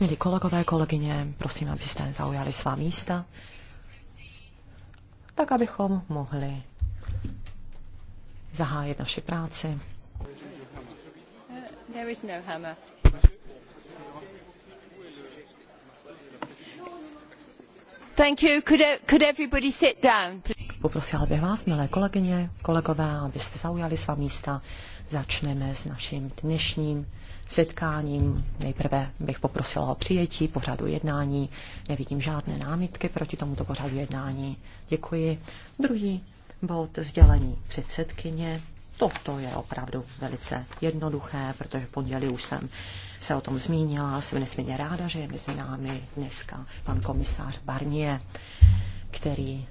Milí kolegové, kolegyně, prosím, abyste zaujali svá místa, tak abychom mohli zahájit naši práci. Uh, there is no hammer. Thank you. Could, e-, could everybody sit down, please? Poprosila bych vás, milé kolegyně, kolegové, abyste zaujali svá místa. Začneme s naším dnešním setkáním. Nejprve bych poprosila o přijetí pořadu jednání. Nevidím žádné námitky proti tomuto pořadu jednání. Děkuji. Druhý bod sdělení předsedkyně. Toto je opravdu velice jednoduché, protože v pondělí už jsem se o tom zmínila. Jsem nesmírně ráda, že je mezi námi dneska pan komisář Barnier, který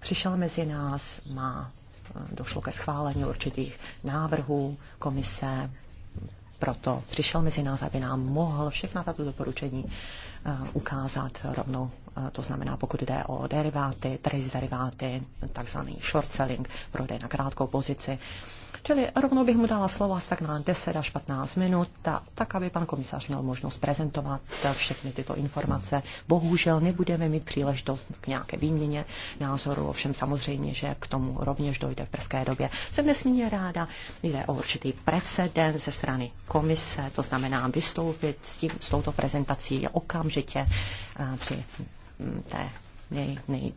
přišel mezi nás, má, eh, došlo ke schválení určitých návrhů komise, proto přišel mezi nás, aby nám mohl všechna tato doporučení eh, ukázat rovnou. Eh, to znamená, pokud jde o deriváty, trace deriváty, takzvaný short selling, prodej na krátkou pozici, Čili rovnou bych mu dala slovo asi tak na 10 až 15 minut, a, tak aby pan komisař měl možnost prezentovat všechny tyto informace. Bohužel nebudeme mít příležitost k nějaké výměně názoru, ovšem samozřejmě, že k tomu rovněž dojde v brzké době. Jsem nesmírně ráda, jde o určitý precedens ze strany komise, to znamená vystoupit s, tím, s touto prezentací okamžitě eh, při mm, té nej, nej,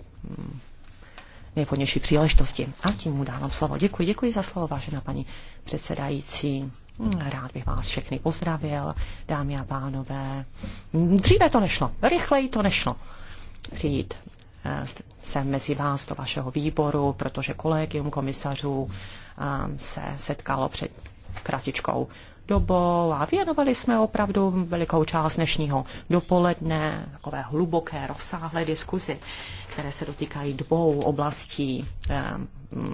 nejvhodnější příležitosti. A tím mu dávám slovo. Děkuji, děkuji za slovo, vážená paní předsedající. Hm, rád bych vás všechny pozdravil, dámy a pánové. Dříve to nešlo, rychleji to nešlo přijít eh, se mezi vás do vašeho výboru, protože kolegium komisařů eh, se setkalo před kratičkou dobou a věnovali jsme opravdu velikou část dnešního dopoledne takové hluboké, rozsáhlé diskuzi, které se dotýkají dvou oblastí eh,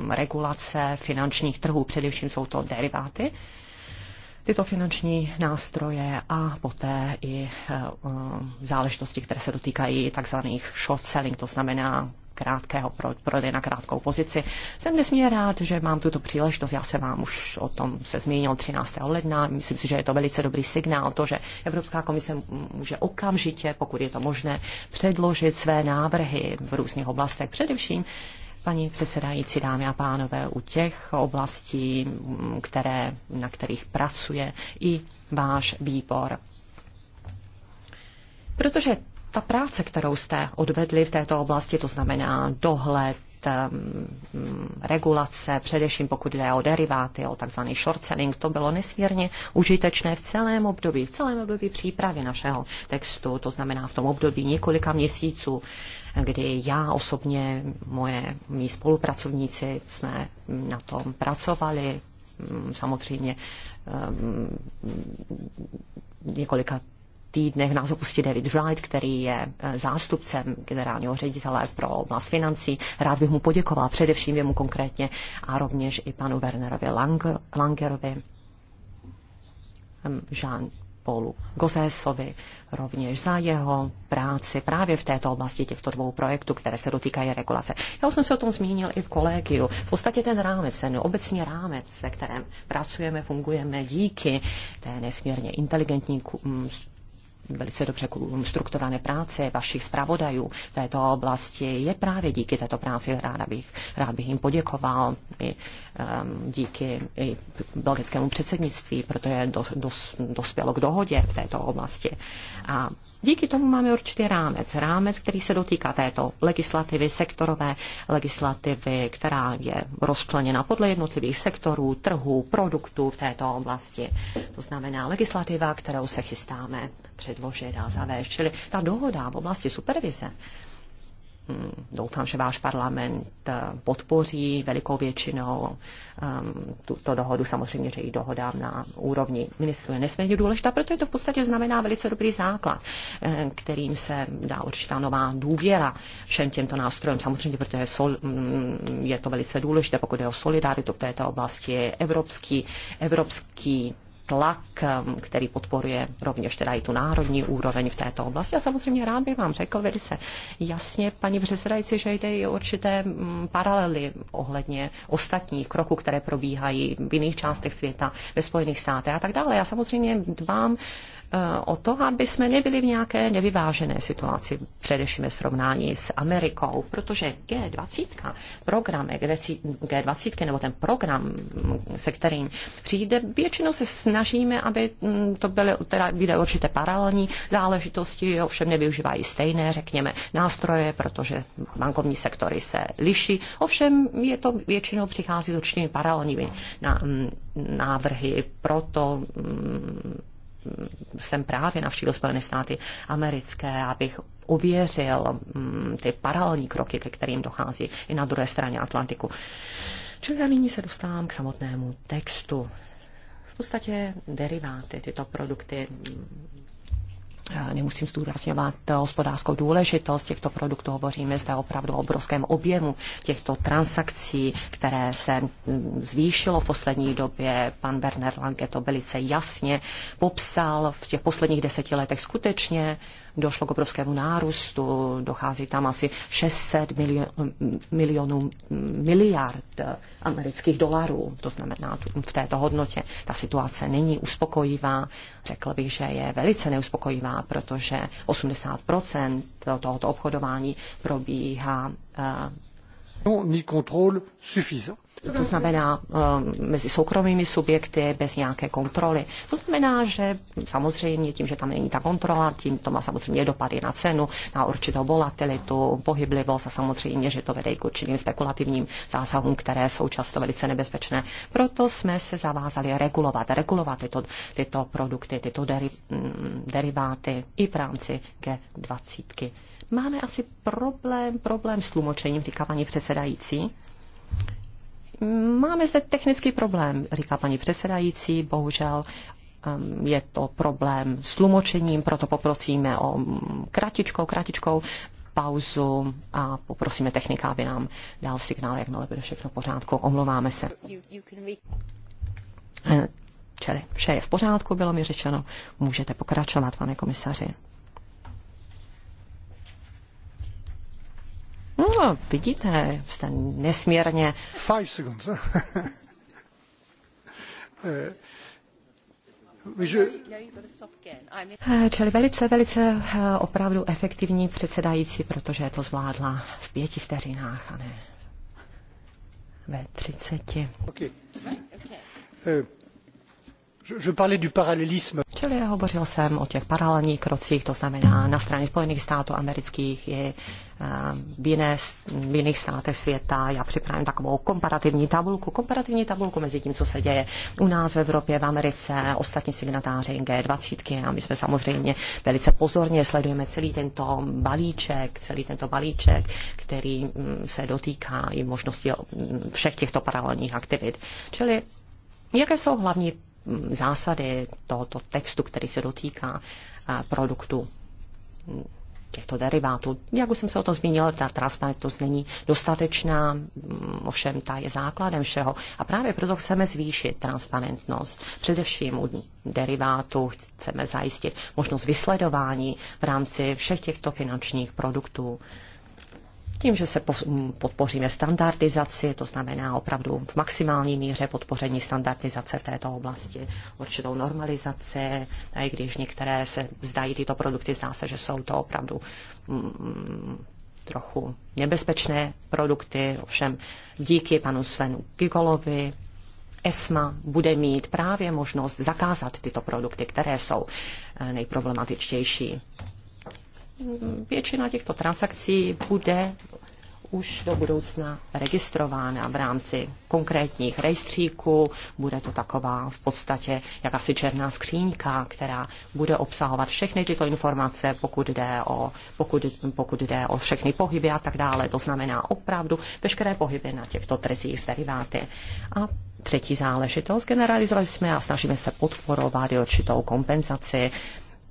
regulace finančních trhů, především jsou to deriváty tyto finanční nástroje a poté i eh, eh, záležitosti, které se dotýkají takzvaných short selling, to znamená krátkého prodeje na krátkou pozici. Jsem nesmírně rád, že mám tuto příležitost. Já se vám už o tom se zmínil 13. ledna. Myslím si, že je to velice dobrý signál, to, že Evropská komise může okamžitě, pokud je to možné, předložit své návrhy v různých oblastech. Především Paní předsedající, dámy a pánové, u těch oblastí, mm, které, na kterých pracuje i váš výbor. Protože ta práce, kterou jste odvedli v této oblasti, to znamená dohled, mm, regulace, především pokud jde o deriváty, o tzv. short selling, to bylo nesmírně užitečné v celém období, v celém období přípravy našeho textu, to znamená v tom období několika měsíců kdy já osobně, moje mý spolupracovníci jsme na tom pracovali, mm, samozřejmě mm, několika týdnech nás opustí David Wright, který je eh, zástupcem generálního ředitele pro oblast financí. Rád bych mu poděkoval především jemu konkrétně a rovněž i panu Wernerovi Langer, Langerovi, mm, Jean Paulu Gozésovi, rovněž za jeho práci právě v této oblasti těchto dvou projektů, které se dotýkají regulace. Já už jsem se o tom zmínil i v kolegiu. V podstatě ten rámec, ten obecní rámec, ve kterém pracujeme, fungujeme díky té nesmírně inteligentní velice dobře strukturované práce vašich zpravodajů v této oblasti je právě díky této práci. Ráda bych, rád bych jim poděkoval i um, díky i belgickému předsednictví, protože do, dos, dospělo k dohodě v této oblasti. A díky tomu máme určitý rámec. Rámec, který se dotýká této legislativy, sektorové legislativy, která je rozčleněna podle jednotlivých sektorů, trhů, produktů v této oblasti. To znamená legislativa, kterou se chystáme předložena, zavést. Čili ta dohoda v oblasti supervize, hmm, doufám, že váš parlament eh, podpoří velikou většinou um, tuto dohodu, samozřejmě, že i dohoda na úrovni ministrů je nesmírně důležitá, protože to v podstatě znamená velice dobrý základ, eh, kterým se dá určitá nová důvěra všem těmto nástrojům. Samozřejmě, protože sol, hmm, je to velice důležité, pokud je o solidaritu v této oblasti, evropský, evropský tlak, um, který podporuje rovněž teda i tu národní úroveň v této oblasti. A samozřejmě rád bych vám řekl velice jasně, paní předsedající, že jde i určité mm, paralely ohledně ostatních kroků, které probíhají v jiných částech světa, ve Spojených státech a tak dále. Já samozřejmě dbám o to, aby jsme nebyli v nějaké nevyvážené situaci, především ve srovnání s Amerikou, protože G20, program G20, nebo ten program, se kterým přijde, většinou se snažíme, aby mm, to byly, teda byly určité paralelní záležitosti, ovšem nevyužívají stejné, řekněme, nástroje, protože bankovní sektory se liší, ovšem je to většinou přichází s určitými paralelními mm, návrhy, proto mm, jsem právě navštívil Spojené státy americké, abych ověřil mm, ty paralelní kroky, ke kterým dochází i na druhé straně Atlantiku. Čili já nyní se dostávám k samotnému textu. V podstatě deriváty, tyto produkty Eh, nemusím zdůrazňovat eh, hospodářskou důležitost těchto produktů. Hovoříme zde opravdu o obrovském objemu těchto transakcí, které se mm, zvýšilo v poslední době. Pan Werner Lange to velice jasně popsal. V těch posledních deseti letech skutečně došlo k obrovskému nárůstu, dochází tam asi 600 milionů miliard eh, amerických dolarů, to znamená v této hodnotě. Ta situace není uspokojivá, řekl bych, že je velice neuspokojivá, protože 80% tohoto obchodování probíhá eh, to znamená eh, mezi soukromými subjekty bez nějaké kontroly. To znamená, že samozřejmě tím, že tam není ta kontrola, tím to má samozřejmě dopady na cenu, na určitou volatilitu, pohyblivost a samozřejmě, že to vede i k určitým spekulativním zásahům, které jsou často velice nebezpečné. Proto jsme se zavázali regulovat, regulovat tyto, tyto produkty, tyto deri, mm, deriváty i v rámci G20. Máme asi problém, problém s tlumočením, říká paní předsedající. Máme zde technický problém, říká paní předsedající, bohužel um, je to problém s tlumočením, proto poprosíme o kratičkou, kratičkou pauzu a poprosíme technika, aby nám dal signál, jakmile bude všechno v pořádku. Omlouváme se. Čili vše je v pořádku, bylo mi řečeno. Můžete pokračovat, pane komisaři. No, vidíte, jste nesmírně... Five seconds. Eh, Čili velice, velice eh, opravdu efektivní předsedající, protože to zvládla v pěti vteřinách a ne ve třiceti. Okay. Eh, Čili hovořil jsem o těch paralelních krocích, to znamená na straně Spojených států amerických i v, jiné, v jiných státech světa. Já připravím takovou komparativní tabulku, komparativní tabulku mezi tím, co se děje u nás v Evropě, v Americe, ostatní signatáři G20 a my jsme samozřejmě velice pozorně sledujeme celý tento balíček, celý tento balíček, který mm, se dotýká i možnosti všech těchto paralelních aktivit. Čili jaké jsou hlavní mm, zásady tohoto textu, který se dotýká produktu těchto derivátů. Jak už jsem se o tom zmínila, ta transparentnost není dostatečná, mm, ovšem ta je základem všeho. A právě proto chceme zvýšit transparentnost, především u derivátů chceme zajistit možnost vysledování v rámci všech těchto finančních produktů tím, že se podpoříme standardizaci, to znamená opravdu v maximální míře podpoření standardizace v této oblasti, určitou normalizaci, a i když některé se zdají tyto produkty, zdá se, že jsou to opravdu mm, trochu nebezpečné produkty, ovšem díky panu Svenu Gigolovi, ESMA bude mít právě možnost zakázat tyto produkty, které jsou eh, nejproblematičtější většina těchto transakcí bude už do budoucna registrována v rámci konkrétních rejstříků. Bude to taková v podstatě jakási černá skříňka, která bude obsahovat všechny tyto informace, pokud jde o, pokud, pokud jde o všechny pohyby a tak dále. To znamená opravdu veškeré pohyby na těchto trzích s deriváty. A třetí záležitost, generalizovali jsme a snažíme se podporovat určitou kompenzaci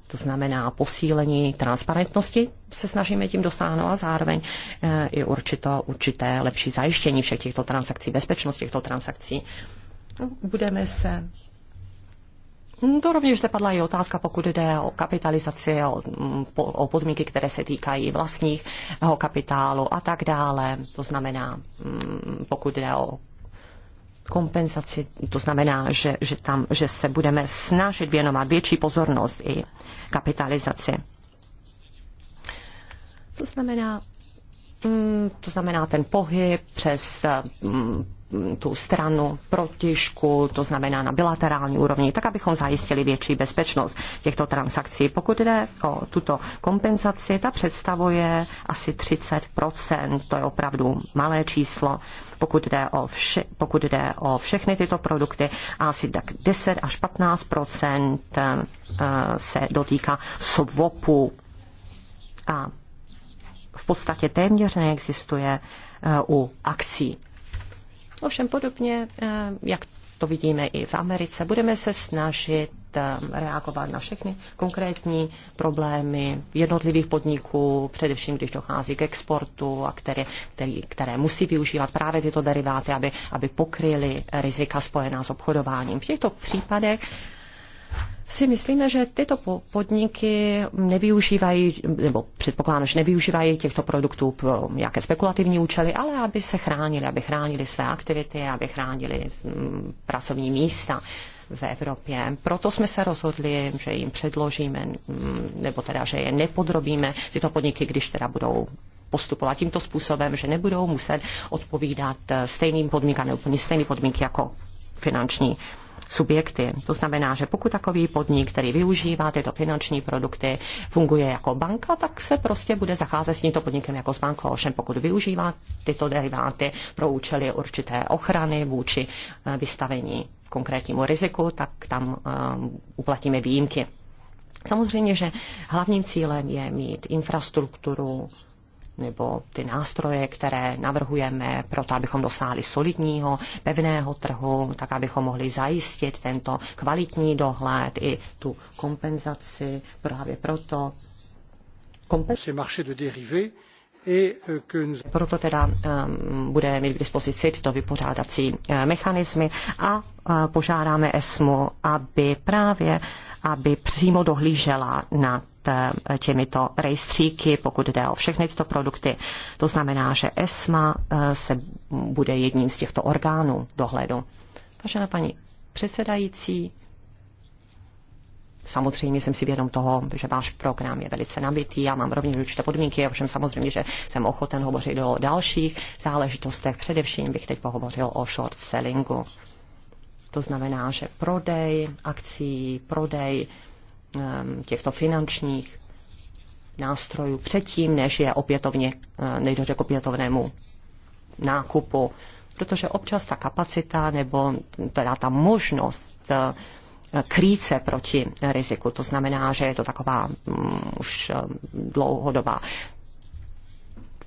to znamená posílení transparentnosti se snažíme tím dosáhnout a zároveň eh, i určito, určité lepší zajištění všech těchto transakcí, bezpečnost těchto transakcí. Budeme se to rovněž se padla i otázka, pokud jde o kapitalizaci, o, mm, o podmínky, které se týkají vlastního kapitálu a tak dále. To znamená, mm, pokud jde o kompenzaci. To znamená, že, že, tam, že se budeme snažit věnovat větší pozornost i kapitalizaci. To znamená, mm, to znamená ten pohyb přes mm, tu stranu protižku, to znamená na bilaterální úrovni, tak abychom zajistili větší bezpečnost těchto transakcí. Pokud jde o tuto kompenzaci, ta představuje asi 30 to je opravdu malé číslo pokud jde o, vše, pokud jde o všechny tyto produkty, asi tak 10 až 15 eh, se dotýká swapu. A v podstatě téměř neexistuje eh, u akcí. Ovšem podobně, eh, jak to vidíme i v Americe, budeme se snažit eh, reagovat na všechny konkrétní problémy jednotlivých podniků, především když dochází k exportu a které, který, které musí využívat právě tyto deriváty, aby, aby pokryly rizika spojená s obchodováním. V těchto případech si myslíme, že tyto podniky nevyužívají, nebo předpokládám, že nevyužívají těchto produktů pro nějaké spekulativní účely, ale aby se chránili, aby chránili své aktivity, aby chránili mm, pracovní místa v Evropě. Proto jsme se rozhodli, že jim předložíme, mm, nebo teda, že je nepodrobíme, tyto podniky, když teda budou postupovat tímto způsobem, že nebudou muset odpovídat eh, stejným podmínkám nebo stejným podmínky jako finanční subjekty. To znamená, že pokud takový podnik, který využívá tyto finanční produkty, funguje jako banka, tak se prostě bude zacházet s tímto podnikem jako s bankou. Ovšem pokud využívá tyto deriváty pro účely určité ochrany vůči eh, vystavení konkrétnímu riziku, tak tam eh, uplatíme výjimky. Samozřejmě, že hlavním cílem je mít infrastrukturu, nebo ty nástroje, které navrhujeme pro to, abychom dosáhli solidního, pevného trhu, tak abychom mohli zajistit tento kvalitní dohled i tu kompenzaci právě proto. Kompen- euh, proto teda um, bude mít k dispozici tyto vypořádací uh, mechanismy a uh, požádáme ESMu, aby právě aby přímo dohlížela na Eh, těmito rejstříky, pokud jde o všechny tyto produkty. To znamená, že ESMA eh, se bude jedním z těchto orgánů dohledu. Vážená paní předsedající, Samozřejmě jsem si vědom toho, že váš program je velice nabitý a mám rovněž určité podmínky, ovšem samozřejmě, že jsem ochoten hovořit o dalších záležitostech. Především bych teď pohovořil o short sellingu. To znamená, že prodej akcí, prodej Ehm, těchto finančních nástrojů předtím, než je opětovně, eh, nejdojde k opětovnému nákupu. Protože občas ta kapacita nebo teda ta možnost eh, krýce proti riziku. To znamená, že je to taková um, už eh, dlouhodobá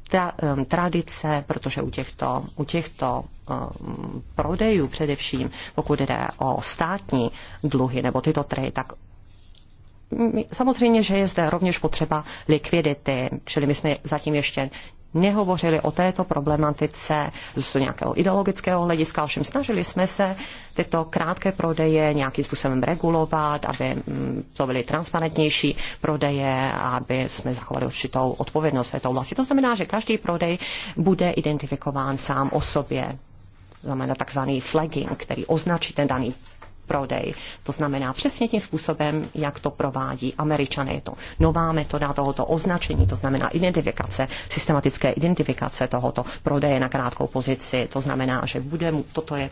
tra, um, tradice, protože u těchto, u těchto um, prodejů především, pokud jde o státní dluhy nebo tyto trhy, tak samozřejmě, že je zde rovněž potřeba likvidity, čili my jsme zatím ještě nehovořili o této problematice z nějakého ideologického hlediska, ovšem snažili jsme se tyto krátké prodeje nějakým způsobem regulovat, aby mm, to byly transparentnější prodeje a aby jsme zachovali určitou odpovědnost této oblasti. To znamená, že každý prodej bude identifikován sám o sobě znamená takzvaný flagging, který označí ten daný prodej. To znamená přesně tím způsobem, jak to provádí Američané. Je to nová metoda tohoto označení, to znamená identifikace, systematické identifikace tohoto prodeje na krátkou pozici. To znamená, že bude, toto je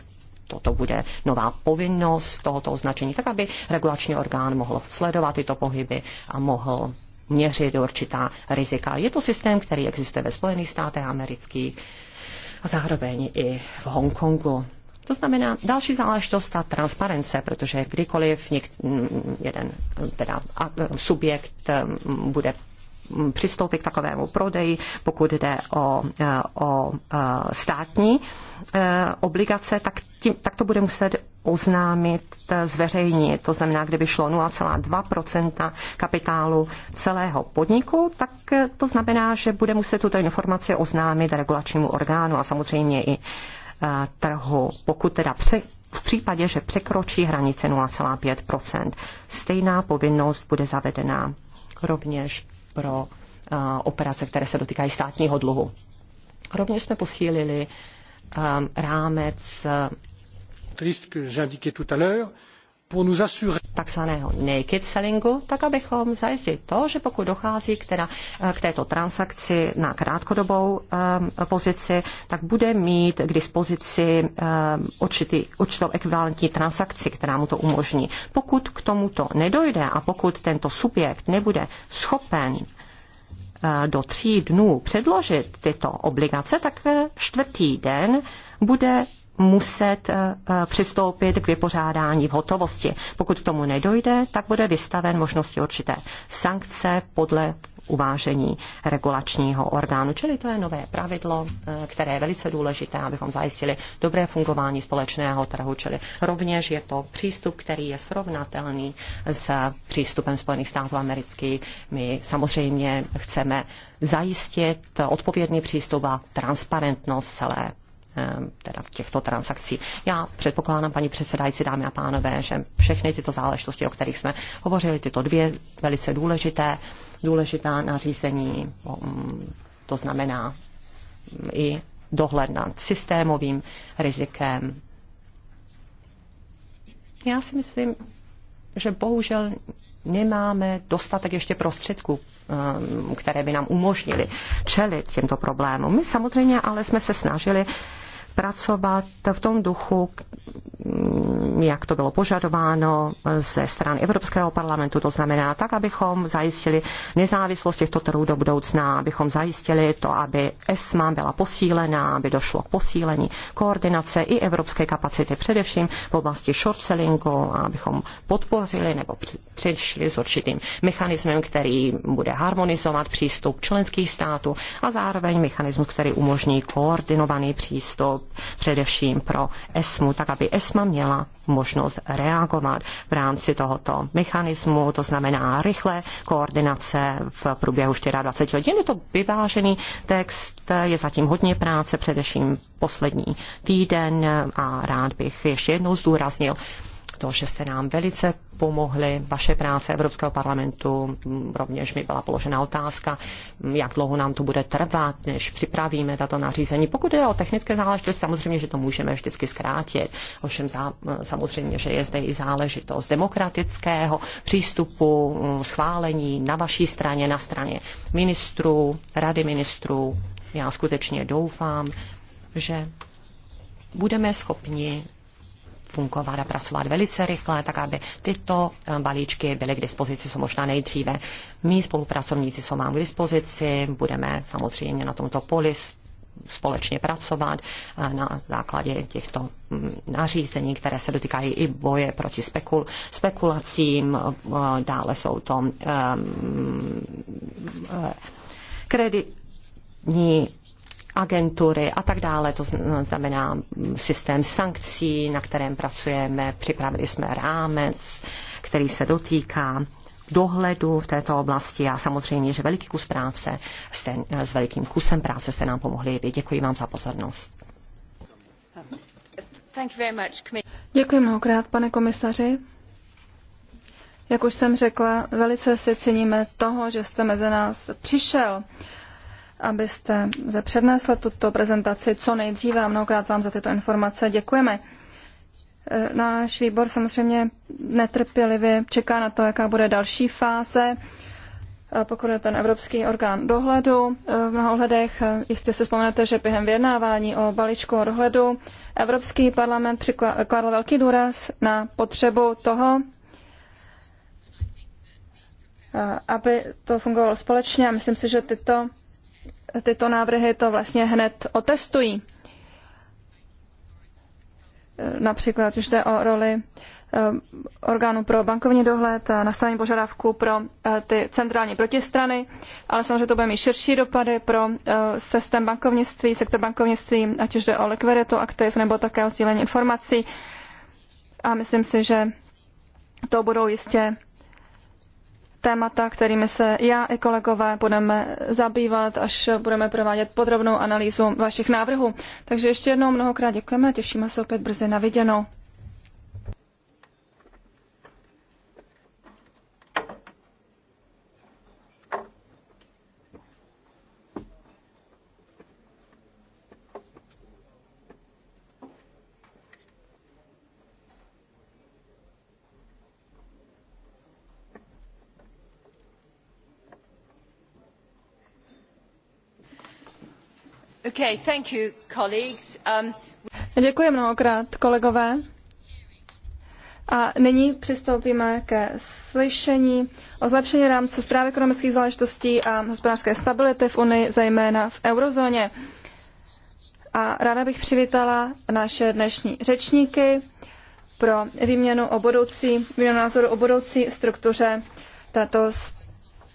toto bude nová povinnost tohoto označení, tak aby regulační orgán mohl sledovat tyto pohyby a mohl měřit určitá rizika. Je to systém, který existuje ve Spojených státech amerických a zároveň i v Hongkongu. To znamená další záležitost ta transparence, protože kdykoliv něk- jeden teda, subjekt um, bude přistoupit k takovému prodeji, pokud jde o, eh, o eh, státní eh, obligace, tak, tím, tak to bude muset oznámit, zveřejnit. To znamená, kdyby šlo 0,2 kapitálu celého podniku, tak to znamená, že bude muset tuto informaci oznámit regulačnímu orgánu a samozřejmě i Eh, trhu, pokud teda pře, v případě, že překročí hranici 0,5 Stejná povinnost bude zavedena rovněž pro eh, operace, které se dotýkají státního dluhu. Rovněž jsme posílili eh, rámec que tout à l'heure takzvaného naked sellingu, tak abychom zajistili to, že pokud dochází k, teda, eh, k této transakci na krátkodobou um, pozici, tak bude mít k dispozici um, určitý, určitou ekvivalentní transakci, která mu to umožní. Pokud k tomuto nedojde a pokud tento subjekt nebude schopen do tří dnů předložit tyto obligace, tak čtvrtý den bude muset eh, eh, přistoupit k vypořádání v hotovosti. Pokud k tomu nedojde, tak bude vystaven možnosti určité sankce podle uvážení regulačního orgánu. Čili to je nové pravidlo, eh, které je velice důležité, abychom zajistili dobré fungování společného trhu, čili rovněž je to přístup, který je srovnatelný s přístupem Spojených států amerických. My samozřejmě chceme zajistit odpovědný přístup a transparentnost celé Ehm, teda těchto transakcí. Já předpokládám, paní předsedající, dámy a pánové, že všechny tyto záležitosti, o kterých jsme hovořili, tyto dvě velice důležité, důležitá nařízení, mm, to znamená i dohled nad systémovým rizikem. Já si myslím, že bohužel nemáme dostatek ještě prostředků, ehm, které by nám umožnili čelit těmto problémům. My samozřejmě ale jsme se snažili pracovat v tom duchu, jak to bylo požadováno ze stran Evropského parlamentu, to znamená tak, abychom zajistili nezávislost těchto trhů do budoucna, abychom zajistili to, aby ESMA byla posílená, aby došlo k posílení koordinace i evropské kapacity, především v oblasti short sellingu, abychom podpořili nebo přišli s určitým mechanismem, který bude harmonizovat přístup členských států a zároveň mechanismus, který umožní koordinovaný přístup především pro ESMU, tak aby ESMA měla možnost reagovat v rámci tohoto mechanismu, to znamená rychlé koordinace v průběhu 24 hodin. Je to vyvážený text, je zatím hodně práce, především poslední týden a rád bych ještě jednou zdůraznil to, že jste nám velice pomohli vaše práce Evropského parlamentu. Mm, rovněž mi byla položena otázka, mm, jak dlouho nám to bude trvat, než připravíme tato nařízení. Pokud je o technické záležitosti, samozřejmě, že to můžeme vždycky zkrátit. Ovšem zá, mm, samozřejmě, že je zde i záležitost demokratického přístupu, schválení na vaší straně, na straně ministrů, rady ministrů. Já skutečně doufám, že budeme schopni fungovat a pracovat velice rychle, tak aby tyto eh, balíčky byly k dispozici co možná nejdříve. My spolupracovníci jsou mám k dispozici, budeme samozřejmě na tomto poli společně pracovat eh, na základě těchto mm, nařízení, které se dotýkají i boje proti spekul- spekulacím. Eh, dále jsou to um, kreditní agentury a tak dále. To znamená systém sankcí, na kterém pracujeme. Připravili jsme rámec, který se dotýká dohledu v této oblasti a samozřejmě, že veliký kus práce jste, s velikým kusem práce jste nám pomohli. Děkuji vám za pozornost. Děkuji mnohokrát, pane komisaři. Jak už jsem řekla, velice si ceníme toho, že jste mezi nás přišel abyste přednesl tuto prezentaci co nejdříve a mnohokrát vám za tyto informace děkujeme. E, náš výbor samozřejmě netrpělivě čeká na to, jaká bude další fáze, e, pokud je ten evropský orgán dohledu. E, v mnoha ohledech jistě si vzpomenete, že během vyjednávání o balíčku o dohledu Evropský parlament přikladl velký důraz na potřebu toho, aby to fungovalo společně a myslím si, že tyto tyto návrhy to vlastně hned otestují. Například už jde o roli eh, orgánu pro bankovní dohled a eh, nastavení požadavků pro eh, ty centrální protistrany, ale samozřejmě to bude mít širší dopady pro systém bankovnictví, sektor bankovnictví, ať už jde o likviditu aktiv nebo také o sdílení informací. A myslím si, že to budou jistě témata, kterými se já i kolegové budeme zabývat, až budeme provádět podrobnou analýzu vašich návrhů. Takže ještě jednou mnohokrát děkujeme a těšíme se opět brzy na viděnou. Um, Děkuji mnohokrát, kolegové. A nyní přistoupíme ke slyšení o zlepšení rámce zpráv ekonomických záležitostí a hospodářské stability v Unii, zejména v eurozóně. A ráda bych přivítala naše dnešní řečníky pro výměnu, o budoucí, výměnu názoru o budoucí struktuře této zprávy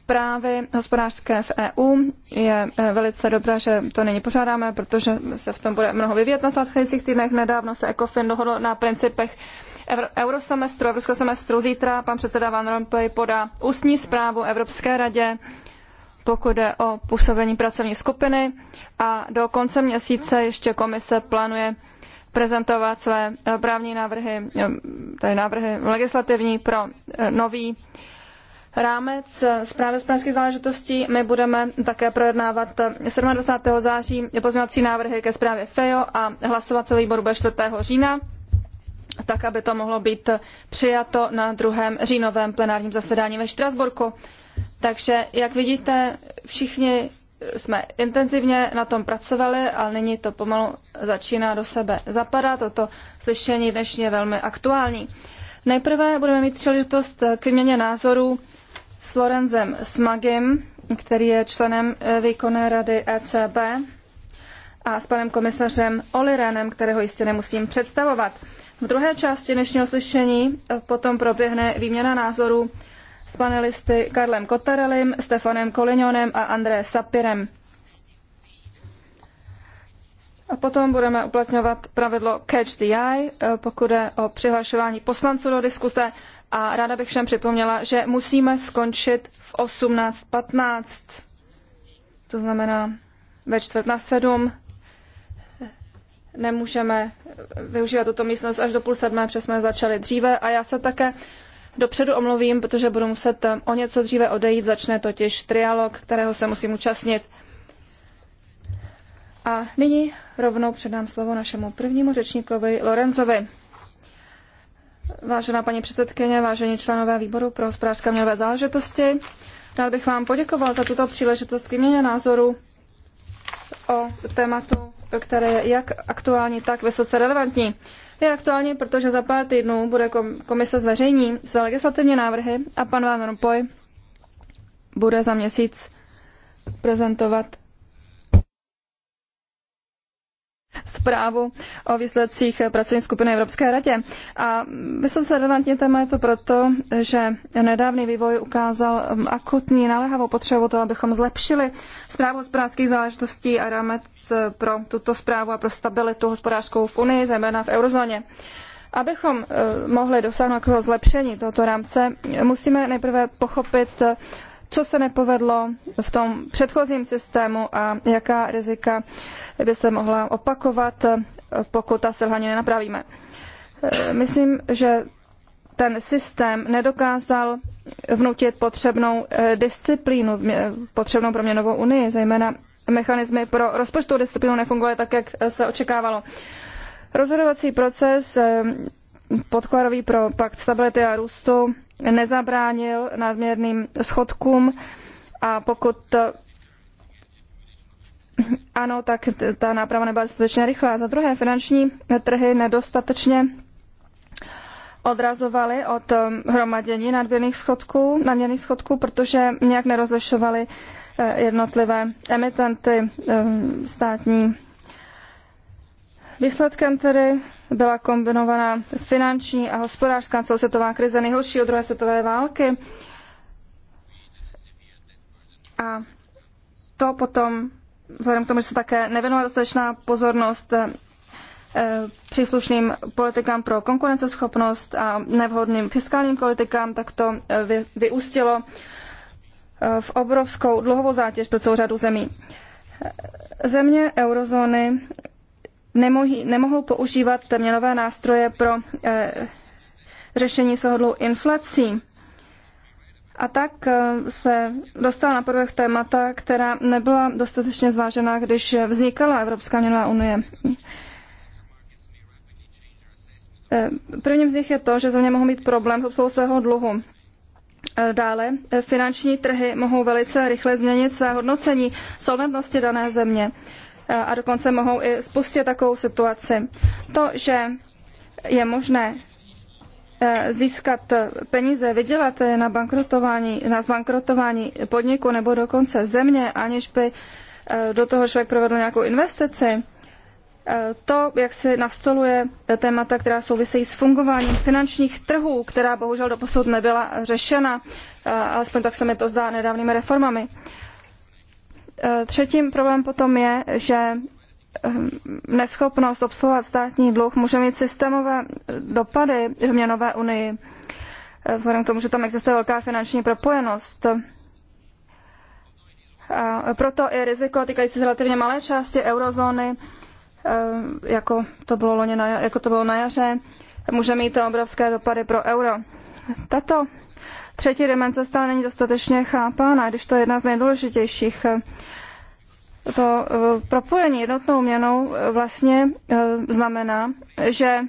Právě hospodářské v EU. Je eh, velice dobré, že to není pořádáme, protože se v tom bude mnoho vyvíjet na nadcházejících týdnech. Nedávno se ECOFIN dohodl na principech eurosemestru, evropského semestru. Zítra pan předseda Van Rompuy podá ústní zprávu Evropské radě, pokud jde o působení pracovní skupiny a do konce měsíce ještě komise plánuje prezentovat své eh, právní návrhy, eh, tedy návrhy legislativní pro nový rámec zprávy hospodářských záležitostí. My budeme také projednávat 27. září pozměňovací návrhy ke zprávě FEO a hlasovat se výboru bude 4. října tak, aby to mohlo být přijato na druhém říjnovém plenárním zasedání ve Štrasburku. Takže, jak vidíte, všichni jsme intenzivně na tom pracovali, ale nyní to pomalu začíná do sebe zapadat. Toto slyšení dnešní je velmi aktuální. Nejprve budeme mít příležitost k výměně názorů s Lorenzem Smagim, který je členem eh, výkonné rady ECB a s panem komisařem Olirenem, kterého jistě nemusím představovat. V druhé části dnešního slyšení eh, potom proběhne výměna názorů s panelisty Karlem Kotarelem, Stefanem Kolinionem a André Sapirem. A potom budeme uplatňovat pravidlo Catch the Eye, eh, pokud je o přihlašování poslanců do diskuse a ráda bych všem připomněla, že musíme skončit v 18.15, to znamená ve čtvrt na sedm. Nemůžeme využívat tuto místnost až do půl sedmé, protože jsme začali dříve a já se také dopředu omluvím, protože budu muset o něco dříve odejít, začne totiž trialog, kterého se musím účastnit. A nyní rovnou předám slovo našemu prvnímu řečníkovi Lorenzovi. Vážená paní předsedkyně, vážení členové výboru pro hospodářské měnové záležitosti, rád bych vám poděkoval za tuto příležitost k výměně názoru o tématu, které je jak aktuální, tak vysoce relevantní. Je aktuální, protože za pár týdnů bude komise zveřejní své legislativní návrhy a pan Van Rompuy bude za měsíc prezentovat zprávu o výsledcích pracovní skupiny Evropské radě. A vysoce relevantní téma je to proto, že nedávný vývoj ukázal um, akutní naléhavou potřebu toho, abychom zlepšili zprávu hospodářských záležitostí a rámec eh, pro tuto zprávu a pro stabilitu hospodářskou v Unii, zejména v eurozóně. Abychom eh, mohli dosáhnout zlepšení tohoto rámce, musíme nejprve pochopit eh, co se nepovedlo v tom předchozím systému a jaká rizika by se mohla opakovat, pokud ta selhání nenapravíme. Eh, myslím, že ten systém nedokázal vnutit potřebnou eh, disciplínu, potřebnou pro mě novou unii, zejména mechanismy pro rozpočtovou disciplínu nefungovaly tak, jak se očekávalo. Rozhodovací proces eh, podkladový pro pakt stability a růstu nezabránil nadměrným schodkům a pokud ano, tak ta náprava nebyla dostatečně rychlá. Za druhé, finanční trhy nedostatečně odrazovaly od um, hromadění nadměrných schodků, nadměrných schodků, protože nějak nerozlišovaly eh, jednotlivé emitenty um, státní. Výsledkem tedy byla kombinovaná finanční a hospodářská celosvětová krize nejhorší od druhé světové války. A to potom, vzhledem k tomu, že se také nevěnovala dostatečná pozornost eh, příslušným politikám pro konkurenceschopnost a nevhodným fiskálním politikám, tak to eh, vyústilo eh, v obrovskou dluhovou zátěž pro celou řadu zemí. Země eurozóny nemohí, nemohou používat měnové nástroje pro eh, řešení svého dluhu inflací. A tak eh, se dostala na prvek témata, která nebyla dostatečně zvážená, když vznikala Evropská měnová unie. Eh, prvním z nich je to, že země mohou mít problém s obsluhou svého dluhu. Eh, dále finanční trhy mohou velice rychle změnit své hodnocení solventnosti dané země. Eh, a dokonce mohou i spustit takovou situaci. To, že je možné eh, získat peníze, vydělat na, bankrotování, na zbankrotování podniku nebo dokonce země, aniž by eh, do toho člověk provedl nějakou investici, to, jak se nastoluje témata, která souvisejí s fungováním finančních trhů, která bohužel doposud nebyla řešena, alespoň tak se mi to zdá nedávnými reformami. Eh, třetím problém potom je, že ehm, neschopnost obsluhovat státní dluh může mít systémové dopady v měnové unii, eh, vzhledem k tomu, že tam existuje velká finanční propojenost. A proto i riziko týkající se relativně malé části eurozóny, eh, jako to bylo, loni na, jako to bylo na jaře, může mít obrovské dopady pro euro. Tato Třetí dimenze stále není dostatečně chápána, když to je jedna z nejdůležitějších. To eh, propojení jednotnou měnou eh, vlastně eh, znamená, že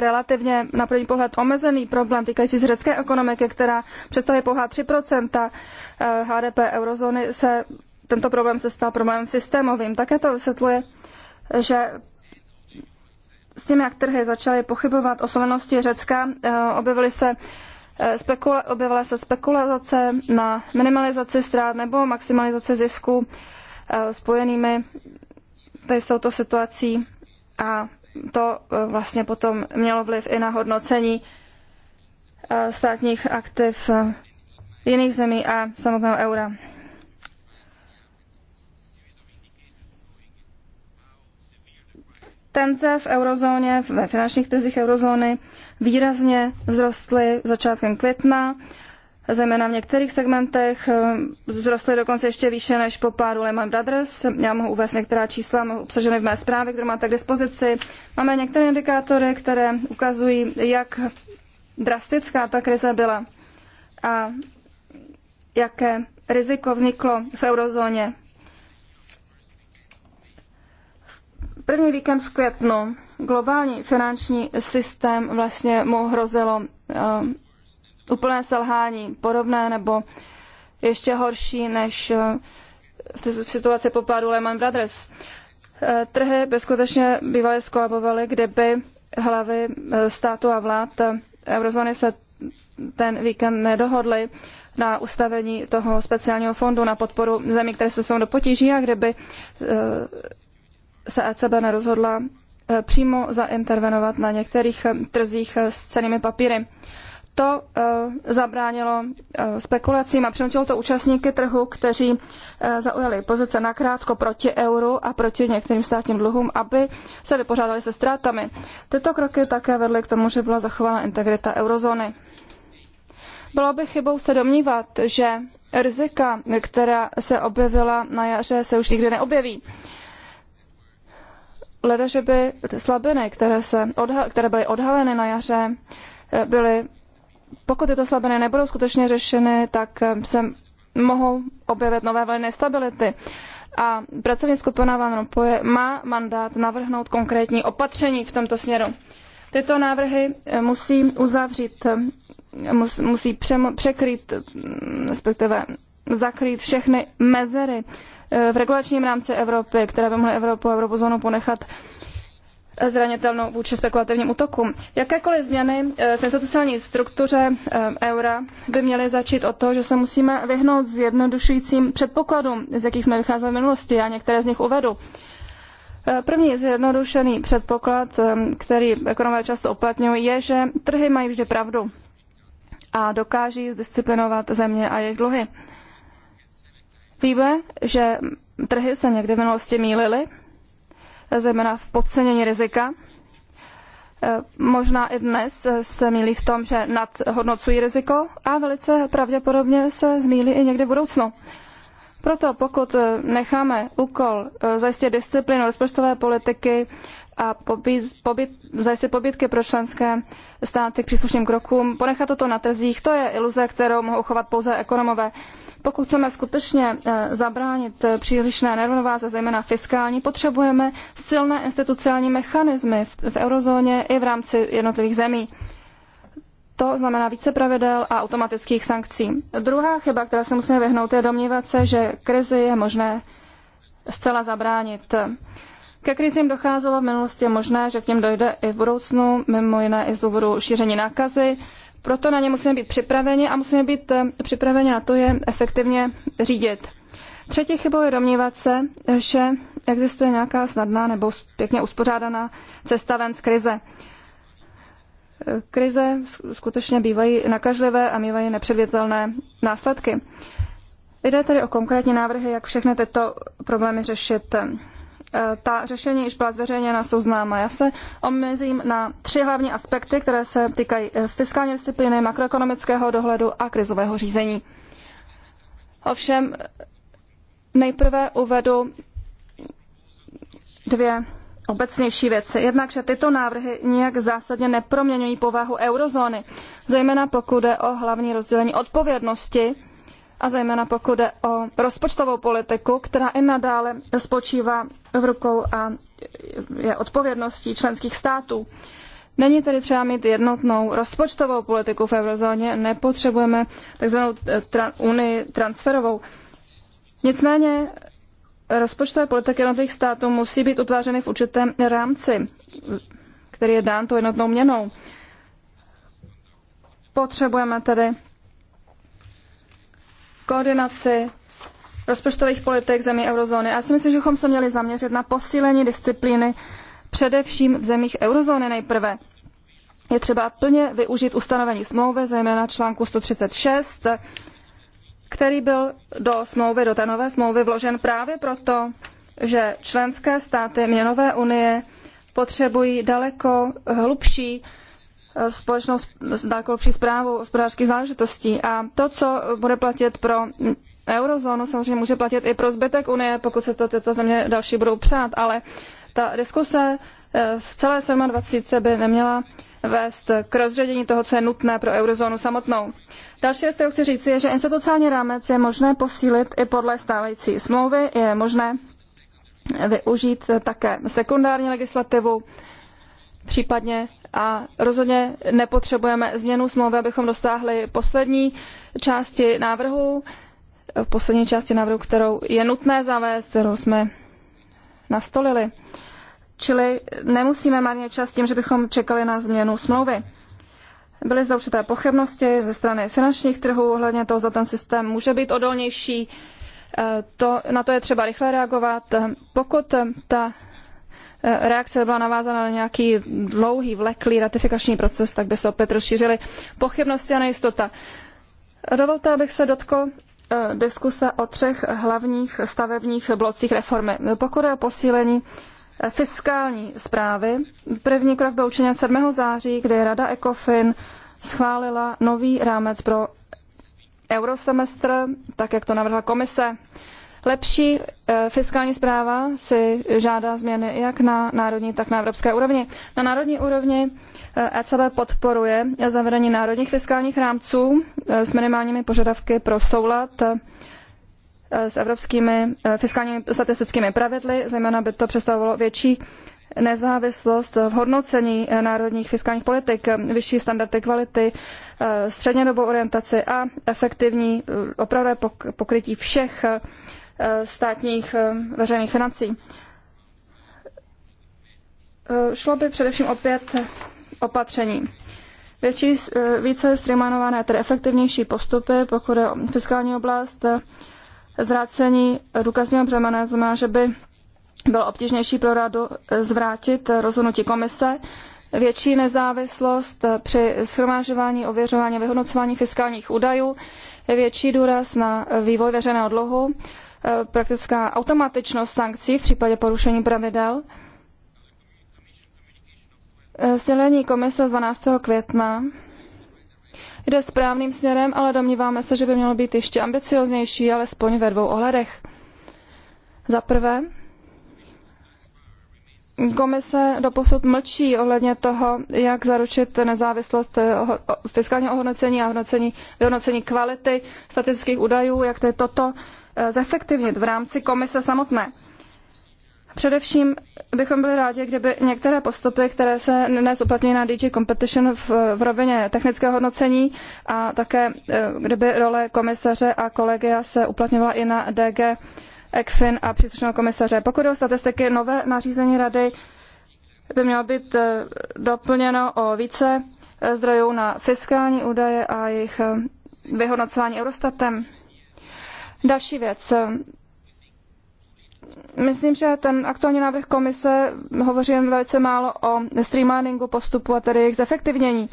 relativně na první pohled omezený problém týkající se řecké ekonomiky, která představuje pouhá 3 HDP eurozóny, se tento problém se stal problémem systémovým. Také to vysvětluje, že s tím, jak trhy začaly pochybovat o slovenosti Řecka, objevily se Eh, spekula- objevila se spekulace na minimalizaci ztrát nebo maximalizaci zisku eh, spojenými tady s touto situací a to eh, vlastně potom mělo vliv i na hodnocení státních aktiv jiných zemí a samotného eura. Tenze v eurozóně, ve finančních trzích eurozóny výrazně vzrostly začátkem května, zejména v některých segmentech, eh, vzrostly dokonce ještě výše než po páru Lehman Brothers. Já mohu uvést některá čísla, obsažené v mé zprávě, kterou máte k dispozici. Máme některé indikátory, které ukazují, jak drastická ta krize byla a jaké riziko vzniklo v eurozóně. První víkend v květnu globální finanční systém vlastně mu hrozilo um, úplné selhání, podobné nebo ještě horší než eh, v situaci po pádu Lehman Brothers. Eh, trhy by skutečně bývaly skolabovaly, kdyby hlavy státu a vlád eurozóny se ten víkend nedohodly na ustavení toho speciálního fondu na podporu zemí, které se jsou do potíží a kdyby se ECB nerozhodla Eh, přímo zaintervenovat na některých eh, trzích eh, s cenými papíry. To zabránilo spekulacím a přinutilo to účastníky trhu, kteří zaujali pozice nakrátko proti euru a proti některým státním dluhům, aby se vypořádali se ztrátami. Tyto kroky také vedly k tomu, že byla zachována integrita eurozóny. Bylo by chybou se domnívat, že rizika, která se objevila na jaře, se už nikdy neobjeví. Uh, ledaže by slabiny, které, se které byly odhaleny na jaře, eh, byly, pokud tyto slabiny nebudou skutečně řešeny, tak eh, se mohou objevit nové vlny nestability. A pracovní skupina Van Rompuy má mandát navrhnout konkrétní opatření v tomto směru. Tyto návrhy eh, musí uzavřít, musí překrýt, mm, respektive zakrýt všechny mezery Eh, v regulačním rámci Evropy, které by mohly Evropu a Eurozónu ponechat eh, zranitelnou vůči spekulativním útokům. Jakékoliv změny eh, v institucionální struktuře eura by měly začít od toho, že se musíme vyhnout zjednodušujícím předpokladům, z jakých jsme vycházeli v minulosti. Já některé z nich uvedu. První zjednodušený předpoklad, který ekonomové často uplatňují, je, že trhy mají vždy pravdu a dokáží zdisciplinovat země a jejich dluhy. Víme, že trhy se někdy v minulosti mýlily, zejména v podcenění rizika. E, možná i dnes se mýlí v tom, že nadhodnocují riziko a velice pravděpodobně se zmýlí i někdy v budoucnu. Proto pokud necháme úkol e, zajistit disciplínu rozpočtové politiky a pobyt, pobyt, zajistit pobytky pro členské státy k příslušným krokům. Ponechat toto na trzích, to je iluze, kterou mohou chovat pouze ekonomové. Pokud chceme skutečně eh, zabránit eh, přílišné nerovnováze, zejména fiskální, potřebujeme silné institucionální mechanismy v, v eurozóně i v rámci jednotlivých zemí. To znamená více pravidel a automatických sankcí. Druhá chyba, která se musíme vyhnout, je domnívat se, že krizi je možné zcela zabránit. Ke krizím docházelo v minulosti, možná, že k něm dojde i v budoucnu, mimo jiné i z důvodu šíření nákazy. Proto na ně musíme být připraveni a musíme být eh, připraveni na to je efektivně řídit. Třetí chybou je domnívat se, že existuje nějaká snadná nebo pěkně uspořádaná cesta ven z krize. Eh, krize skutečně bývají nakažlivé a mývají nepředvětelné následky. Jde tedy o konkrétní návrhy, jak všechny tyto problémy řešit. Eh, ta řešení již byla zveřejněna, jsou známa. Já se omezím na tři hlavní aspekty, které se týkají eh, fiskální disciplíny, makroekonomického dohledu a krizového řízení. Ovšem nejprve uvedu dvě obecnější věci. Jednak, že tyto návrhy nijak zásadně neproměňují povahu eurozóny, zejména pokud jde o hlavní rozdělení odpovědnosti a zejména pokud jde o rozpočtovou politiku, která i nadále spočívá v rukou a je odpovědností členských států. Není tedy třeba mít jednotnou rozpočtovou politiku v eurozóně, nepotřebujeme takzvanou tra- unii transferovou. Nicméně rozpočtové politiky jednotlivých států musí být utvářeny v určitém rámci, který je dán tou jednotnou měnou. Potřebujeme tedy koordinaci rozpočtových politik zemí eurozóny. Já si myslím, že bychom se měli zaměřit na posílení disciplíny především v zemích eurozóny nejprve. Je třeba plně využít ustanovení smlouvy, zejména článku 136, který byl do smlouvy, do té nové smlouvy vložen právě proto, že členské státy měnové unie potřebují daleko hlubší společnou nákladovou zprávu hospodářských záležitostí. A to, co bude platit pro eurozónu, samozřejmě může platit i pro zbytek Unie, pokud se to tyto země další budou přát, ale ta diskuse eh, v celé 27 by neměla vést k rozředění toho, co je nutné pro eurozónu samotnou. Další věc, kterou chci říct, je, že institucionální rámec je možné posílit i podle stávající smlouvy, je možné využít také sekundární legislativu, případně a rozhodně nepotřebujeme změnu smlouvy, abychom dosáhli poslední části návrhu, poslední části návrhu, kterou je nutné zavést, kterou jsme nastolili. Čili nemusíme marnit čas tím, že bychom čekali na změnu smlouvy. Byly zde určité pochybnosti ze strany finančních trhů ohledně toho, za ten systém může být odolnější. E, to, na to je třeba rychle reagovat. Pokud ta Eh, reakce byla navázána na nějaký dlouhý, vleklý ratifikační proces, tak by se opět rozšířily pochybnosti a nejistota. Dovolte, abych se dotkl eh, diskuse o třech hlavních stavebních blocích reformy. Pokud je o posílení eh, fiskální zprávy, první krok byl učiněn 7. září, kdy Rada ECOFIN schválila nový rámec pro eurosemestr, tak jak to navrhla komise. Lepší eh, fiskální zpráva si žádá změny jak na národní, tak na evropské úrovni. Na národní úrovni ECB eh, e podporuje zavedení národních fiskálních rámců eh, s minimálními požadavky pro soulad s evropskými fiskálními statistickými pravidly, zejména by to představovalo větší nezávislost v hodnocení národních fiskálních politik, vyšší standardy kvality, střednědobou orientaci a efektivní opravdu pokrytí všech Eh, státních eh, veřejných financí. Eh, šlo by především opět opatření. Větší, více streamlinované, tedy efektivnější postupy, pokud je o fiskální oblast, zvrácení důkazního břemene, znamená, že by bylo obtížnější pro radu zvrátit rozhodnutí komise, větší nezávislost při schromažování, ověřování a vyhodnocování fiskálních údajů, větší důraz na vývoj veřejného dluhu, Eh, praktická automatičnost sankcí v případě porušení pravidel. Eh, sdělení komise z 12. května jde správným směrem, ale domníváme se, že by mělo být ještě ambicioznější, alespoň ve dvou ohledech. Za prvé, Komise doposud mlčí ohledně toho, jak zaručit nezávislost eh, fiskálního ohodnocení a hodnocení, vyhodnocení kvality statistických údajů, jak to je toto Eh, zefektivnit v rámci komise samotné. Především bychom byli rádi, kdyby některé postupy, které se dnes uplatňují na DG Competition v, v rovině technického hodnocení a také eh, kdyby role komisaře a kolegia se uplatňovala i na DG ECFIN a příslušného komisaře. Pokud o statistiky, nové nařízení rady by mělo být eh, doplněno o více zdrojů na fiskální údaje a jejich vyhodnocování Eurostatem. Další věc. Myslím, že ten aktuální návrh komise hovoří jen velice málo o streamliningu postupu a tedy jejich zefektivnění.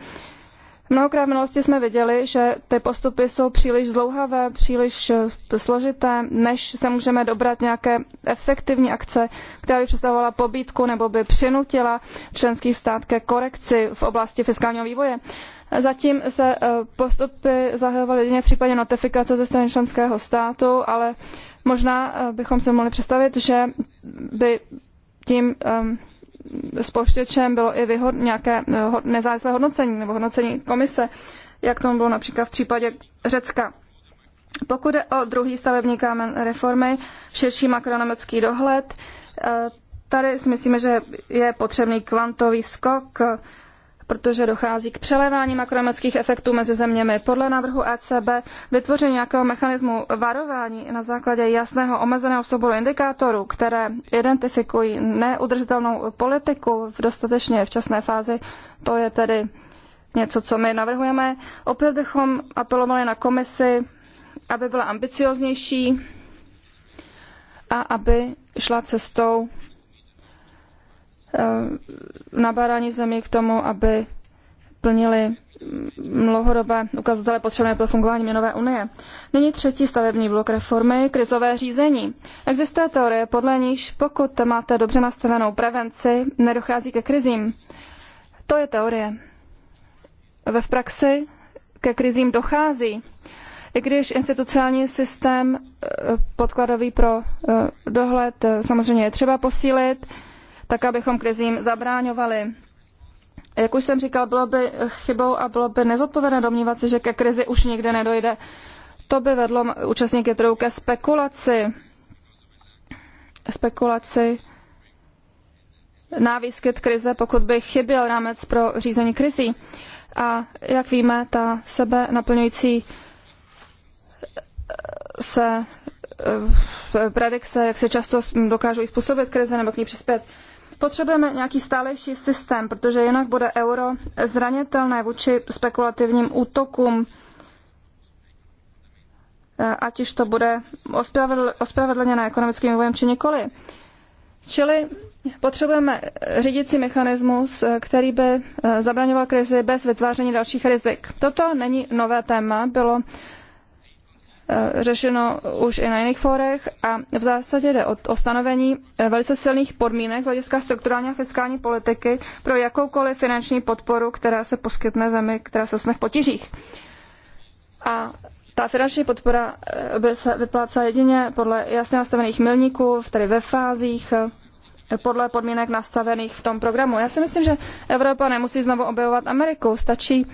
Mnohokrát v minulosti jsme viděli, že ty postupy jsou příliš zlouhavé, příliš eh, složité, než se můžeme dobrat nějaké efektivní akce, která by představovala pobídku nebo by přinutila členský stát ke korekci v oblasti fiskálního vývoje. Zatím se eh, postupy zahajovaly jedině v případě notifikace ze strany členského státu, ale možná eh, bychom se mohli představit, že by tím ehm, spouštěčem bylo i vyhod, nějaké eh, nezávislé hodnocení nebo hodnocení komise, jak tomu bylo například v případě Řecka. Pokud je o druhý stavební kámen reformy, širší makronomický dohled, tady si myslíme, že je potřebný kvantový skok protože dochází k přelévání makroekonomických efektů mezi zeměmi. Podle návrhu ECB vytvoření nějakého mechanismu varování na základě jasného omezeného souboru indikátorů, které identifikují neudržitelnou politiku v dostatečně včasné fázi, to je tedy něco, co my navrhujeme. Opět bychom apelovali na komisi, aby byla ambicioznější a aby šla cestou Eh, nabádání zemí k tomu, aby plnili dlouhodobé ukazatele potřebné pro fungování měnové unie. Nyní třetí stavební blok reformy, krizové řízení. Existuje teorie, podle níž pokud máte dobře nastavenou prevenci, nedochází ke krizím. To je teorie. Ve v praxi ke krizím dochází. I když institucionální systém eh, podkladový pro eh, dohled samozřejmě je třeba posílit, tak abychom krizím zabráňovali. Jak už jsem říkal, bylo by chybou a bylo by nezodpovědné domnívat se, že ke krizi už nikdy nedojde. To by vedlo účastníky trhu ke spekulaci. Spekulaci na výskyt krize, pokud by chyběl rámec pro řízení krizí. A jak víme, ta sebe naplňující eh, se eh, predikce, jak se často dokážou i způsobit krize nebo k ní přispět. Potřebujeme nějaký stálejší systém, protože jinak bude euro zranitelné vůči spekulativním útokům, eh, ať už to bude ospravedlněné ekonomickým vývojem či nikoli. Čili potřebujeme řídící mechanismus, eh, který by eh, zabraňoval krizi bez vytváření dalších rizik. Toto není nové téma, bylo Eh, řešeno už i na jiných fórech a v zásadě jde o, o stanovení eh, velice silných podmínek z hlediska strukturální a fiskální politiky pro jakoukoliv finanční podporu, která se poskytne zemi, která se osne v potížích. A ta finanční podpora eh, by se vyplácela jedině podle jasně nastavených milníků, tedy ve fázích, podle podmínek nastavených v tom programu. Já si myslím, že Evropa nemusí znovu objevovat Ameriku. Stačí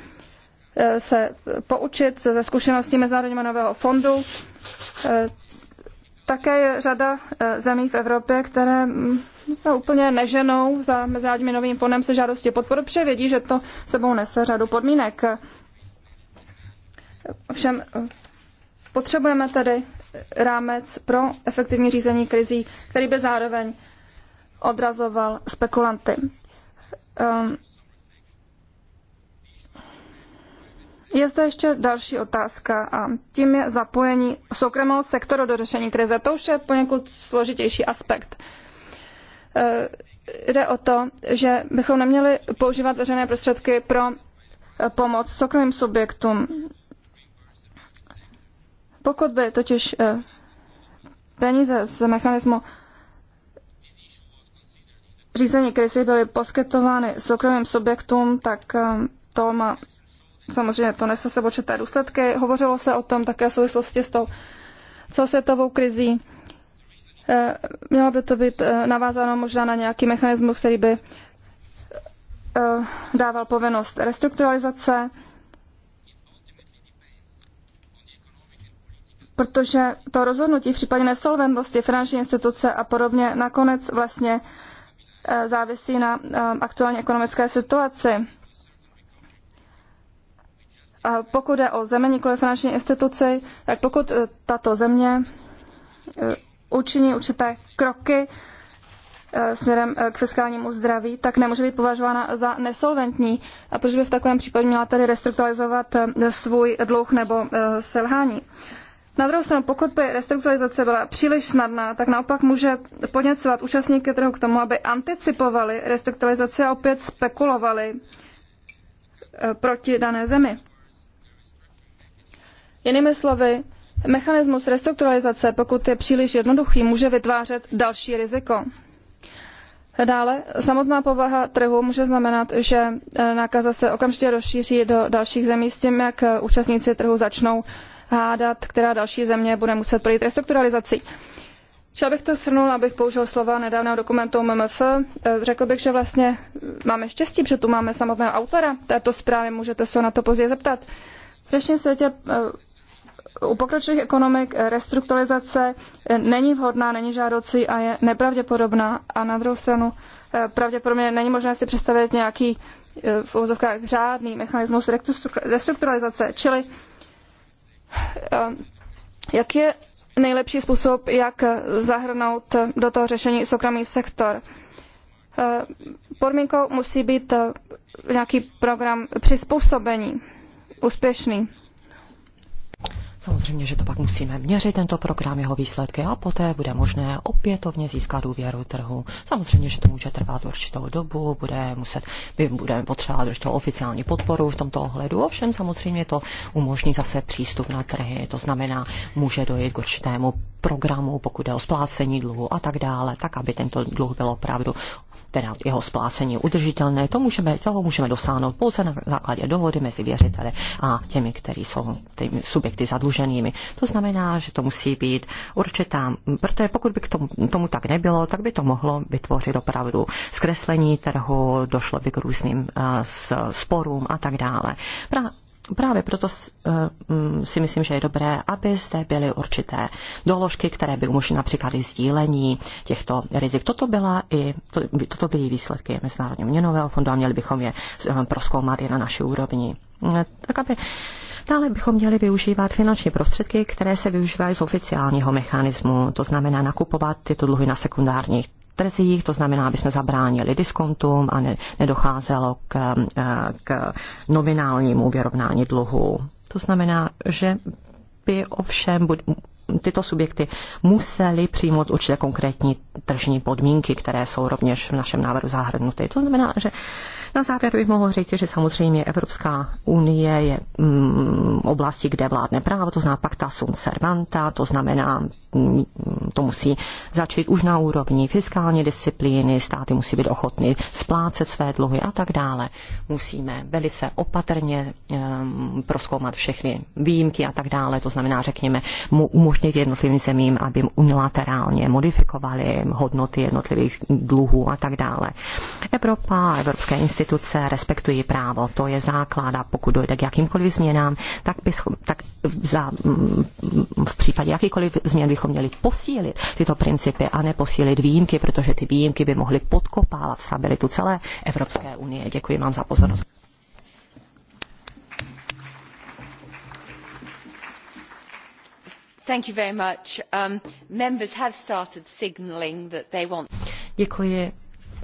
Eh, se poučit ze zkušeností Mezinárodního nového fondu. Eh, také je řada eh, zemí v Evropě, které mm, se úplně neženou za Mezinárodním novým fondem se žádosti podporu, protože vědí, že to sebou nese řadu podmínek. Ovšem potřebujeme tedy rámec pro efektivní řízení krizí, který by zároveň odrazoval spekulanty. Ehm, Je zde ještě další otázka a tím je zapojení soukromého sektoru do řešení krize. To už je poněkud složitější aspekt. E, jde o to, že bychom neměli používat veřejné prostředky pro e, pomoc soukromým subjektům. Pokud by totiž e, peníze z mechanismu řízení krizi byly poskytovány soukromým subjektům, tak to má Samozřejmě to nese sebou určité důsledky. Hovořilo se o tom také v souvislosti s tou celosvětovou krizí. Eh, mělo by to být eh, navázáno možná na nějaký mechanismus, který by eh, dával povinnost restrukturalizace, protože to rozhodnutí v případě nesolventnosti finanční instituce a podobně nakonec vlastně závisí na aktuální ekonomické situaci pokud je o zemi, nikoli finanční instituci, tak pokud eh, tato země eh, učiní určité kroky eh, směrem k fiskálnímu zdraví, tak nemůže být považována za nesolventní. A proč by v takovém případě měla tedy restrukturalizovat svůj dluh nebo selhání? Na druhou stranu, pokud by restrukturalizace byla příliš snadná, tak naopak může podněcovat účastníky trhu k tomu, aby anticipovali restrukturalizaci a opět spekulovali proti dané zemi. Jinými slovy, mechanismus restrukturalizace, pokud je příliš jednoduchý, může vytvářet další riziko. Dále, samotná povaha trhu může znamenat, že eh, nákaza se okamžitě rozšíří do dalších zemí s tím, jak eh, účastníci trhu začnou hádat, která další země bude muset projít restrukturalizací. Chtěl bych to shrnul, abych použil slova nedávného dokumentu MMF. Eh, řekl bych, že vlastně máme štěstí, protože tu máme samotného autora této zprávy, můžete se na to později zeptat. V dnešním světě u pokročilých ekonomik eh, restrukturalizace eh, není vhodná, není žádoucí a je nepravděpodobná. A na druhou stranu eh, pravděpodobně není možné si představit nějaký v úzovkách řádný mechanismus restrukturalizace. Čili jak je nejlepší způsob, jak zahrnout do toho řešení soukromý sektor? Podmínkou musí být nějaký program přizpůsobení úspěšný. Samozřejmě, že to pak musíme měřit, tento program, jeho výsledky a poté bude možné opětovně získat důvěru trhu. Samozřejmě, že to může trvat určitou dobu, bude muset, by, budeme potřebovat určitou oficiální podporu v tomto ohledu, ovšem samozřejmě to umožní zase přístup na trhy, to znamená, může dojít k určitému programů, pokud jde o splácení dluhu a tak dále, tak aby tento dluh byl opravdu, teda jeho splácení udržitelné. To můžeme, toho můžeme dosáhnout pouze na základě dohody mezi věřiteli a těmi, kteří jsou těmi subjekty zadluženými. To znamená, že to musí být určitá, protože pokud by k tomu, tomu tak nebylo, tak by to mohlo vytvořit opravdu zkreslení trhu, došlo by k různým uh, sporům a tak dále. Pra, Právě proto eh, mm, si myslím, že je dobré, aby zde byly určité doložky, které by umožnily například i sdílení těchto rizik. Toto, byla i, to, toto byly výsledky Mezinárodního měnového fondu a měli bychom je eh, proskoumat i na naší úrovni. Eh, tak aby Dále bychom měli využívat finanční prostředky, které se využívají z oficiálního mechanismu, to znamená nakupovat tyto dluhy na sekundárních trzích, to znamená, aby jsme zabránili diskontům a ne, nedocházelo k, eh, k nominálnímu vyrovnání dluhu. To znamená, že by ovšem buď, tyto subjekty musely přijmout určité konkrétní tržní podmínky, které jsou rovněž v našem návrhu zahrnuty. To znamená, že na závěr bych mohl říct, že samozřejmě Evropská unie je mm, oblasti, kde vládne právo, to znamená pacta sunt servanta, to znamená to musí začít už na úrovni fiskální disciplíny, státy musí být ochotny splácet své dluhy a tak dále. Musíme velice opatrně um, ehm, proskoumat všechny výjimky a tak dále, to znamená, řekněme, mu umožnit jednotlivým zemím, aby unilaterálně modifikovali hodnoty jednotlivých dluhů a tak dále. Evropa a evropské instituce respektují právo, to je základ a pokud dojde k jakýmkoliv změnám, tak, by, tak za, v případě jakýkoliv změn bychom měli posílit tyto principy a neposílit výjimky, protože ty výjimky by mohly podkopávat stabilitu celé Evropské unie. Děkuji vám za pozornost. Thank you very much. Um, members have started signaling that they want... Děkuji.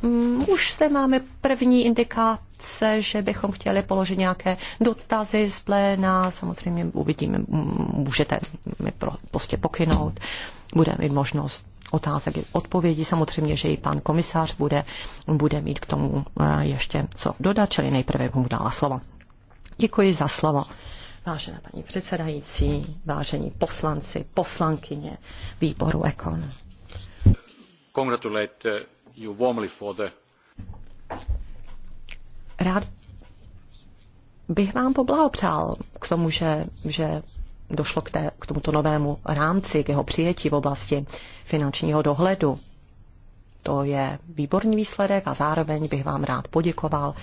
Mm, už se máme první indikace, že bychom chtěli položit nějaké dotazy z pléna. Samozřejmě uvidíme, mm, můžete mi pro, prostě pokynout. Bude mít možnost otázek i odpovědí. Samozřejmě, že i pan komisář bude, bude mít k tomu eh, ještě co dodat, čili nejprve mu dala slovo. Děkuji za slovo. Vážená paní předsedající, vážení poslanci, poslankyně výboru EKON. Congratulate you warmly for the... Rád bych vám poblahopřál k tomu, že, že došlo k, té, k tomuto novému rámci, k jeho přijetí v oblasti finančního dohledu. To je výborný výsledek a zároveň bych vám rád poděkoval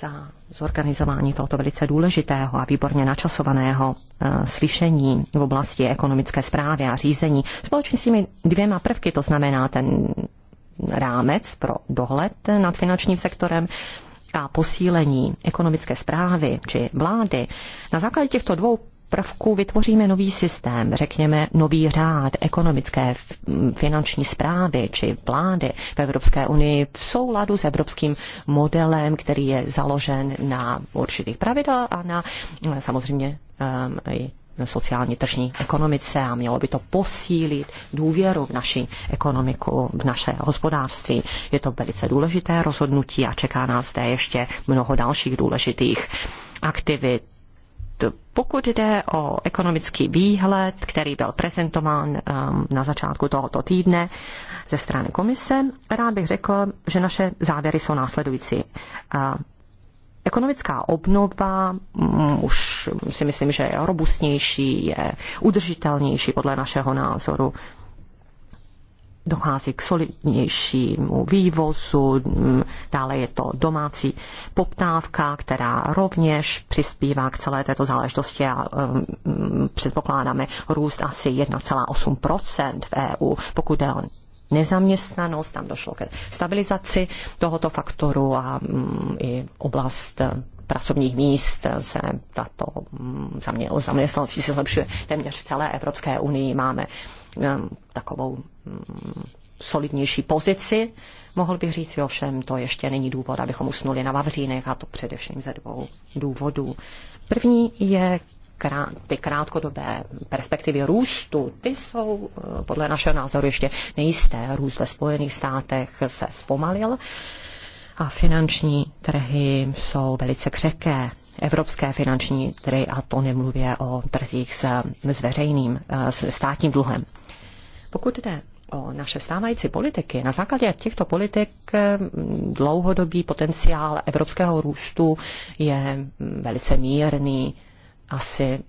za zorganizování tohoto velice důležitého a výborně načasovaného eh, slyšení v oblasti ekonomické zprávy a řízení. Společně s těmi dvěma prvky, to znamená ten rámec pro dohled nad finančním sektorem a posílení ekonomické zprávy či vlády. Na základě těchto dvou prvků vytvoříme nový systém, řekněme nový řád ekonomické finanční zprávy či vlády v Evropské unii v souladu s evropským modelem, který je založen na určitých pravidel a na samozřejmě um, i sociální tržní ekonomice a mělo by to posílit důvěru v naši ekonomiku, v naše hospodářství. Je to velice důležité rozhodnutí a čeká nás zde ještě mnoho dalších důležitých aktivit. Pokud jde o ekonomický výhled, který byl prezentován um, na začátku tohoto týdne ze strany komise, rád bych řekl, že naše závěry jsou následující. Uh, Ekonomická obnova um, už si myslím, že je robustnější, je udržitelnější podle našeho názoru dochází k solidnějšímu vývozu, mm, dále je to domácí poptávka, která rovněž přispívá k celé této záležitosti a um, předpokládáme růst asi 1,8 v EU, pokud jde o nezaměstnanost, tam došlo ke stabilizaci tohoto faktoru a mm, i oblast eh, pracovních míst se tato mm, zaměstnanost se zlepšuje. Téměř v celé Evropské unii máme eh, takovou mm, solidnější pozici. Mohl bych říct, ovšem, to ještě není důvod, abychom usnuli na Vavřínech, a to především ze dvou důvodů. První je ty krátkodobé perspektivy růstu, ty jsou eh, podle našeho názoru ještě nejisté. Růst ve Spojených státech se zpomalil a finanční trhy jsou velice křehké evropské finanční trhy a to nemluvě o trzích s, s veřejným, eh, s státním dluhem. Pokud jde o naše stávající politiky, na základě těchto politik eh, dlouhodobý potenciál evropského růstu je mm, velice mírný asi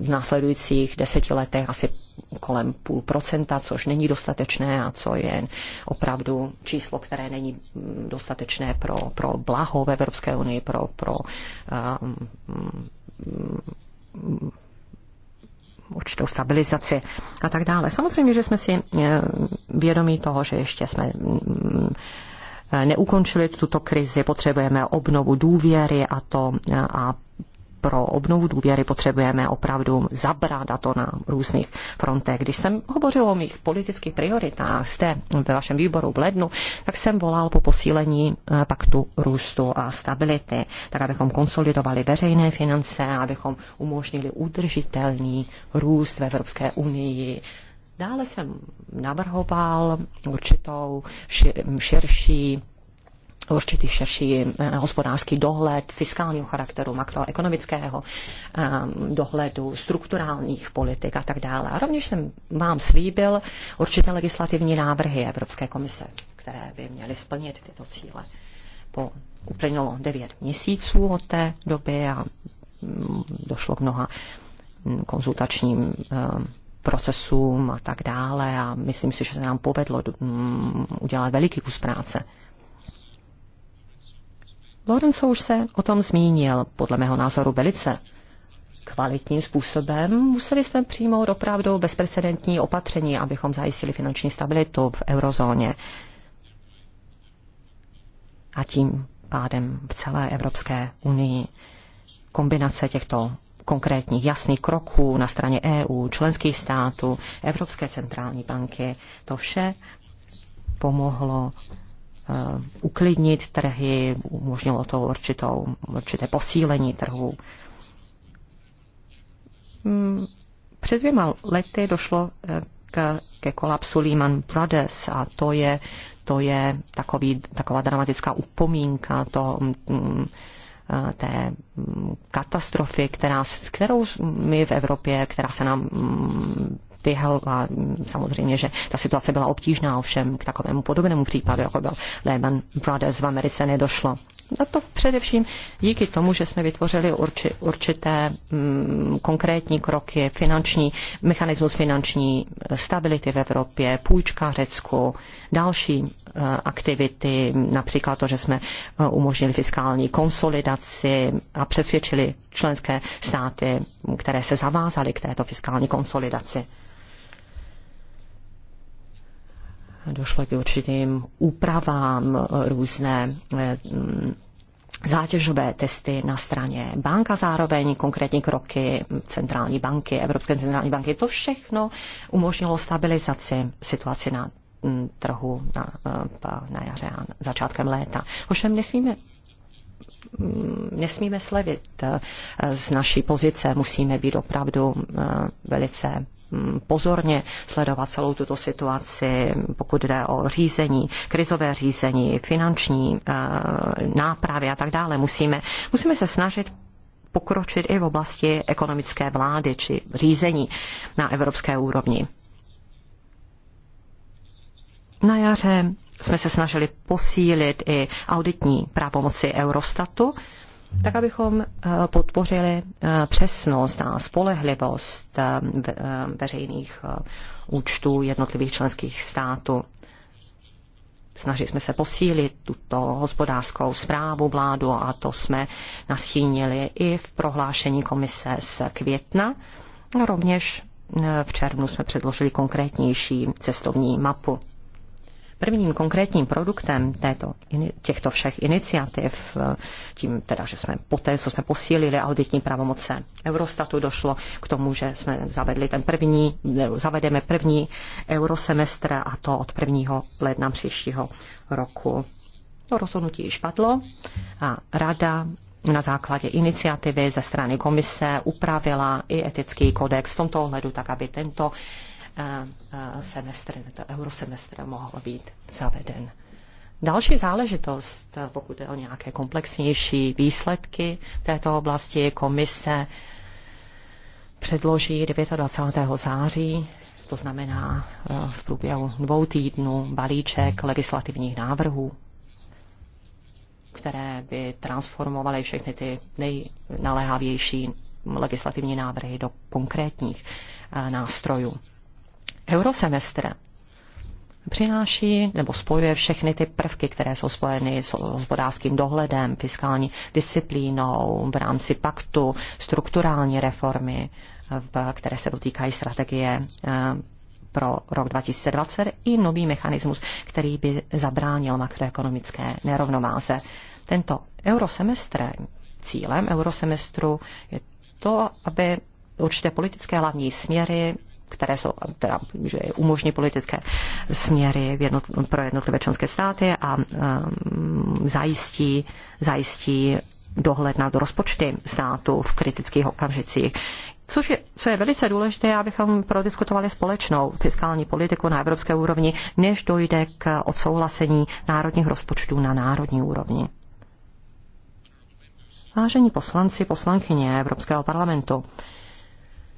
v následujících deseti letech asi kolem půl procenta, což není dostatečné a co je opravdu číslo, které není dostatečné pro, pro blaho v Evropské unii, pro, pro um, um určitou stabilizaci a tak dále. Samozřejmě, že jsme si eh, vědomí toho, že ještě jsme mm, neukončili tuto krizi, potřebujeme obnovu důvěry a to eh, a pro obnovu důvěry potřebujeme opravdu zabrat a to na různých frontech. Když jsem hovořil o mých politických prioritách jste ve vašem výboru v lednu, tak jsem volal po posílení eh, paktu růstu a stability, tak abychom konsolidovali veřejné finance, abychom umožnili udržitelný růst v Evropské unii, Dále jsem navrhoval určitou širší určitý širší eh, hospodářský dohled fiskálního charakteru, makroekonomického eh, dohledu, strukturálních politik a tak dále. A rovněž jsem vám slíbil určité legislativní návrhy Evropské komise, které by měly splnit tyto cíle. Po uplynulo devět měsíců od té doby a mm, došlo k mnoha mm, konzultačním eh, procesům a tak dále a myslím si, že se nám povedlo mm, udělat veliký kus práce. Lorenzo už se o tom zmínil, podle mého názoru velice kvalitním způsobem. Museli jsme přijmout opravdu bezprecedentní opatření, abychom zajistili finanční stabilitu v eurozóně a tím pádem v celé Evropské unii. Kombinace těchto konkrétních jasných kroků na straně EU, členských států, Evropské centrální banky, to vše pomohlo Eh, uklidnit trhy, umožnilo to určitou, určité posílení trhu. Hmm, před dvěma lety došlo eh, k, ke kolapsu Lehman Brothers a to je, to je takový, taková dramatická upomínka to, mm, eh, té mm, katastrofy, která, kterou my v Evropě, která se nám mm, vyhl a mm, samozřejmě, že ta situace byla obtížná, ovšem k takovému podobnému případu, jako byl Lehman Brothers v Americe, nedošlo. A to především díky tomu, že jsme vytvořili urči, určité mm, konkrétní kroky, finanční, mechanismus finanční stability v Evropě, půjčka Řecku, další uh, aktivity, například to, že jsme uh, umožnili fiskální konsolidaci a přesvědčili členské státy, které se zavázaly k této fiskální konsolidaci. došlo k určitým úpravám eh, různé eh, zátěžové testy na straně banka zároveň konkrétní kroky centrální banky, Evropské centrální banky. To všechno umožnilo stabilizaci situaci na mm, trhu na, eh, na jaře a začátkem léta. Ovšem nesmíme mm, nesmíme slevit z naší pozice, musíme být opravdu velice Mm, pozorně sledovat celou tuto situaci, pokud jde o řízení, krizové řízení, finanční eh, nápravy a tak dále. Musíme, musíme se snažit pokročit i v oblasti ekonomické vlády či řízení na evropské úrovni. Na jaře jsme se snažili posílit i auditní pravomoci Eurostatu, tak abychom eh, podpořili eh, přesnost a spolehlivost eh, veřejných účtů jednotlivých členských států. Snažili jsme se posílit tuto hospodářskou zprávu vládu a to jsme nastínili i v prohlášení komise z května. rovněž v červnu jsme předložili konkrétnější cestovní mapu. Prvním konkrétním produktem této, těchto všech iniciativ, eh, tím teda, že jsme poté, co jsme posílili auditní pravomoce Eurostatu, došlo k tomu, že jsme zavedli ten první, zavedeme první eurosemestr a to od 1. ledna příštího roku. To rozhodnutí již padlo a rada na základě iniciativy ze strany komise upravila i etický kodex v tomto ohledu, tak aby tento Eh, eh, semestr, to eurosemestr mohl být zaveden. Další záležitost, eh, pokud je o nějaké komplexnější výsledky této oblasti, komise předloží 29. září, to znamená v průběhu dvou týdnů, balíček legislativních návrhů, které by transformovaly všechny ty nejnaléhavější legislativní návrhy do konkrétních nástrojů eurosemestr přináší nebo spojuje všechny ty prvky, které jsou spojeny s hospodářským dohledem, fiskální disciplínou v rámci paktu, strukturální reformy, které se dotýkají strategie eh, pro rok 2020 i nový mechanismus, který by zabránil makroekonomické nerovnováze. Tento eurosemestr, cílem eurosemestru je to, aby určité politické hlavní směry které jsou, teda, že umožní politické směry jednot, pro jednotlivé členské státy a um, zajistí, zajistí dohled nad rozpočty státu v kritických okamžicích. Což je, co je velice důležité, abychom prodiskutovali společnou fiskální politiku na evropské úrovni, než dojde k odsouhlasení národních rozpočtů na národní úrovni. Vážení poslanci, poslankyně Evropského parlamentu,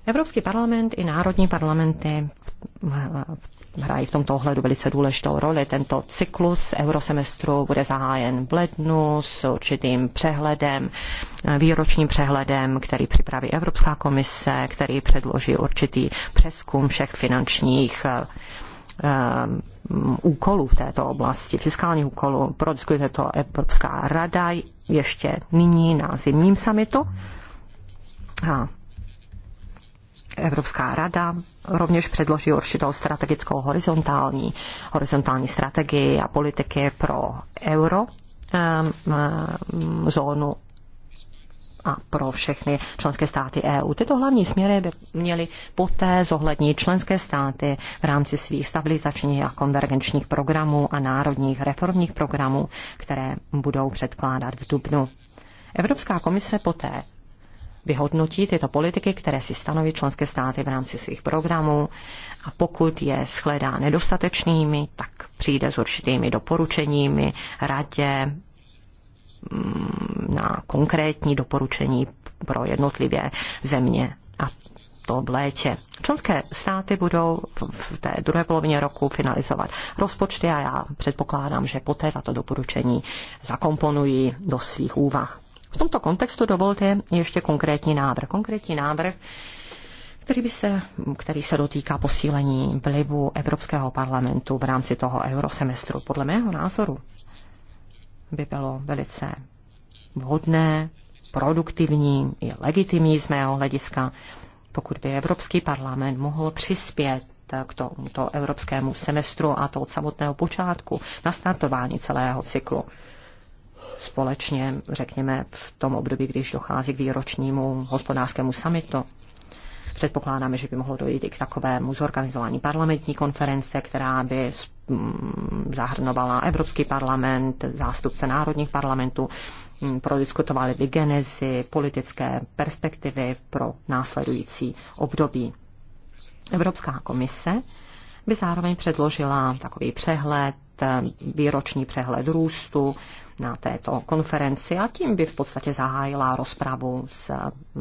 Evropský parlament i národní parlamenty hrají v tomto ohledu velice důležitou roli. Tento cyklus eurosemestru bude zahájen v lednu s určitým přehledem, výročním přehledem, který připraví Evropská komise, který předloží určitý přeskum všech finančních eh, mm, úkolů v této oblasti, fiskálních úkolů. Prodiskuje to Evropská rada ještě nyní na zimním samitu. A Evropská rada rovněž předloží určitou strategickou horizontální, horizontální strategii a politiky pro euro zónu a pro všechny členské státy EU. Tyto hlavní směry by měly poté zohlednit členské státy v rámci svých stabilizačních a konvergenčních programů a národních reformních programů, které budou předkládat v Dubnu. Evropská komise poté vyhodnotí tyto politiky, které si stanoví členské státy v rámci svých programů a pokud je shledá nedostatečnými, tak přijde s určitými doporučeními radě mm, na konkrétní doporučení pro jednotlivé země. A to v létě. Členské státy budou v té druhé polovině roku finalizovat rozpočty a já předpokládám, že poté tato doporučení zakomponují do svých úvah. V tomto kontextu dovolte ještě konkrétní návrh. Konkrétní návrh, který, by se, který se dotýká posílení vlivu Evropského parlamentu v rámci toho eurosemestru. Podle mého názoru by bylo velice vhodné, produktivní i legitimní z mého hlediska, pokud by Evropský parlament mohl přispět k tomuto evropskému semestru a to od samotného počátku, na startování celého cyklu společně, řekněme, v tom období, když dochází k výročnímu hospodářskému summitu. Předpokládáme, že by mohlo dojít i k takovému zorganizování parlamentní konference, která by mm, zahrnovala Evropský parlament, zástupce národních parlamentů, mm, prodiskutovali by genezi, politické perspektivy pro následující období. Evropská komise by zároveň předložila takový přehled, mm, výroční přehled růstu na této konferenci a tím by v podstatě zahájila rozpravu se,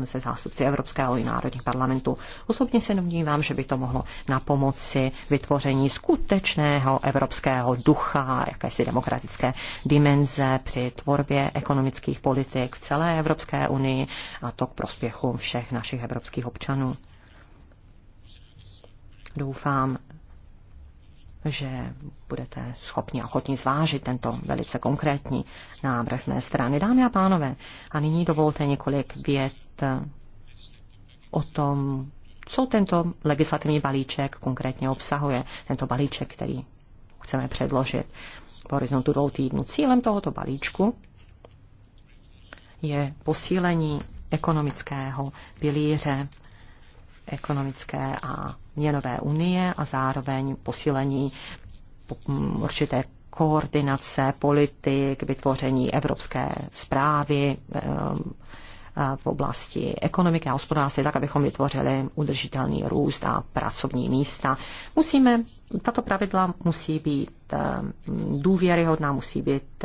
se zástupci Evropského i národních parlamentů. Osobně se domnívám, že by to mohlo na pomoci vytvoření skutečného evropského ducha, jakési demokratické dimenze při tvorbě ekonomických politik v celé Evropské unii a to k prospěchu všech našich evropských občanů. Doufám, že budete schopni a ochotni zvážit tento velice konkrétní návrh z mé strany. Dámy a pánové, a nyní dovolte několik vět eh, o tom, co tento legislativní balíček konkrétně obsahuje, tento balíček, který chceme předložit v horizontu dvou týdnů. Cílem tohoto balíčku je posílení ekonomického pilíře, ekonomické a měnové unie a zároveň posílení mm, určité koordinace politik, vytvoření evropské zprávy eh, eh, v oblasti ekonomiky a hospodářství, tak abychom vytvořili udržitelný růst a pracovní místa. Musíme, tato pravidla musí být eh, důvěryhodná, musí být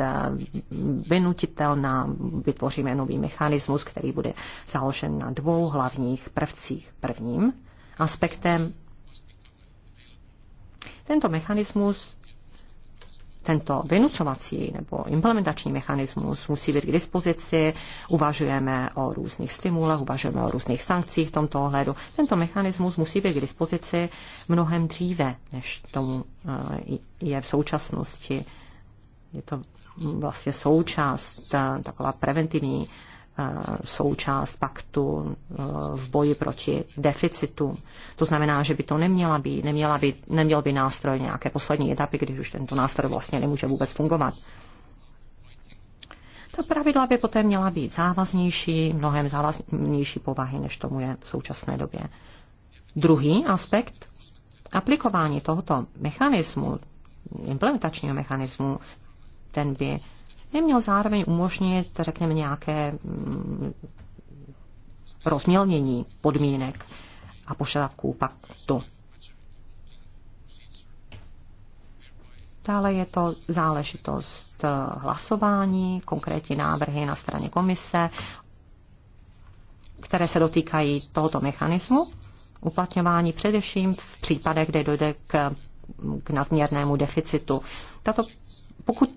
vynutitelná. Vytvoříme nový mechanismus, který bude založen na dvou hlavních prvcích. Prvním aspektem. Tento mechanismus, tento vynucovací nebo implementační mechanismus musí být k dispozici. Uvažujeme o různých stimulech, uvažujeme o různých sankcích v tomto ohledu. Tento mechanismus musí být k dispozici mnohem dříve, než tomu eh, je v současnosti. Je to vlastně součást, eh, taková preventivní součást paktu e, v boji proti deficitům. To znamená, že by to neměla být, neměla být, neměl by nástroj nějaké poslední etapy, když už tento nástroj vlastně nemůže vůbec fungovat. Ta pravidla by poté měla být závaznější, mnohem závaznější povahy, než tomu je v současné době. Druhý aspekt aplikování tohoto mechanismu, implementačního mechanismu, ten by neměl zároveň umožnit, řekněme, nějaké mm, rozmělnění podmínek a požadavků tu. Dále je to záležitost eh, hlasování, konkrétní návrhy na straně komise, které se dotýkají tohoto mechanismu, uplatňování především v případech, kde dojde k, k nadměrnému deficitu. Tato, pokud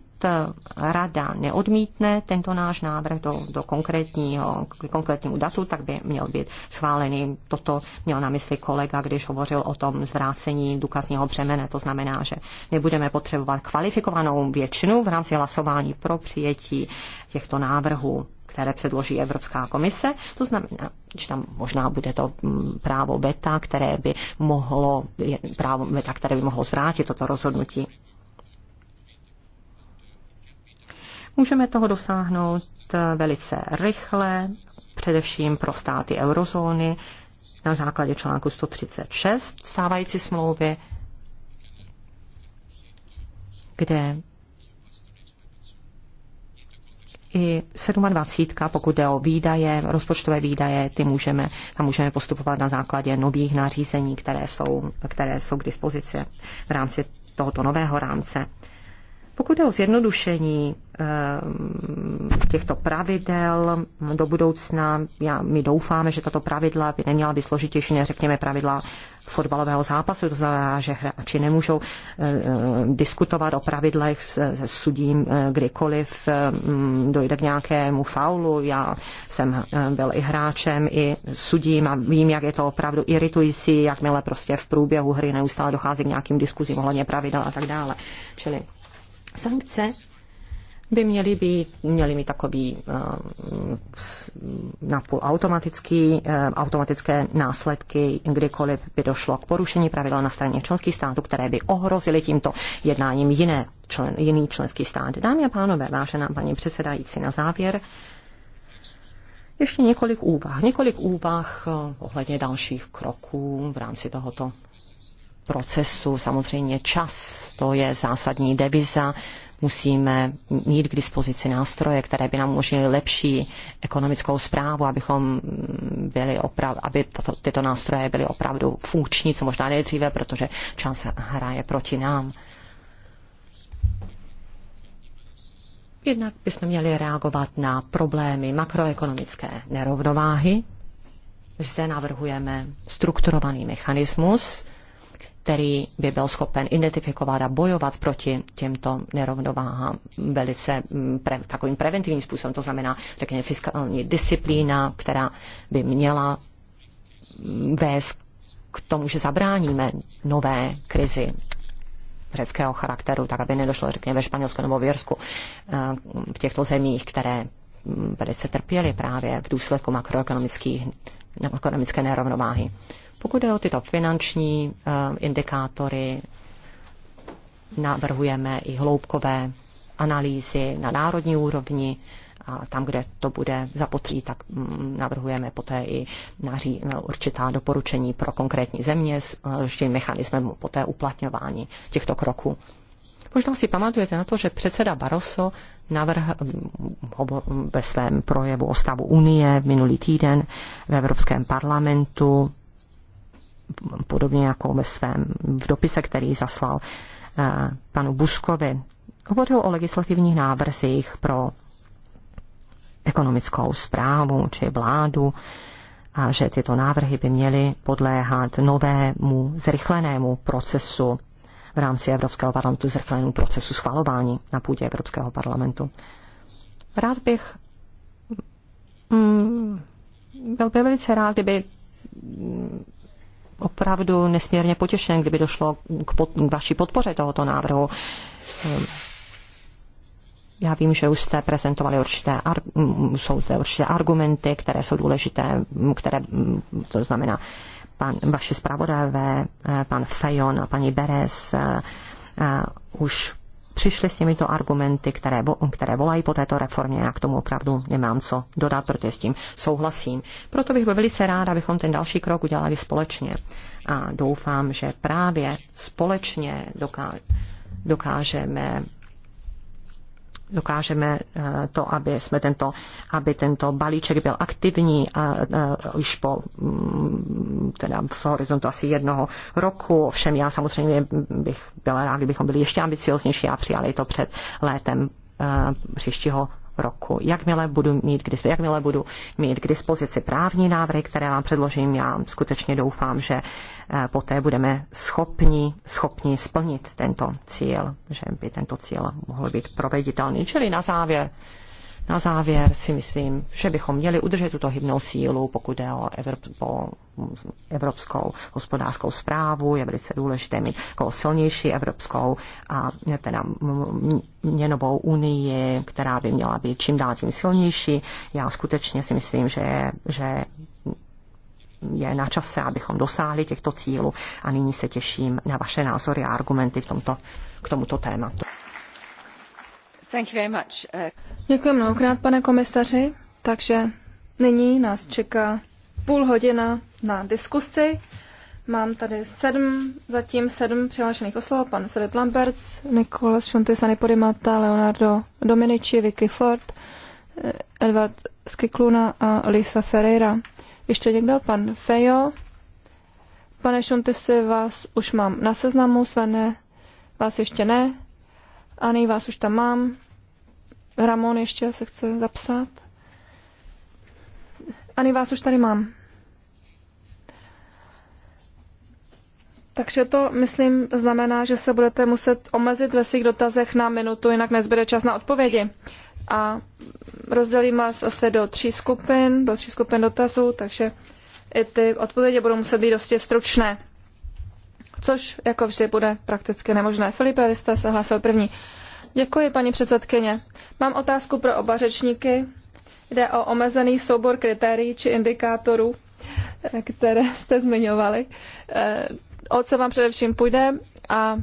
rada neodmítne tento náš návrh do, do konkrétního, k konkrétnímu datu, tak by měl být schválený. Toto měl na mysli kolega, když hovořil o tom zvrácení důkazního břemene. To znamená, že nebudeme potřebovat kvalifikovanou většinu v rámci hlasování pro přijetí těchto návrhů které předloží Evropská komise. To znamená, že tam možná bude to mm, právo beta, které by mohlo, právo beta, které by mohlo zvrátit toto rozhodnutí. Můžeme toho dosáhnout eh, velice rychle, především pro státy eurozóny na základě článku 136 stávající smlouvy, kde i 27, pokud jde o výdaje, rozpočtové výdaje, ty můžeme, tam můžeme postupovat na základě nových nařízení, které jsou, které jsou k dispozici v rámci tohoto nového rámce. Pokud je o zjednodušení ehm, těchto pravidel do budoucna, já, my doufáme, že tato pravidla by neměla být složitější, neřekněme pravidla fotbalového zápasu, to znamená, že hráči nemůžou ehm, diskutovat o pravidlech s, s sudím eh, kdykoliv ehm, dojde k nějakému faulu. Já jsem eh, byl i hráčem, i sudím a vím, jak je to opravdu iritující, jakmile prostě v průběhu hry neustále dochází k nějakým diskuzím ohledně pravidel a tak dále. Čili Sankce by měly být, měly mít takový uh, napůl automatický, uh, automatické následky, kdykoliv by došlo k porušení pravidel na straně členských států, které by ohrozily tímto jednáním jiné člen, jiný členský stát. Dámy a pánové, vážená paní předsedající, na závěr ještě několik úvah. Několik úvah eh, ohledně dalších kroků v rámci tohoto procesu. Samozřejmě čas, to je zásadní deviza. Musíme mít k dispozici nástroje, které by nám umožnily lepší ekonomickou zprávu, abychom byli oprav- aby tato, tyto nástroje byly opravdu funkční, co možná nejdříve, protože čas hraje proti nám. Jednak bychom měli reagovat na problémy makroekonomické nerovnováhy. Zde navrhujeme strukturovaný mechanismus, který by byl schopen identifikovat a bojovat proti těmto nerovnováhám velice mm, pre, takovým preventivním způsobem. To znamená, řekněme, fiskální disciplína, která by měla mm, vést k tomu, že zabráníme nové krizi řeckého charakteru, tak aby nedošlo, řekněme, ve Španělsku nebo v Jirsku, eh, v těchto zemích, které mm, velice trpěly právě v důsledku makroekonomických, makroekonomické nerovnováhy. Pokud je o tyto finanční eh, indikátory, navrhujeme i hloubkové analýzy na národní úrovni a tam, kde to bude zapotří, tak mm, navrhujeme poté i naří, no, určitá doporučení pro konkrétní země s eh, tím mechanismem poté uplatňování těchto kroků. Možná si pamatujete na to, že předseda Barroso navrh mm, ve svém projevu o stavu Unie minulý týden v Evropském parlamentu podobně jako ve svém v dopise, který zaslal eh, panu Buskovi. Hovořil o legislativních návrzích pro ekonomickou zprávu či vládu a že tyto návrhy by měly podléhat novému zrychlenému procesu v rámci Evropského parlamentu, zrychlenému procesu schvalování na půdě Evropského parlamentu. Rád bych mm, byl by velice rád, kdyby opravdu nesmírně potěšen, kdyby došlo k, pod, k vaší podpoře tohoto návrhu. Ehm, já vím, že už jste prezentovali určité, jsou zde určité argumenty, které jsou důležité, které, to znamená, pan, vaši zpravodajové, eh, pan Fejon a paní Beres, eh, eh, už přišli s těmito argumenty, které, které volají po této reformě. Já k tomu opravdu nemám co dodat, protože s tím souhlasím. Proto bych byl velice rád, abychom ten další krok udělali společně. A doufám, že právě společně dokážeme dokážeme eh, to, aby, jsme tento, aby tento balíček byl aktivní a, a eh, už po mm, teda v horizontu asi jednoho roku. Ovšem já samozřejmě bych byla rád, kdybychom byli ještě ambicioznější a přijali to před létem eh, příštího roku. Jakmile budu mít, jakmile budu mít k dispozici právní návrhy, které vám předložím, já skutečně doufám, že eh, poté budeme schopni, schopni splnit tento cíl, že by tento cíl mohl být proveditelný. Čili na závěr na závěr si myslím, že bychom měli udržet tuto hybnou sílu, pokud jde o evropskou hospodářskou zprávu. Je velice důležité mít jako silnější evropskou a teda měnovou unii, která by měla být čím dál tím silnější. Já skutečně si myslím, že, že je na čase, abychom dosáhli těchto cílů a nyní se těším na vaše názory a argumenty v tomto, k tomuto tématu. Uh, Děkuji mnohokrát, pane komisaři. Takže nyní nás čeká půl hodina na diskusi. Mám tady sedm, zatím sedm přihlášených oslov. Pan Filip Lamberts, Nikolas Šuntis, Podimata, Leonardo Dominici, Vicky Ford, eh, Edward Skikluna a Lisa Ferreira. Ještě někdo? Pan Fejo. Pane Šuntisi, vás už mám na seznamu, Svene, vás ještě ne. A nej vás už tam mám. Ramon ještě se chce zapsat. Ani vás už tady mám. Takže to, myslím, znamená, že se budete muset omezit ve svých dotazech na minutu, jinak nezbyde čas na odpovědi. A rozdělím vás asi do tří skupin, do tří skupin dotazů, takže i ty odpovědi budou muset být dosti stručné což jako vždy bude prakticky nemožné. Filipe, vy jste se hlásil první. Děkuji, paní předsedkyně. Mám otázku pro oba řečníky. Jde o omezený soubor kritérií či indikátorů, eh, které jste zmiňovali. Eh, o co vám především půjde? A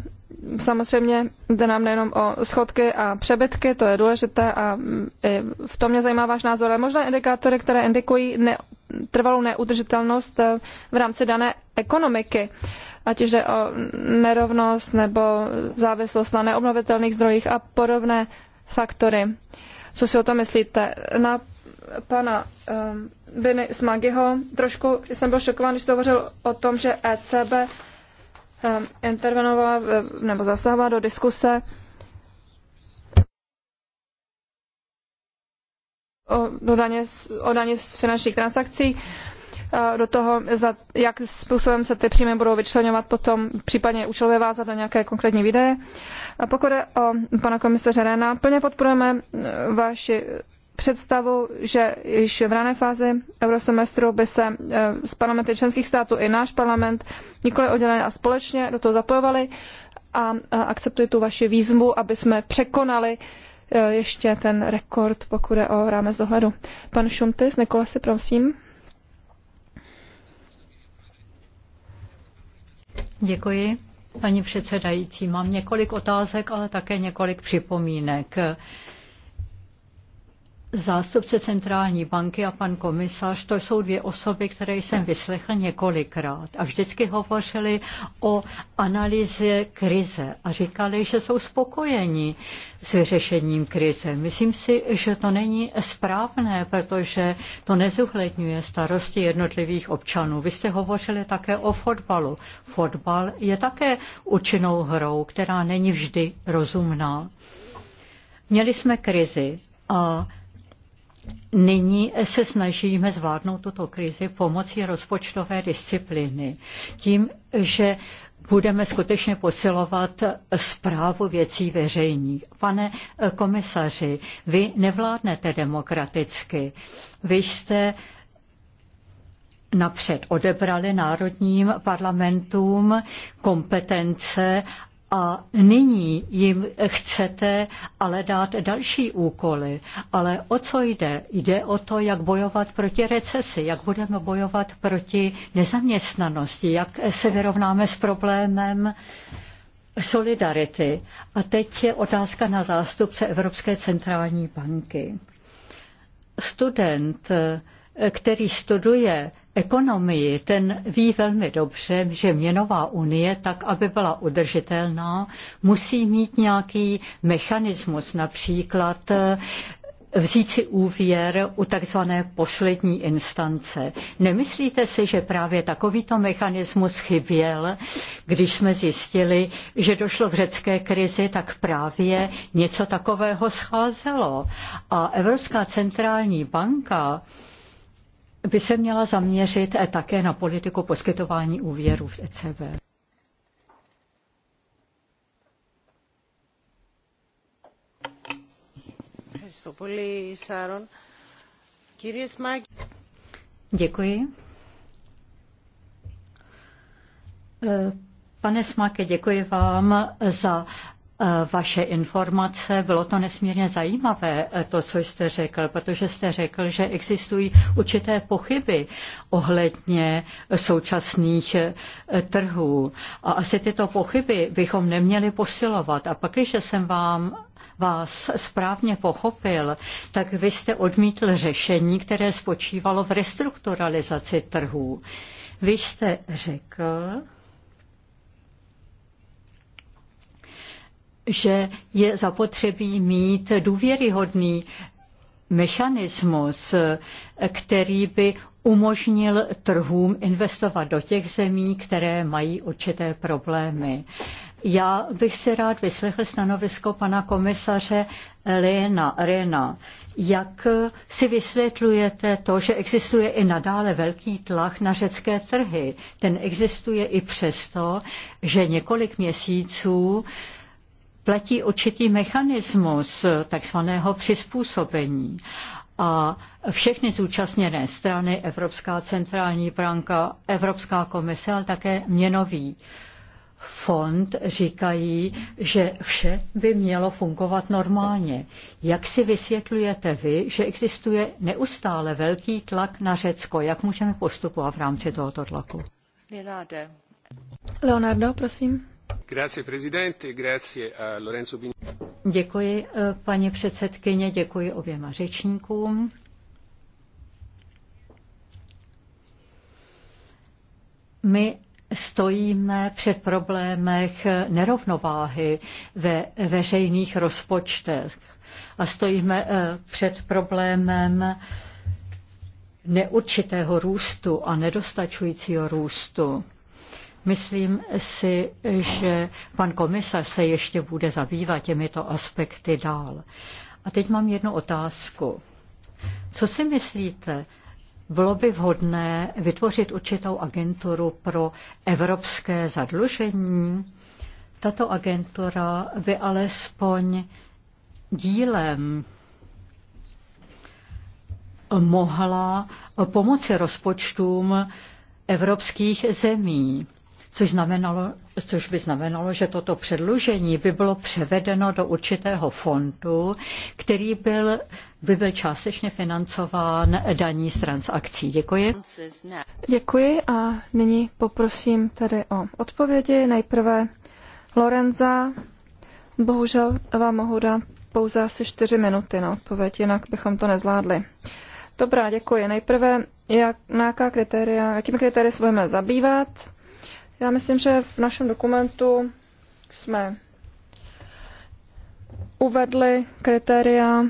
samozřejmě jde nám nejenom o schodky a přebytky, to je důležité a mm, v tom mě zajímá váš názor, ale možná indikátory, které indikují ne, trvalou neudržitelnost eh, v rámci dané ekonomiky ať už jde o nerovnost nebo závislost na neobnovitelných zdrojích a podobné faktory. Co si o to myslíte? Na pana um, ehm, Biny Smagiho trošku jsem byl šokován, když to hovořil o tom, že ECB um, ehm, intervenovala nebo zasahovala do diskuse o, do daně, o daně z finančních transakcí. Um, Eh, do toho, jak způsobem se ty příjmy budou vyčlenovat potom, případně účelově vázat na nějaké konkrétní výdaje. A pokud je o pana komisaře Rena, plně podporujeme eh, vaši představu, že již v rané fázi eurosemestru by se z eh, parlamenty členských států i náš parlament nikoli odděleně a společně do toho zapojovali a akceptuji tu vaši výzvu, aby jsme překonali ještě ten rekord, pokud je o rámec dohledu. Pan Šuntis, Nikolasi, prosím. Děkuji. Paní předsedající, mám několik otázek, ale také několik připomínek zástupce centrální banky a pan komisař, to jsou dvě osoby, které jsem vyslechl několikrát a vždycky hovořili o analýze krize a říkali, že jsou spokojeni s vyřešením krize. Myslím si, že to není správné, protože to nezuhledňuje starosti jednotlivých občanů. Vy jste hovořili také o fotbalu. Fotbal je také účinnou hrou, která není vždy rozumná. Měli jsme krizi a Nyní se snažíme zvládnout tuto krizi pomocí rozpočtové disciplíny. Tím, že budeme skutečně posilovat zprávu věcí veřejných. Pane eh, komisaři, vy nevládnete demokraticky. Vy jste napřed odebrali národním parlamentům kompetence a nyní jim chcete ale dát další úkoly. Ale o co jde? Jde o to, jak bojovat proti recesi, jak budeme bojovat proti nezaměstnanosti, jak se vyrovnáme s problémem solidarity. A teď je otázka na zástupce Evropské centrální banky. Student, který studuje ekonomii, ten ví velmi dobře, že měnová unie, tak aby byla udržitelná, musí mít nějaký mechanismus, například eh, vzít si úvěr u takzvané poslední instance. Nemyslíte si, že právě takovýto mechanismus chyběl, když jsme zjistili, že došlo k řecké krizi, tak právě něco takového scházelo. A Evropská centrální banka by se měla zaměřit eh, také na politiku poskytování úvěrů v ECB. Děkuji. Pane Smake, děkuji vám za Eh, vaše informace. Bylo to nesmírně zajímavé, eh, to, co jste řekl, protože jste řekl, že existují určité pochyby ohledně současných eh, trhů. A asi tyto pochyby bychom neměli posilovat. A pak, když jsem vám vás správně pochopil, tak vy jste odmítl řešení, které spočívalo v restrukturalizaci trhů. Vy jste řekl, že je zapotřebí mít důvěryhodný mechanismus, který by umožnil trhům investovat do těch zemí, které mají určité problémy. Já bych si rád vyslechl stanovisko pana komisaře Lena Rena. Jak si vysvětlujete to, že existuje i nadále velký tlak na řecké trhy? Ten existuje i přesto, že několik měsíců uh, platí určitý mechanismus takzvaného přizpůsobení. A všechny zúčastněné strany, Evropská centrální banka, Evropská komise, ale také měnový fond říkají, že vše by mělo fungovat normálně. Jak si vysvětlujete vy, že existuje neustále velký tlak na Řecko? Jak můžeme postupovat v rámci tohoto tlaku? Leonardo, prosím. Eh, děkuji, eh, paní předsedkyně, děkuji oběma řečníkům. My stojíme před problémech nerovnováhy ve veřejných rozpočtech a stojíme eh, před problémem neurčitého růstu a nedostačujícího růstu. Myslím si, že pan komisař se ještě bude zabývat těmito aspekty dál. A teď mám jednu otázku. Co si myslíte, bylo by vhodné vytvořit určitou agenturu pro evropské zadlužení? Tato agentura by alespoň dílem mohla pomoci rozpočtům evropských zemí což, znamenalo, což by znamenalo, že toto předlužení by bylo převedeno do určitého fondu, který byl, by byl částečně financován daní z transakcí. Děkuji. Děkuji a nyní poprosím tedy o odpovědi. Nejprve Lorenza, bohužel vám mohu dát pouze asi čtyři minuty na odpověď, jinak bychom to nezvládli. Dobrá, děkuji. Nejprve, jak, na jaká kritéria, jakými kritérii se budeme zabývat? Já myslím, že v našem dokumentu jsme uvedli kritéria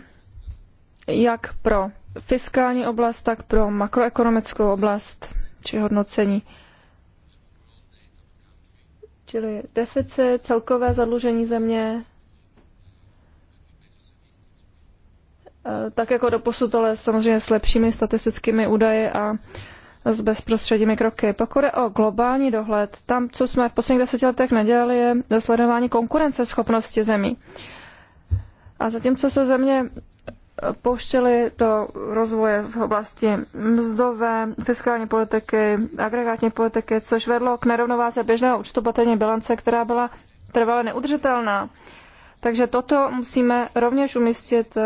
jak pro fiskální oblast, tak pro makroekonomickou oblast či hodnocení. Čili deficit, celkové zadlužení země, eh, tak jako doposud, ale samozřejmě s lepšími statistickými údaji a s bezprostředními kroky. Pokud je o globální dohled, tam, co jsme v posledních deseti letech nedělali, je sledování konkurenceschopnosti zemí. A zatímco se země pouštěly do rozvoje v oblasti mzdové, fiskální politiky, agregátní politiky, což vedlo k nerovnováze běžného účtu platení bilance, která byla trvale neudržitelná. Takže toto musíme rovněž umístit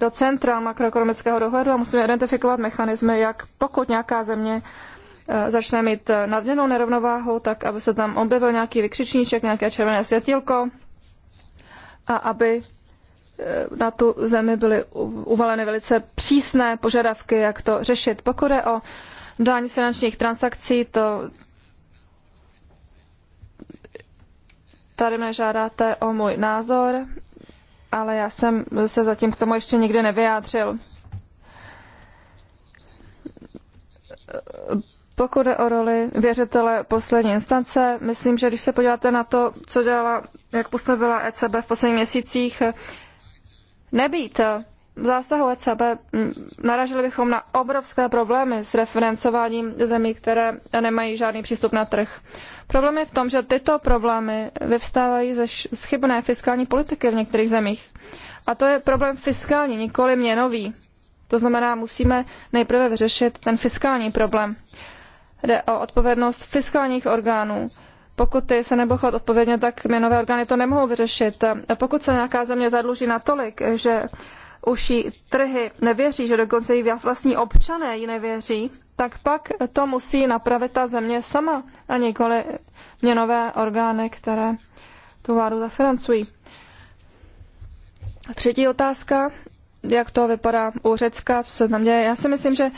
do centra makroekonomického dohledu a musíme identifikovat mechanismy, jak pokud nějaká země eh, začne mít eh, nadměrnou nerovnováhu, tak aby se tam objevil nějaký vykřičníček, nějaké červené světílko a aby eh, na tu zemi byly uvaleny velice přísné požadavky, jak to řešit. Pokud je o daň z finančních transakcí, to tady mě žádáte o můj názor ale já jsem se zatím k tomu ještě nikdy nevyjádřil. Pokud jde o roli věřitele poslední instance, myslím, že když se podíváte na to, co dělala, jak působila ECB v posledních měsících, nebýt zásahu ECB naražili bychom na obrovské problémy s referencováním zemí, které nemají žádný přístup na trh. Problém je v tom, že tyto problémy vyvstávají ze chybné fiskální politiky v některých zemích. A to je problém fiskální, nikoli měnový. To znamená, musíme nejprve vyřešit ten fiskální problém. Jde o odpovědnost fiskálních orgánů, pokud ty se nebudou chovat odpovědně, tak měnové orgány to nemohou vyřešit. Pokud se nějaká země zadluží natolik, že uši trhy nevěří, že dokonce i vlastní občané ji nevěří, tak pak to musí napravit ta země sama a nikoli měnové orgány, které tu vládu zafinancují. Třetí otázka, jak to vypadá u Řecka, co se tam děje. Já si myslím, že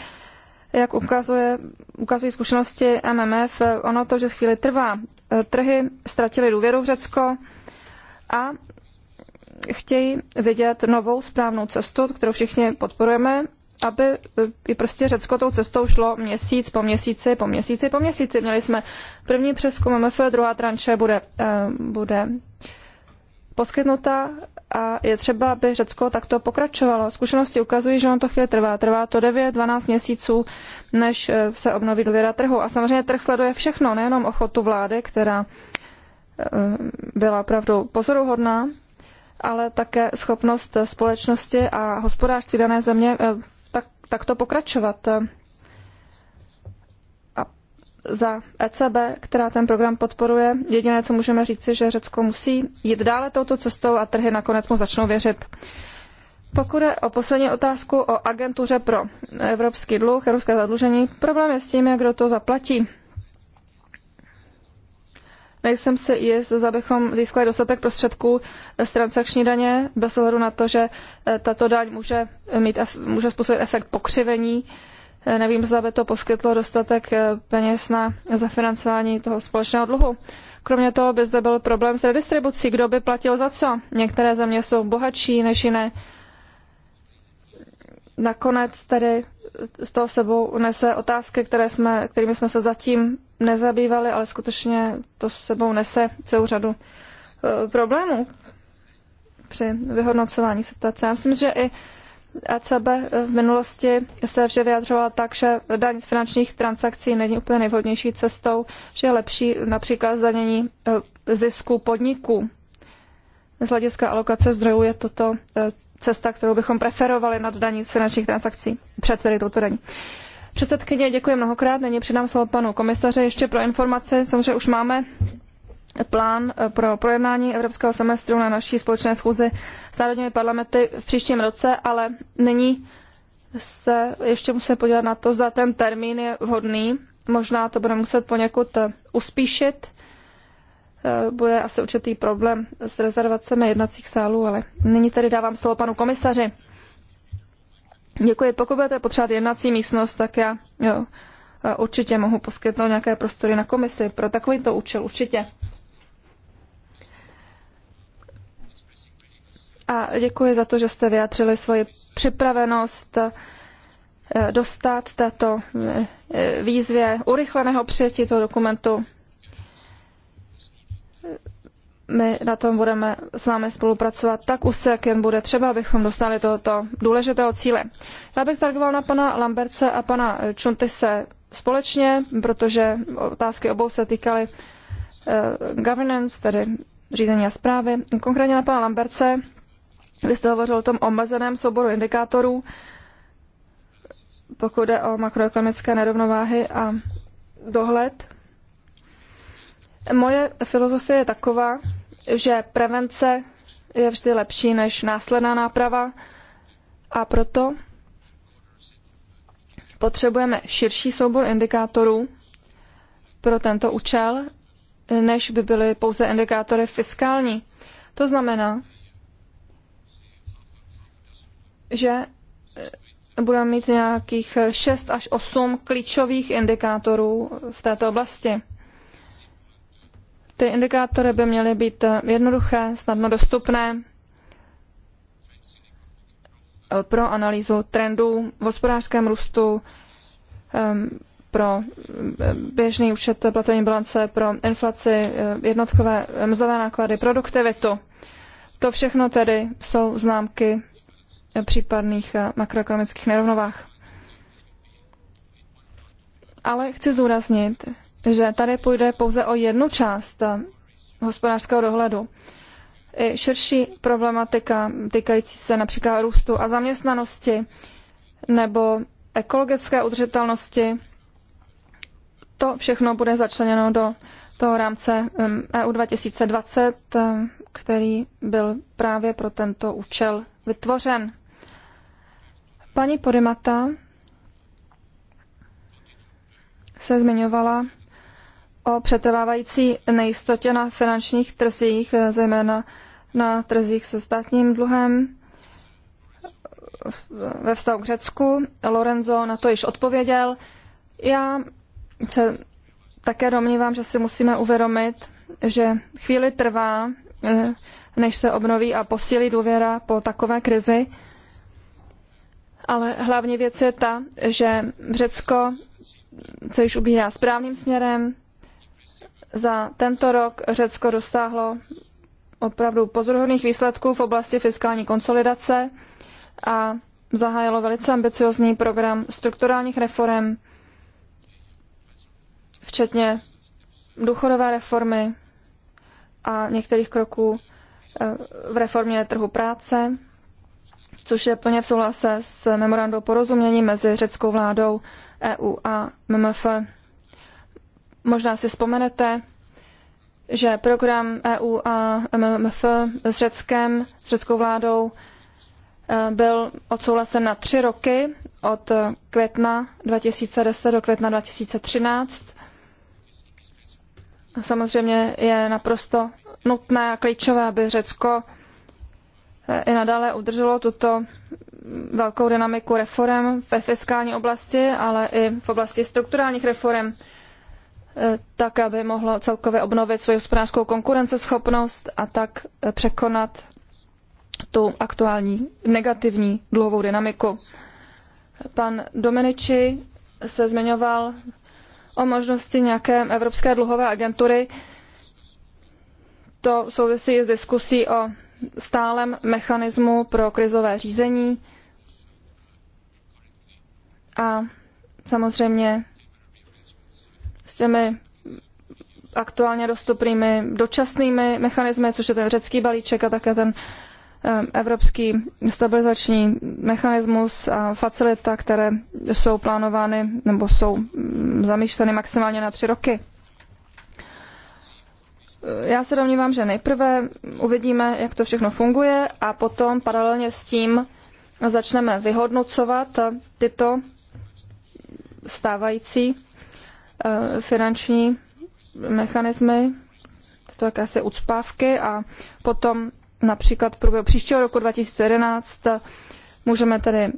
jak ukazuje, ukazují zkušenosti MMF, ono to, že chvíli trvá. Eh, trhy ztratili důvěru v Řecko a chtějí vidět novou správnou cestu, kterou všichni podporujeme, aby eh, i prostě Řecko tou cestou šlo měsíc po měsíci, po měsíci, po měsíci. Měli jsme první přeskum MF, druhá tranše bude, eh, bude poskytnuta a je třeba, aby Řecko takto pokračovalo. Zkušenosti ukazují, že on to chvíli trvá. Trvá to 9-12 měsíců, než eh, se obnoví důvěra trhu. A samozřejmě trh sleduje všechno, nejenom ochotu vlády, která byla opravdu pozoruhodná ale také schopnost společnosti a hospodářství dané země eh, tak, takto pokračovat. A za ECB, která ten program podporuje, jediné, co můžeme říci, že Řecko musí jít dále touto cestou a trhy nakonec mu začnou věřit. Pokud je o poslední otázku o agentuře pro evropský dluh, evropské zadlužení, problém je s tím, jak kdo to zaplatí. Nejsem si jist, zda bychom získali dostatek prostředků z transakční daně, bez ohledu na to, že eh, tato daň může, mít, může způsobit efekt pokřivení. Eh, nevím, zda by to poskytlo dostatek eh, peněz na zafinancování toho společného dluhu. Kromě toho by zde byl problém s redistribucí, kdo by platil za co. Některé země jsou bohatší než jiné. Nakonec tedy z toho sebou nese otázky, které jsme, kterými jsme se zatím nezabývali, ale skutečně to s sebou nese celou řadu eh, problémů při vyhodnocování situace. Já myslím, že i ECB eh, v minulosti se vždy vyjadřovala tak, že daň z finančních transakcí není úplně nejvhodnější cestou, že je lepší například zdanění eh, zisku podniků. Z hlediska alokace zdrojů je toto cesta, kterou bychom preferovali nad daní z finančních transakcí před tedy touto daní. Předsedkyně, děkuji mnohokrát. Nyní předám slovo panu komisaře. ještě pro informace. Samozřejmě už máme plán eh, pro projednání evropského semestru na naší společné schůzi s národními parlamenty v příštím roce, ale nyní se ještě musíme podívat na to, zda ten termín je vhodný. Možná to bude muset poněkud eh, uspíšit Eh, bude asi určitý problém s rezervacemi jednacích sálů, ale nyní tedy dávám slovo panu komisaři. Děkuji. Pokud budete potřebovat jednací místnost, tak já jo, eh, určitě mohu poskytnout nějaké prostory na komisi pro takovýto účel, určitě. A děkuji za to, že jste vyjádřili svoji připravenost eh, dostat této výzvě urychleného přijetí toho dokumentu my na tom budeme s vámi spolupracovat tak úzce, jak jen bude třeba, abychom dostali tohoto důležitého cíle. Já bych zareagoval na pana Lamberce a pana Čuntise společně, protože otázky obou se týkaly eh, governance, tedy řízení a zprávy. Konkrétně na pana Lamberce, vy jste hovořil o tom omezeném souboru indikátorů, pokud jde o makroekonomické nerovnováhy a dohled Moje filozofie je taková, že prevence je vždy lepší než následná náprava a proto potřebujeme širší soubor indikátorů pro tento účel, než by byly pouze indikátory fiskální. To znamená, že eh, budeme mít nějakých 6 až 8 klíčových indikátorů v této oblasti. Ty indikátory by měly být eh, jednoduché, snadno dostupné eh, pro analýzu trendů v hospodářském růstu, ehm, pro eh, běžný účet platební bilance, pro inflaci, jednotkové mzdové náklady, produktivitu. To všechno tedy jsou známky případných makroekonomických nerovnovách. Ale chci zdůraznit, že tady půjde pouze o jednu část hospodářského dohledu. I širší problematika týkající se například růstu a zaměstnanosti nebo ekologické udržitelnosti, to všechno bude začleněno do toho rámce EU e 2020, který byl právě pro tento účel vytvořen. Paní Podimata se zmiňovala o přetrvávající nejistotě na finančních trzích, eh, zejména na trzích se státním dluhem ve vztahu k Řecku. Lorenzo na to již odpověděl. Já se také domnívám, že si musíme uvědomit, že chvíli trvá, eh, než se obnoví a posílí důvěra po takové krizi. Ale hlavní věc je ta, že Řecko se již ubírá správným směrem, za tento rok Řecko dosáhlo opravdu pozoruhodných výsledků v oblasti fiskální konsolidace a zahájilo velice ambiciozní program strukturálních reform, včetně důchodové reformy a některých kroků eh, v reformě trhu práce, což je plně v souhlase s memorandou porozumění mezi řeckou vládou EU a MMF. Možná si vzpomenete, že program EU a MMF s Řeckem, s řeckou vládou, eh, byl odsouhlasen na tři roky od května 2010 do května 2013. Samozřejmě je naprosto nutné a klíčové, aby Řecko eh, i nadále udrželo tuto velkou dynamiku reform ve fiskální oblasti, ale i v oblasti strukturálních reform. Eh, tak aby mohlo celkově obnovit svoji hospodářskou konkurenceschopnost a tak eh, překonat tu aktuální negativní dluhovou dynamiku. Pan Domeniči se zmiňoval o možnosti nějaké Evropské dluhové agentury. To souvisí s diskusí o stálem mechanismu pro krizové řízení. A samozřejmě těmi aktuálně dostupnými dočasnými mechanismy, což je ten řecký balíček a také ten eh, evropský stabilizační mechanismus a facilita, které jsou plánovány nebo jsou mm, zamýšleny maximálně na tři roky. Eh, já se domnívám, že nejprve uvidíme, jak to všechno funguje a potom paralelně s tím začneme vyhodnocovat tyto stávající Eh, finanční mechanismy, to jakési ucpávky a potom například v průběhu příštího roku 2011 můžeme tedy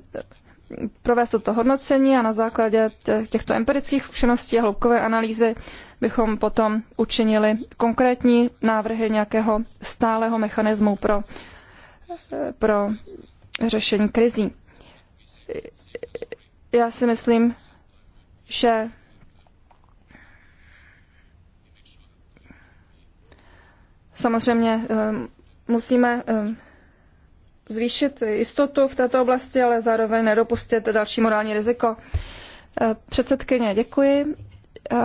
provést toto hodnocení a na základě těchto empirických zkušeností a hloubkové analýzy bychom potom učinili konkrétní návrhy nějakého stálého mechanismu pro, eh, pro řešení krizí. Já si myslím, že Samozřejmě ehm, musíme ehm, zvýšit jistotu v této oblasti, ale zároveň nedopustit další morální riziko. Eh, předsedkyně, děkuji. Eh,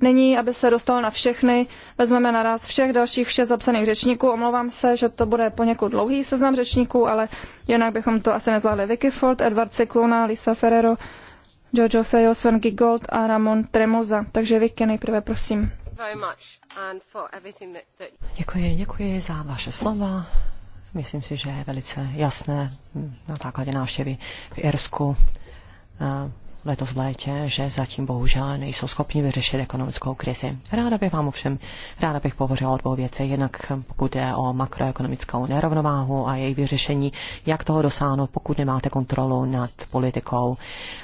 nyní, aby se dostal na všechny, vezmeme naraz všech dalších šest zapsaných řečníků. Omlouvám se, že to bude poněkud dlouhý seznam řečníků, ale jinak bychom to asi nezvládli. Vicky Ford, Edward Cyclona, Lisa Ferrero, Jojo Fejo, Sven Gigold a Ramon Tremoza. Takže Vicky nejprve, prosím. Děkuji, děkuji za vaše slova. Myslím si, že je velice jasné hm, na základě návštěvy v Irsku eh, letos v létě, že zatím bohužel nejsou schopni vyřešit ekonomickou krizi. Ráda bych vám ovšem, ráda bych pohořila o dvou věcech. Jednak hm, pokud je o makroekonomickou nerovnováhu a její vyřešení, jak toho dosáhnout, pokud nemáte kontrolu nad politikou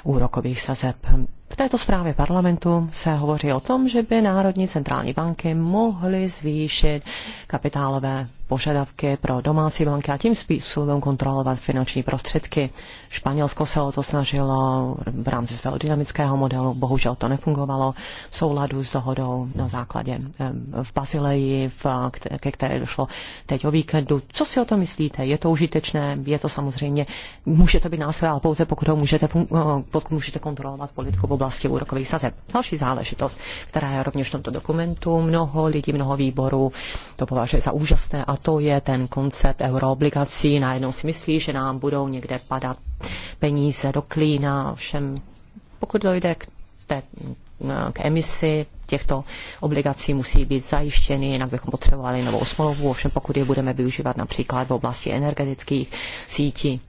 úrokových sazeb. Hm, v této zprávě parlamentu se hovoří o tom, že by Národní centrální banky mohly zvýšit kapitálové požadavky pro domácí banky a tím způsobem kontrolovat finanční prostředky. Španělsko se o to snažilo v rámci svého dynamického modelu, bohužel to nefungovalo v souladu s dohodou na základě eh, v Bazileji, v, ke které došlo teď o víkendu. Co si o to myslíte? Je to užitečné? Je to samozřejmě, může to být nástroj, ale pouze pokud, ho můžete, eh, pokud můžete kontrolovat politiku oblasti úrokových sazeb. Další záležitost, která je rovněž v tomto dokumentu, mnoho lidí, mnoho výborů to považuje za úžasné a to je ten koncept euroobligací. Najednou si myslí, že nám budou někde padat peníze do klína, všem pokud dojde k té, k emisi těchto obligací musí být zajištěny, jinak bychom potřebovali novou smlouvu, ovšem pokud je budeme využívat například v oblasti energetických sítí,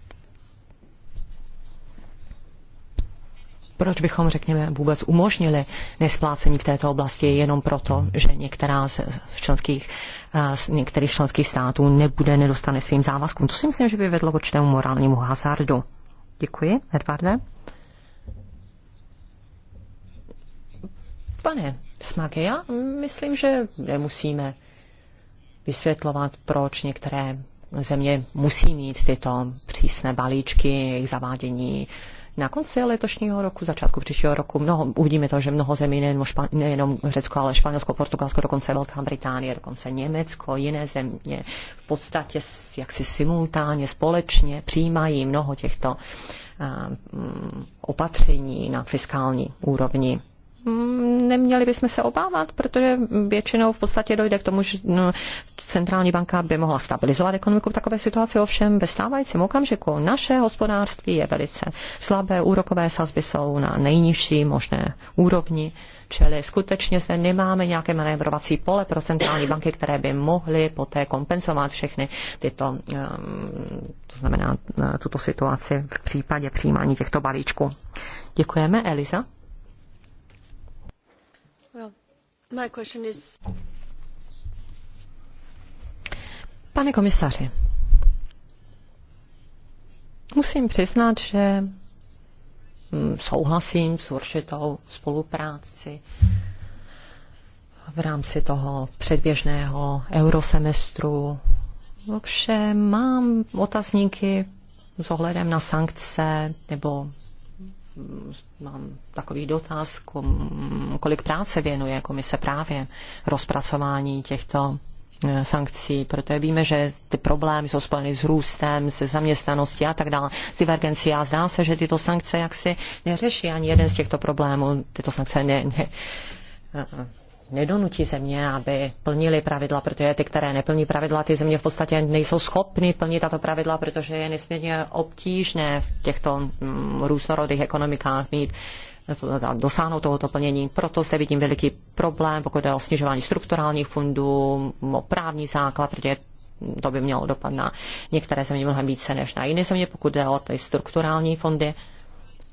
proč bychom, řekněme, vůbec umožnili nesplácení v této oblasti jenom proto, že některá z členských, eh, z některých členských států nebude, nedostane svým závazkům. To si myslím, že by vedlo k určitému morálnímu hazardu. Děkuji, Edvarde. Pane Smaky, já myslím, že nemusíme vysvětlovat, proč některé země musí mít tyto přísné balíčky, jejich zavádění na konci letošního roku, začátku příštího roku. Mnoho, uvidíme to, že mnoho zemí, nejenom, Špan, nejenom Řecko, ale Španělsko, Portugalsko, dokonce Velká Británie, dokonce Německo, jiné země v podstatě jaksi simultánně, společně přijímají mnoho těchto eh, mm, opatření na fiskální úrovni. Mm, neměli bychom se obávat, protože většinou v podstatě dojde k tomu, že no, centrální banka by mohla stabilizovat ekonomiku v takové situaci, ovšem ve stávajícím okamžiku naše hospodářství je velice slabé, úrokové sazby jsou na nejnižší možné úrovni, čili skutečně zde nemáme nějaké manévrovací pole pro centrální banky, které by mohly poté kompenzovat všechny tyto, ehm, to znamená tuto situaci v případě přijímání těchto balíčků. Děkujeme, Eliza. Pane komisaři, musím přiznat, že mm, souhlasím s určitou spolupráci v rámci toho předběžného eurosemestru. Ovšem mám otazníky s ohledem na sankce nebo mám takový dotaz, kolik práce věnuje komise právě rozpracování těchto e, sankcí, protože víme, že ty problémy jsou spojeny s růstem, se zaměstnaností a tak dále, s divergencí a zdá se, že tyto sankce jaksi neřeší ani jeden z těchto problémů, tyto sankce ne, ne, e, e nedonutí země, aby plnili pravidla, protože ty, které neplní pravidla, ty země v podstatě nejsou schopny plnit tato pravidla, protože je nesmírně obtížné v těchto mm, různorodých ekonomikách mít eh, dosáhnout tohoto plnění. Proto zde vidím veliký problém, pokud jde o snižování strukturálních fondů, o právní základ, protože to by mělo dopad na některé země mnohem více než na jiné země, pokud jde o ty strukturální fondy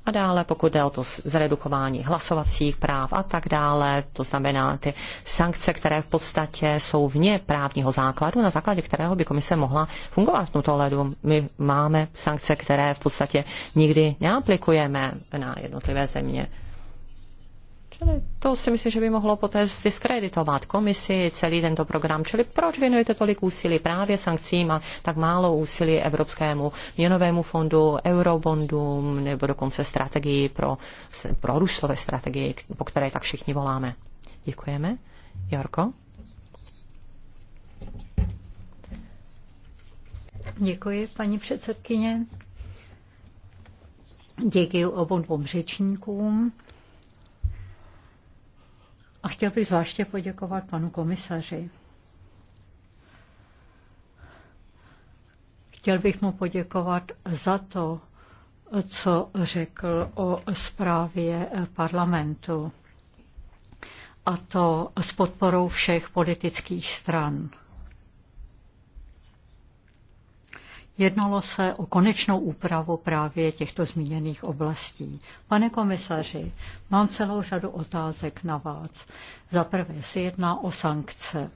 a dále, pokud jde o to zredukování hlasovacích práv a tak dále, to znamená ty sankce, které v podstatě jsou vně právního základu, na základě kterého by komise mohla fungovat v tomto ledu. My máme sankce, které v podstatě nikdy neaplikujeme na jednotlivé země. Čili to si myslím, že by mohlo poté zdiskreditovat komisi, celý tento program. Čili proč věnujete tolik úsilí právě sankcím a tak málo úsilí Evropskému měnovému fondu, eurobondům nebo dokonce strategii pro, pro ruslové strategii, po které tak všichni voláme? Děkujeme. Jarko? Děkuji, paní předsedkyně. Děkuji obou dvou řečníkům a chtěl bych zvláště poděkovat panu komisaři. Chtěl bych mu poděkovat za to, co řekl o zprávě parlamentu, a to s podporou všech politických stran. Jednalo se o konečnou úpravu právě těchto zmíněných oblastí. Pane komisaři, mám celou řadu otázek na vás. Za prvé se jedná o sankce.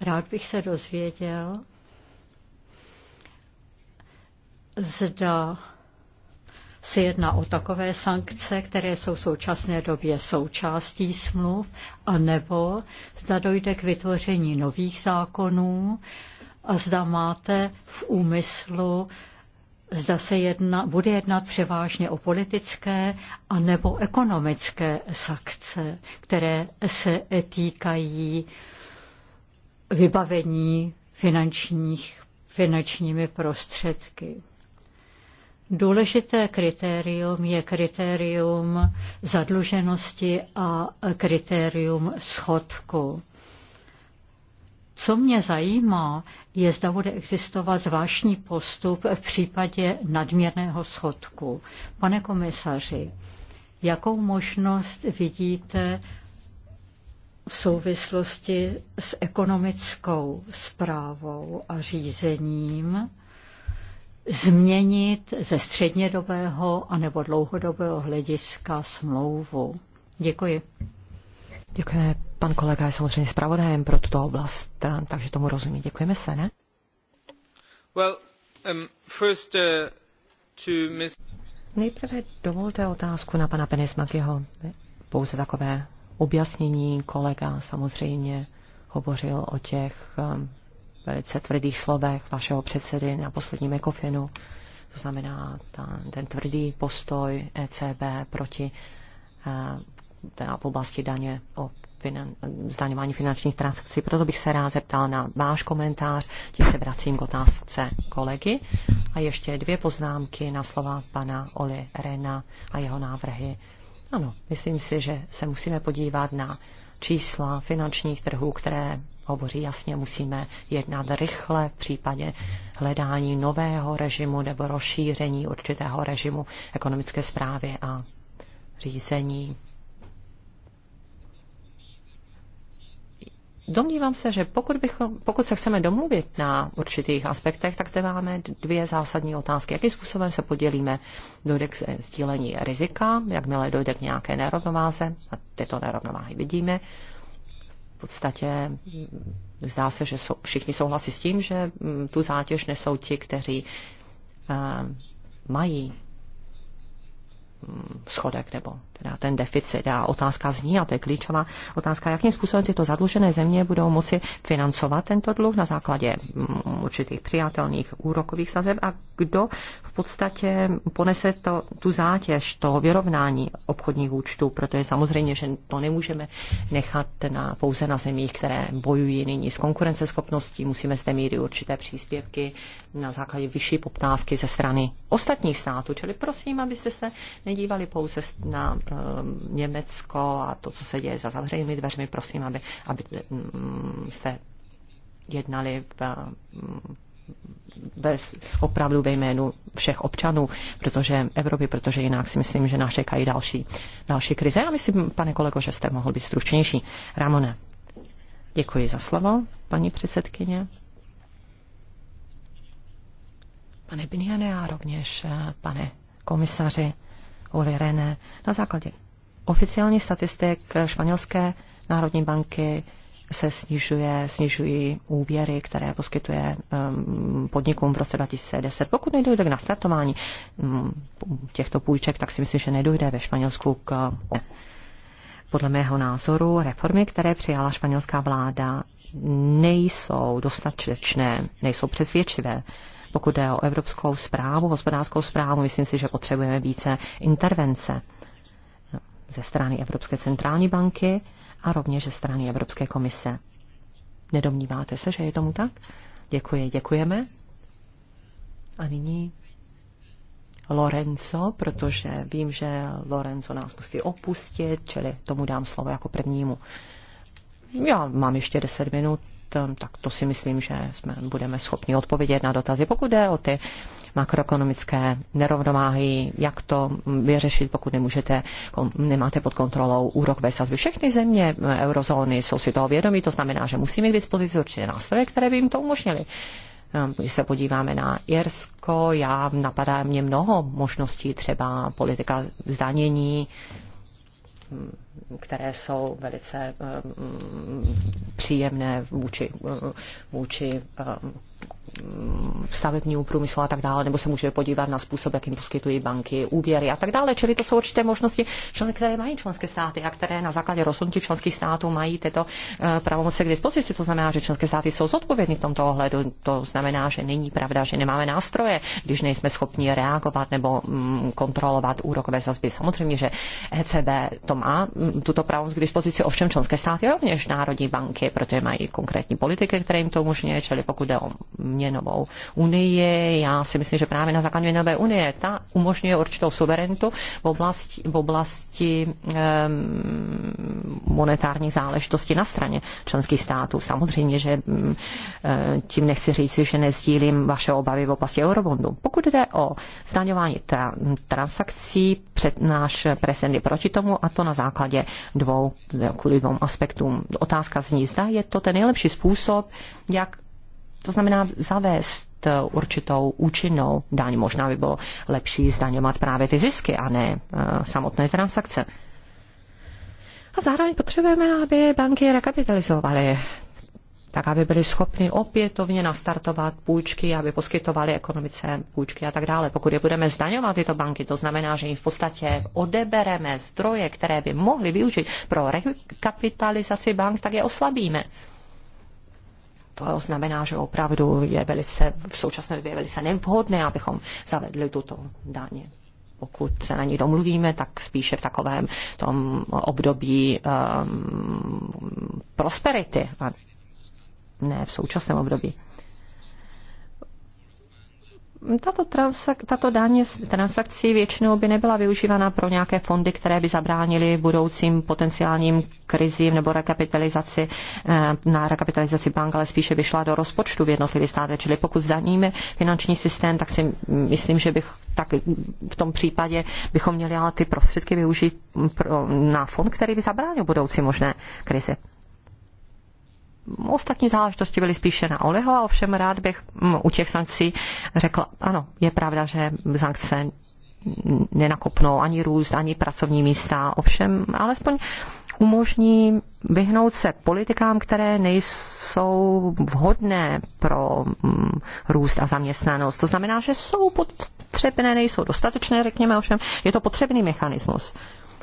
Rád bych se dozvěděl, zda se jedná o takové sankce, které jsou v současné době součástí smluv, anebo zda dojde k vytvoření nových zákonů, a zda máte v úmyslu, zda se jedna, bude jednat převážně o politické a nebo ekonomické sankce, které se týkají vybavení finančních, finančními prostředky. Důležité kritérium je kritérium zadluženosti a kritérium schodku. Co mě zajímá, je, zda bude existovat zvláštní postup v případě nadměrného schodku. Pane komisaři, jakou možnost vidíte v souvislosti s ekonomickou zprávou a řízením změnit ze střednědobého anebo dlouhodobého hlediska smlouvu? Děkuji. Děkujeme. Pan kolega je samozřejmě zpravodajem pro tuto oblast, eh, takže tomu rozumí. Děkujeme se, ne? Well, um, first, uh, to miss... Nejprve dovolte otázku na pana Penismakyho. Pouze takové objasnění. Kolega samozřejmě hovořil o těch um, velice tvrdých slovech vašeho předsedy na posledním ekofinu. To znamená ta, ten tvrdý postoj ECB proti eh, teda v oblasti daně o finan- zdaňování finančních transakcí. Proto bych se rád zeptal na váš komentář, tím se vracím k otázce kolegy. A ještě dvě poznámky na slova pana Oli Rena a jeho návrhy. Ano, myslím si, že se musíme podívat na čísla finančních trhů, které hovoří jasně, musíme jednat rychle v případě hledání nového režimu nebo rozšíření určitého režimu ekonomické zprávy a řízení Domnívám se, že pokud, bychom, pokud se chceme domluvit na určitých aspektech, tak zde máme dvě zásadní otázky. Jakým způsobem se podělíme? Dojde k sdílení rizika, jakmile dojde k nějaké nerovnováze, a tyto nerovnováhy vidíme. V podstatě mm, zdá se, že jsou, všichni souhlasí s tím, že mm, tu zátěž nesou ti, kteří uh, mají mm, schodek nebo na ten deficit. A otázka zní, a to je klíčová otázka, jakým způsobem tyto zadlužené země budou moci financovat tento dluh na základě mm, určitých přijatelných úrokových sazeb a kdo v podstatě ponese to, tu zátěž to vyrovnání obchodních účtů, protože samozřejmě, že to nemůžeme nechat na, pouze na zemích, které bojují nyní s konkurenceschopností. Musíme zde mít určité příspěvky na základě vyšší poptávky ze strany ostatních států. Čili prosím, abyste se nedívali pouze na Eh, Německo a to, co se děje za zavřenými dveřmi, prosím, aby, aby mm, jste jednali eh, mm, bez opravdu ve jménu všech občanů, protože Evropy, protože jinak si myslím, že nás čekají další, další krize. Já myslím, pane kolego, že jste mohl být stručnější. Ramone, děkuji za slovo, paní předsedkyně. Pane Biniane a rovněž eh, pane komisaři, Oli René. Na základě oficiální statistik Španělské národní banky se snižuje, snižují úvěry, které poskytuje um, podnikům v roce 2010. Pokud nedojde k nastartování um, těchto půjček, tak si myslím, že nedojde ve Španělsku k. Podle mého názoru reformy, které přijala španělská vláda, nejsou dostatečné, nejsou přesvědčivé. Pokud jde o evropskou zprávu, hospodářskou zprávu, myslím si, že potřebujeme více intervence ze strany Evropské centrální banky a rovněž ze strany Evropské komise. Nedomníváte se, že je tomu tak? Děkuji, děkujeme. A nyní Lorenzo, protože vím, že Lorenzo nás musí opustit, čili tomu dám slovo jako prvnímu. Já mám ještě 10 minut, Ehm, tak to si myslím, že jsme, budeme schopni odpovědět na dotazy. Pokud jde o ty makroekonomické nerovnováhy, jak to vyřešit, pokud nemůžete, nemáte pod kontrolou úrok ve sazby. Všechny země eurozóny jsou si toho vědomí, to znamená, že musíme k dispozici určité nástroje, které by jim to umožnili. Ehm, když se podíváme na Irsko, já napadá mě mnoho možností, třeba politika zdanění, ehm, které jsou velice eh, příjemné vůči, eh, vůči eh, stavebnímu průmyslu a tak dále, nebo se může podívat na způsob, jakým poskytují banky úvěry a tak dále. Čili to jsou určité možnosti, které mají členské státy a které na základě rozhodnutí členských států mají tyto pravomoce k dispozici. To znamená, že členské státy jsou zodpovědní v tomto ohledu. To znamená, že není pravda, že nemáme nástroje, když nejsme schopni reagovat nebo mm, kontrolovat úrokové sazby. Samozřejmě, že ECB to má tuto pravomoc k dispozici ovšem členské státy rovněž národní banky, protože mají konkrétní politiky, které jim to umožňuje, čili pokud jde o měnovou unii, já si myslím, že právě na základě měnové unie ta umožňuje určitou suverenitu v oblasti, v oblasti um, monetární záležitosti na straně členských států. Samozřejmě, že um, tím nechci říct, že nezdílím vaše obavy v oblasti eurobondu. Pokud jde o zdaňování tra- transakcí, před náš prezident je proti tomu a to na základě dvou, kvůli dvou aspektům. Otázka zní, zda je to ten nejlepší způsob, jak to znamená zavést určitou účinnou daň. Možná by bylo lepší zdaňovat právě ty zisky a ne eh, samotné transakce. A zároveň potřebujeme, aby banky rekapitalizovaly tak aby byli schopni opětovně nastartovat půjčky, aby poskytovali ekonomice půjčky a tak dále. Pokud je budeme zdaňovat tyto banky, to znamená, že jim v podstatě odebereme zdroje, které by mohli využít pro rekapitalizaci bank, tak je oslabíme. To znamená, že opravdu je velice, v současné době je velice nevhodné, abychom zavedli tuto daně pokud se na ní domluvíme, tak spíše v takovém tom období um, prosperity a ne v současném období. Tato, transak- tato daň z transakcí většinou by nebyla využívána pro nějaké fondy, které by zabránily budoucím potenciálním krizím nebo rekapitalizaci, eh, na rekapitalizaci bank, ale spíše by šla do rozpočtu v jednotlivých státech. Čili pokud zdaníme finanční systém, tak si myslím, že bych tak v tom případě bychom měli ale ty prostředky využít pro, na fond, který by zabránil budoucí možné krizi. Ostatní záležitosti byly spíše na Oleho, a ovšem rád bych mm, u těch sankcí řekl, ano, je pravda, že sankce nenakopnou ani růst, ani pracovní místa, ovšem alespoň umožní vyhnout se politikám, které nejsou vhodné pro mm, růst a zaměstnanost. To znamená, že jsou potřebné, nejsou dostatečné, řekněme ovšem, je to potřebný mechanismus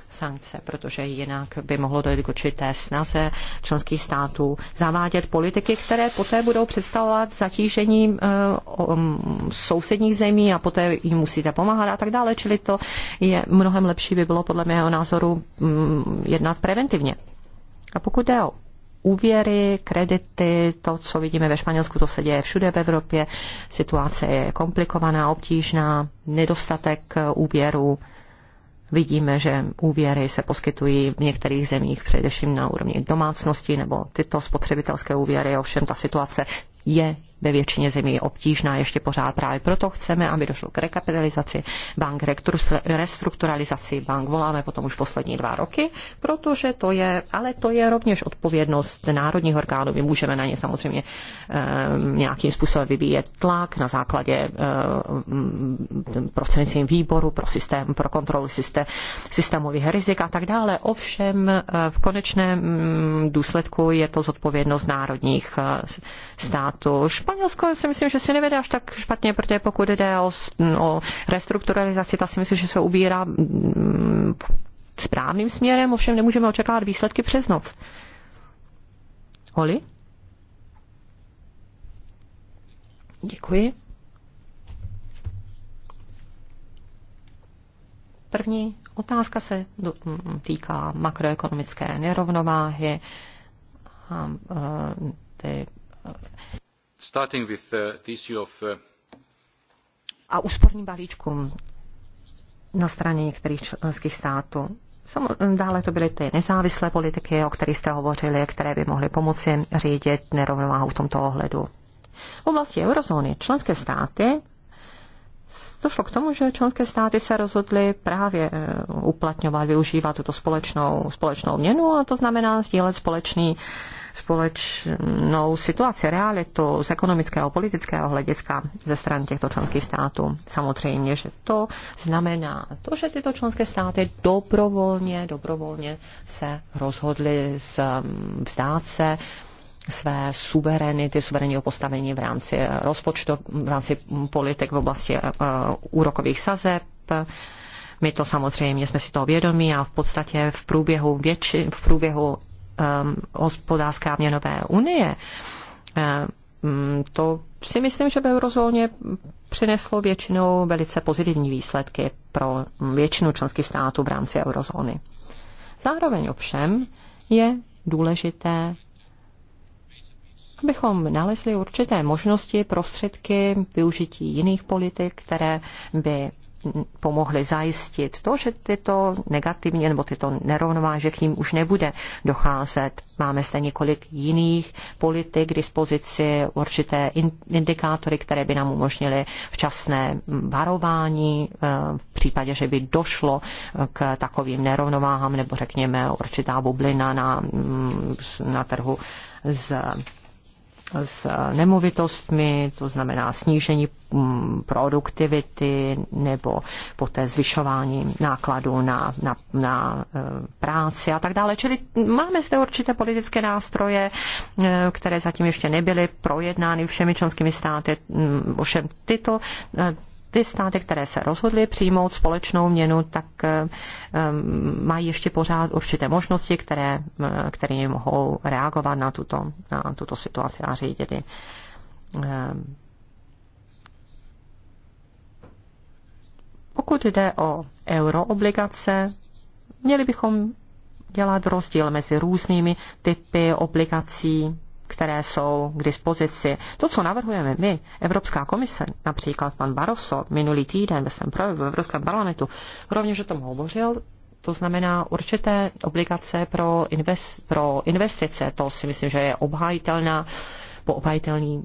sankce, protože jinak by mohlo dojít k určité snaze členských států zavádět politiky, které poté budou představovat zatížení eh, mm, sousedních zemí a poté jim musíte pomáhat a tak dále. Čili to je mnohem lepší by bylo podle mého názoru mm, jednat preventivně. A pokud jde o úvěry, kredity, to, co vidíme ve Španělsku, to se děje všude v Evropě. Situace je komplikovaná, obtížná, nedostatek úvěru. Vidíme, že úvěry se poskytují v některých zemích především na úrovni domácnosti nebo tyto spotřebitelské úvěry, ovšem ta situace je ve většině zemí je obtížná ještě pořád. Právě proto chceme, aby došlo k rekapitalizaci bank, restrukturalizaci bank. Voláme potom už poslední dva roky, protože to je, ale to je rovněž odpovědnost národních orgánů. My můžeme na ně samozřejmě um, nějakým způsobem vyvíjet tlak na základě um, prostřednictvím výboru pro systém, pro kontrolu systém, systémových rizik a tak dále. Ovšem v konečném mm, důsledku je to zodpovědnost národních eh, států. Španělsko si myslím, že si nevede až tak špatně, protože pokud jde o, o restrukturalizaci, ta si myslím, že se ubírá mm, správným směrem, ovšem nemůžeme očekávat výsledky přes noc. Oli? Děkuji. První otázka se týká makroekonomické nerovnováhy. A, e, ty e, Uh, uh, a úsporným balíčkům na straně některých členských států. Dále to byly ty nezávislé politiky, o kterých jste hovořili, které by mohly pomoci řídit nerovnováhu v tomto ohledu. V oblasti eurozóny členské státy došlo k tomu, že členské státy se rozhodly právě eh, uplatňovat, využívat tuto společnou, společnou měnu a to znamená sdílet společný uh, společnou situaci, realitu z ekonomického, politického hlediska ze strany těchto členských států. Samozřejmě, že to znamená to, že tyto členské státy dobrovolně, dobrovolně se rozhodly mm, vzdát se své suverenity, suverénního postavení v rámci rozpočtu, v rámci mm, politik v oblasti uh, úrokových sazeb. My to samozřejmě jsme si to vědomí a v podstatě v průběhu, větši, v průběhu Um, hospodářské a měnové unie, um, to si myslím, že v eurozóně přineslo většinou velice pozitivní výsledky pro většinu členských států v rámci eurozóny. Zároveň ovšem je důležité, abychom nalezli určité možnosti, prostředky využití jiných politik, které by pomohly zajistit to, že tyto negativní nebo tyto nerovnováže k ním už nebude docházet. Máme zde několik jiných politik k dispozici, určité indikátory, které by nám umožnily včasné varování eh, v případě, že by došlo eh, k takovým nerovnováhám nebo řekněme určitá bublina na, mm, na trhu s s nemovitostmi, to znamená snížení mm, produktivity nebo poté zvyšování nákladů na, na, na e, práci a tak dále. Čili máme zde určité politické nástroje, e, které zatím ještě nebyly projednány všemi členskými státy. Mm, ovšem tyto e, ty státy, které se rozhodly přijmout společnou měnu, tak eh, eh, mají ještě pořád určité možnosti, které, eh, které mohou reagovat na tuto, na tuto situaci a řídit Pokud jde o euroobligace, měli bychom dělat rozdíl mezi různými typy obligací, které jsou k dispozici. To, co navrhujeme my, Evropská komise, například pan Barroso minulý týden ve svém projevu v Evropském parlamentu, rovněž o tom hovořil, to znamená určité obligace pro, invest, pro investice. To si myslím, že je obhajitelná, poobhajitelný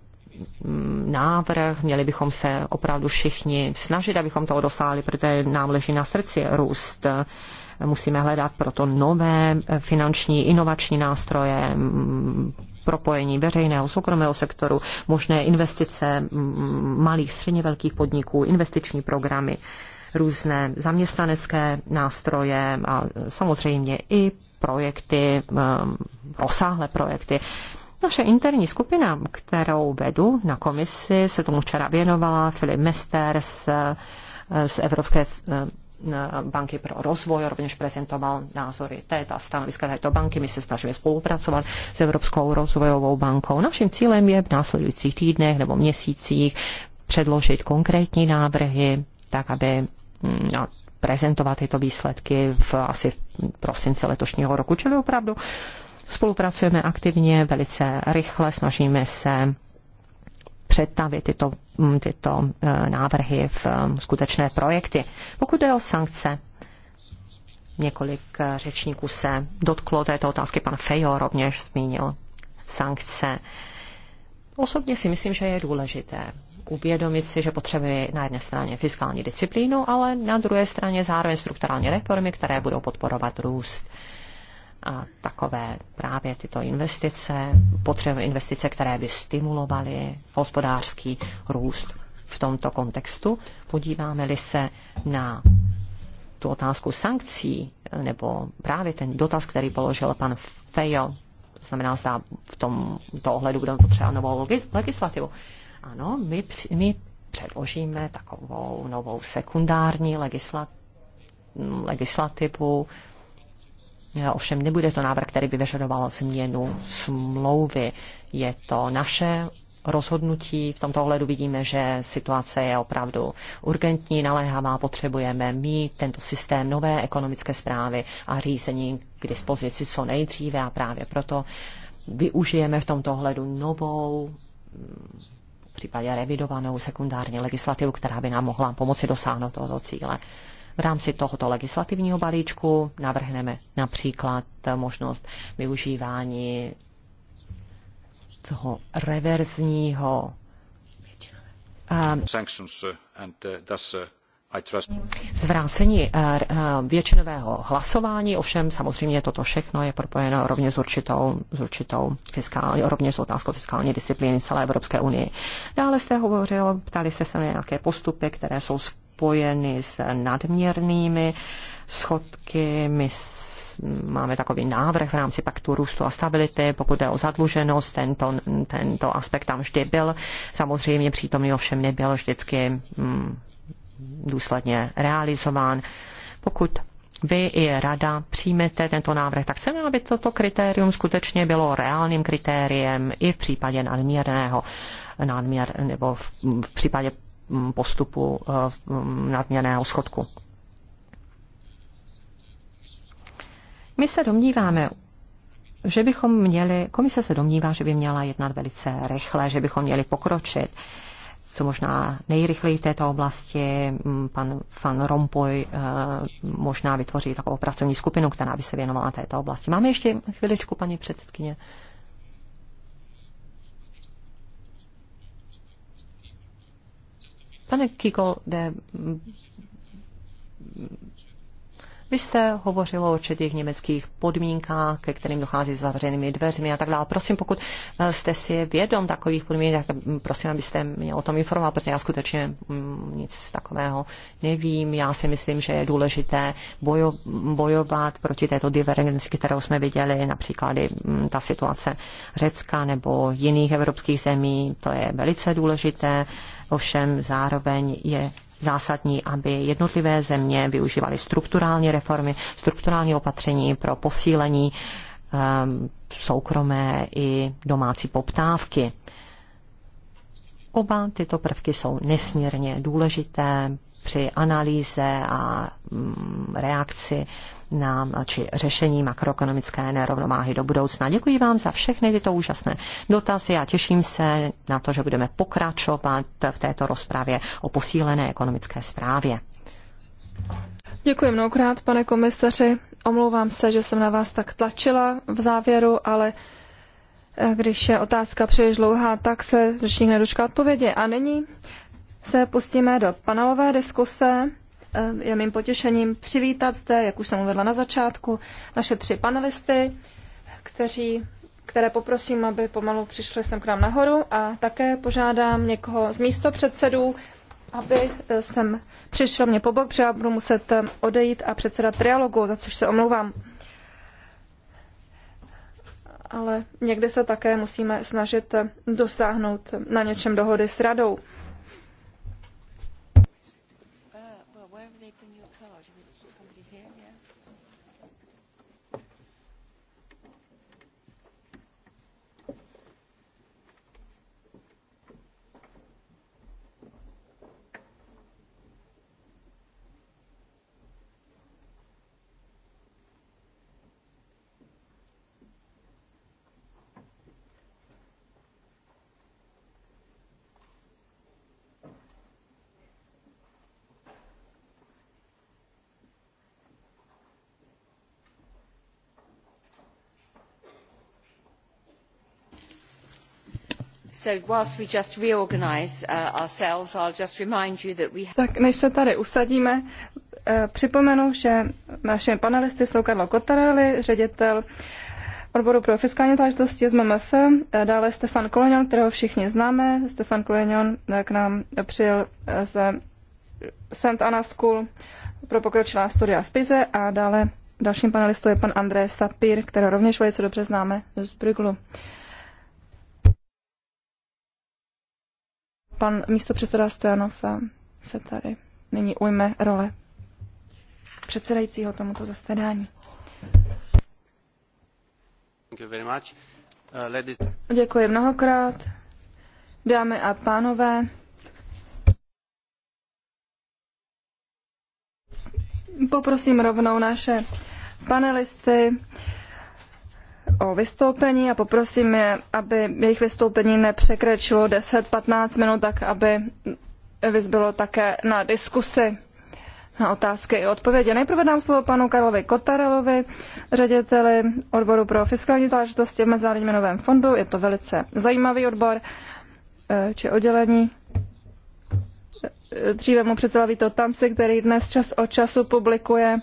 mm, návrh, měli bychom se opravdu všichni snažit, abychom toho dosáhli, protože nám leží na srdci růst. Musíme hledat proto nové finanční, inovační nástroje, mm, propojení veřejného, soukromého sektoru, možné investice malých, středně velkých podniků, investiční programy, různé zaměstnanecké nástroje a samozřejmě i projekty, rozsáhlé projekty, naše interní skupina, kterou vedu na komisi, se tomu včera věnovala, Filip Mester z, z Evropské banky pro rozvoj rovněž prezentoval názory této stanoviska této banky. My se snažíme spolupracovat s Evropskou rozvojovou bankou. Naším cílem je v následujících týdnech nebo měsících předložit konkrétní návrhy, tak aby mm, no, prezentovat tyto výsledky v asi v prosince letošního roku, čili opravdu spolupracujeme aktivně, velice rychle, snažíme se přetavit tyto, mm, tyto e, návrhy v e, skutečné projekty. Pokud jde o sankce, několik e, řečníků se dotklo této otázky. Pan Fejo rovněž zmínil sankce. Osobně si myslím, že je důležité uvědomit si, že potřebuje na jedné straně fiskální disciplínu, ale na druhé straně zároveň strukturální reformy, které budou podporovat růst a takové právě tyto investice, potřebujeme investice, které by stimulovaly hospodářský růst v tomto kontextu. Podíváme-li se na tu otázku sankcí, nebo právě ten dotaz, který položil pan Fejo, to znamená, zda v tomto ohledu budeme potřebovat novou legislativu. Ano, my, my předložíme takovou novou sekundární legislativu, legislativu Ovšem nebude to návrh, který by vyžadoval změnu smlouvy. Je to naše rozhodnutí. V tomto ohledu vidíme, že situace je opravdu urgentní, naléhavá, potřebujeme mít tento systém nové ekonomické zprávy a řízení k dispozici co nejdříve a právě proto využijeme v tomto ohledu novou v případě revidovanou sekundární legislativu, která by nám mohla pomoci dosáhnout tohoto cíle. V rámci tohoto legislativního balíčku navrhneme například možnost využívání toho reverzního Zvrácení většinového hlasování, ovšem samozřejmě toto všechno je propojeno rovně s určitou, s určitou fiskální, rovně s otázkou fiskální disciplíny celé Evropské unie. Dále jste hovořil, ptali jste se na nějaké postupy, které jsou spojeny s nadměrnými schodky. My máme takový návrh v rámci paktu růstu a stability, pokud je o zadluženost, tento, tento aspekt tam vždy byl. Samozřejmě přítomný ovšem nebyl vždycky mm, důsledně realizován. Pokud vy i rada přijmete tento návrh, tak chceme, aby toto kritérium skutečně bylo reálným kritériem i v případě nadměrného nadměr, nebo v, v případě Mm, postupu eh, mm, nadměrného schodku. My se domníváme, že bychom měli, komise se domnívá, že by měla jednat velice rychle, že bychom měli pokročit co možná nejrychleji v této oblasti. Mm, pan Van Rompuy eh, možná vytvoří takovou pracovní skupinu, která by se věnovala této oblasti. Máme ještě chviličku, paní předsedkyně. Pane Kigolde, vy jste hovořilo o určitých německých podmínkách, ke kterým dochází s zavřenými dveřmi a tak dále. Prosím, pokud eh, jste si vědom takových podmínek, tak hm, prosím, abyste mě o tom informoval, protože já skutečně hm, nic takového nevím. Já si myslím, že je důležité bojo, bojovat proti této divergenci, kterou jsme viděli, například hm, ta situace Řecka nebo jiných evropských zemí. To je velice důležité, ovšem zároveň je zásadní, aby jednotlivé země využívaly strukturální reformy, strukturální opatření pro posílení ehm, soukromé i domácí poptávky. Oba tyto prvky jsou nesmírně důležité při analýze a mm, reakci na či řešení makroekonomické nerovnováhy do budoucna. Děkuji vám za všechny tyto úžasné dotazy a těším se na to, že budeme pokračovat v této rozpravě o posílené ekonomické zprávě. Děkuji mnohokrát, pane komisaři. Omlouvám se, že jsem na vás tak tlačila v závěru, ale eh, když je otázka příliš dlouhá, tak se řečník nedočká odpovědi. A nyní se pustíme do panelové diskuse. Eh, je mým potěšením přivítat zde, jak už jsem uvedla na začátku, naše tři panelisty, kteří, které poprosím, aby pomalu přišli sem k nám nahoru a také požádám někoho z místo předsedů, aby jsem eh, přišel mě po bok, protože já budu muset eh, odejít a předsedat trialogu, za což se omlouvám. Ale někdy se také musíme snažit dosáhnout na něčem dohody s radou. whilst we just reorganize uh, ourselves, I'll just remind you that we Tak než se tady usadíme, uh, připomenu, že našimi panelisty jsou Karlo Kotarelli, ředitel odboru pro fiskální záležitosti z MMF, eh, dále Stefan Kolonion, kterého všichni známe. Stefan Kolonion eh, k nám přijel eh, ze St. Anna School pro pokročilá studia v Pize a dále dalším panelistou je pan André Sapir, kterého rovněž velice dobře známe z Bruglu. pan místopředseda Stojanov se tady nyní ujme role předsedajícího tomuto zasedání. Uh, Děkuji mnohokrát. Dámy a pánové, poprosím rovnou naše panelisty, o vystoupení a poprosím je, aby jejich vystoupení nepřekročilo 10-15 minut, tak aby vyzbylo také na diskusy na otázky i odpovědi. Nejprve dám slovo panu Karlovi Kotarelovi, řediteli odboru pro fiskální záležitosti v Mezinárodním měnovém fondu. Je to velice zajímavý odbor eh, či oddělení. Eh, dříve mu předsedal Vito Tanci, který dnes čas od času publikuje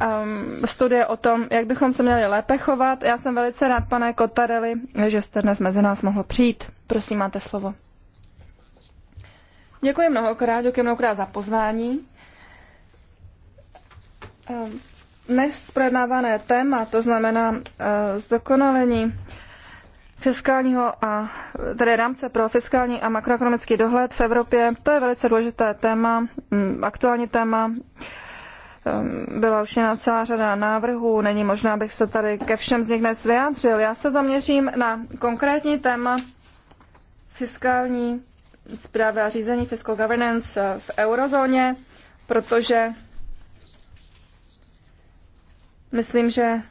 um, studie o tom, jak bychom se měli lépe chovat. Já jsem velice rád, pane Kotareli, že jste dnes mezi nás mohl přijít. Prosím, máte slovo. Děkuji mnohokrát, děkuji mnohokrát za pozvání. Ehm, dnes projednávané téma, to znamená eh, zdokonalení fiskálního a tedy rámce pro fiskální a makroekonomický dohled v Evropě, to je velice důležité téma, mm, aktuální téma. Ehm, byla už celá řada návrhů, není možná, abych se tady ke všem z nich dnes vyjádřil. Já se zaměřím na konkrétní téma fiskální zprávy a řízení fiscal governance eh, v eurozóně, protože myslím, že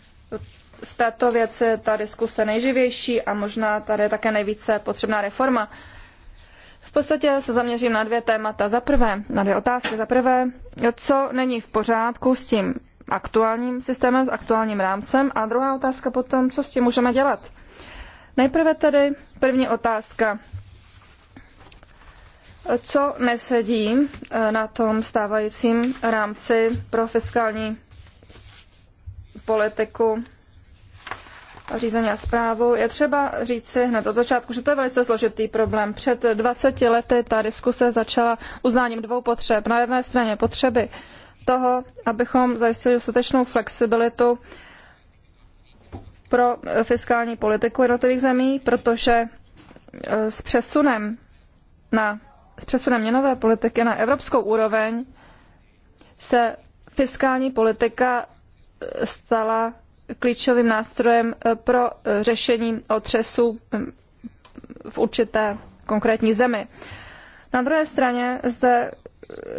v této věci ta diskuse nejživější a možná tady je také nejvíce potřebná reforma. V podstatě se zaměřím na dvě témata. Za prvé, na dvě otázky. Za prvé, co není v pořádku s tím aktuálním systémem, s aktuálním rámcem. A druhá otázka potom, co s tím můžeme dělat. Nejprve tedy první otázka. Co nesedí eh, na tom stávajícím rámci pro fiskální politiku řízení a zprávu, je třeba říci hned od začátku, že to je velice složitý problém. Před 20 lety ta diskuse začala uznáním dvou potřeb. Na jedné straně potřeby toho, abychom zajistili dostatečnou flexibilitu pro fiskální politiku jednotlivých zemí, protože e, s přesunem na s přesunem měnové politiky na evropskou úroveň se fiskální politika e, stala klíčovým nástrojem eh, pro eh, řešení otřesů hm, v určité konkrétní zemi. Na druhé straně zde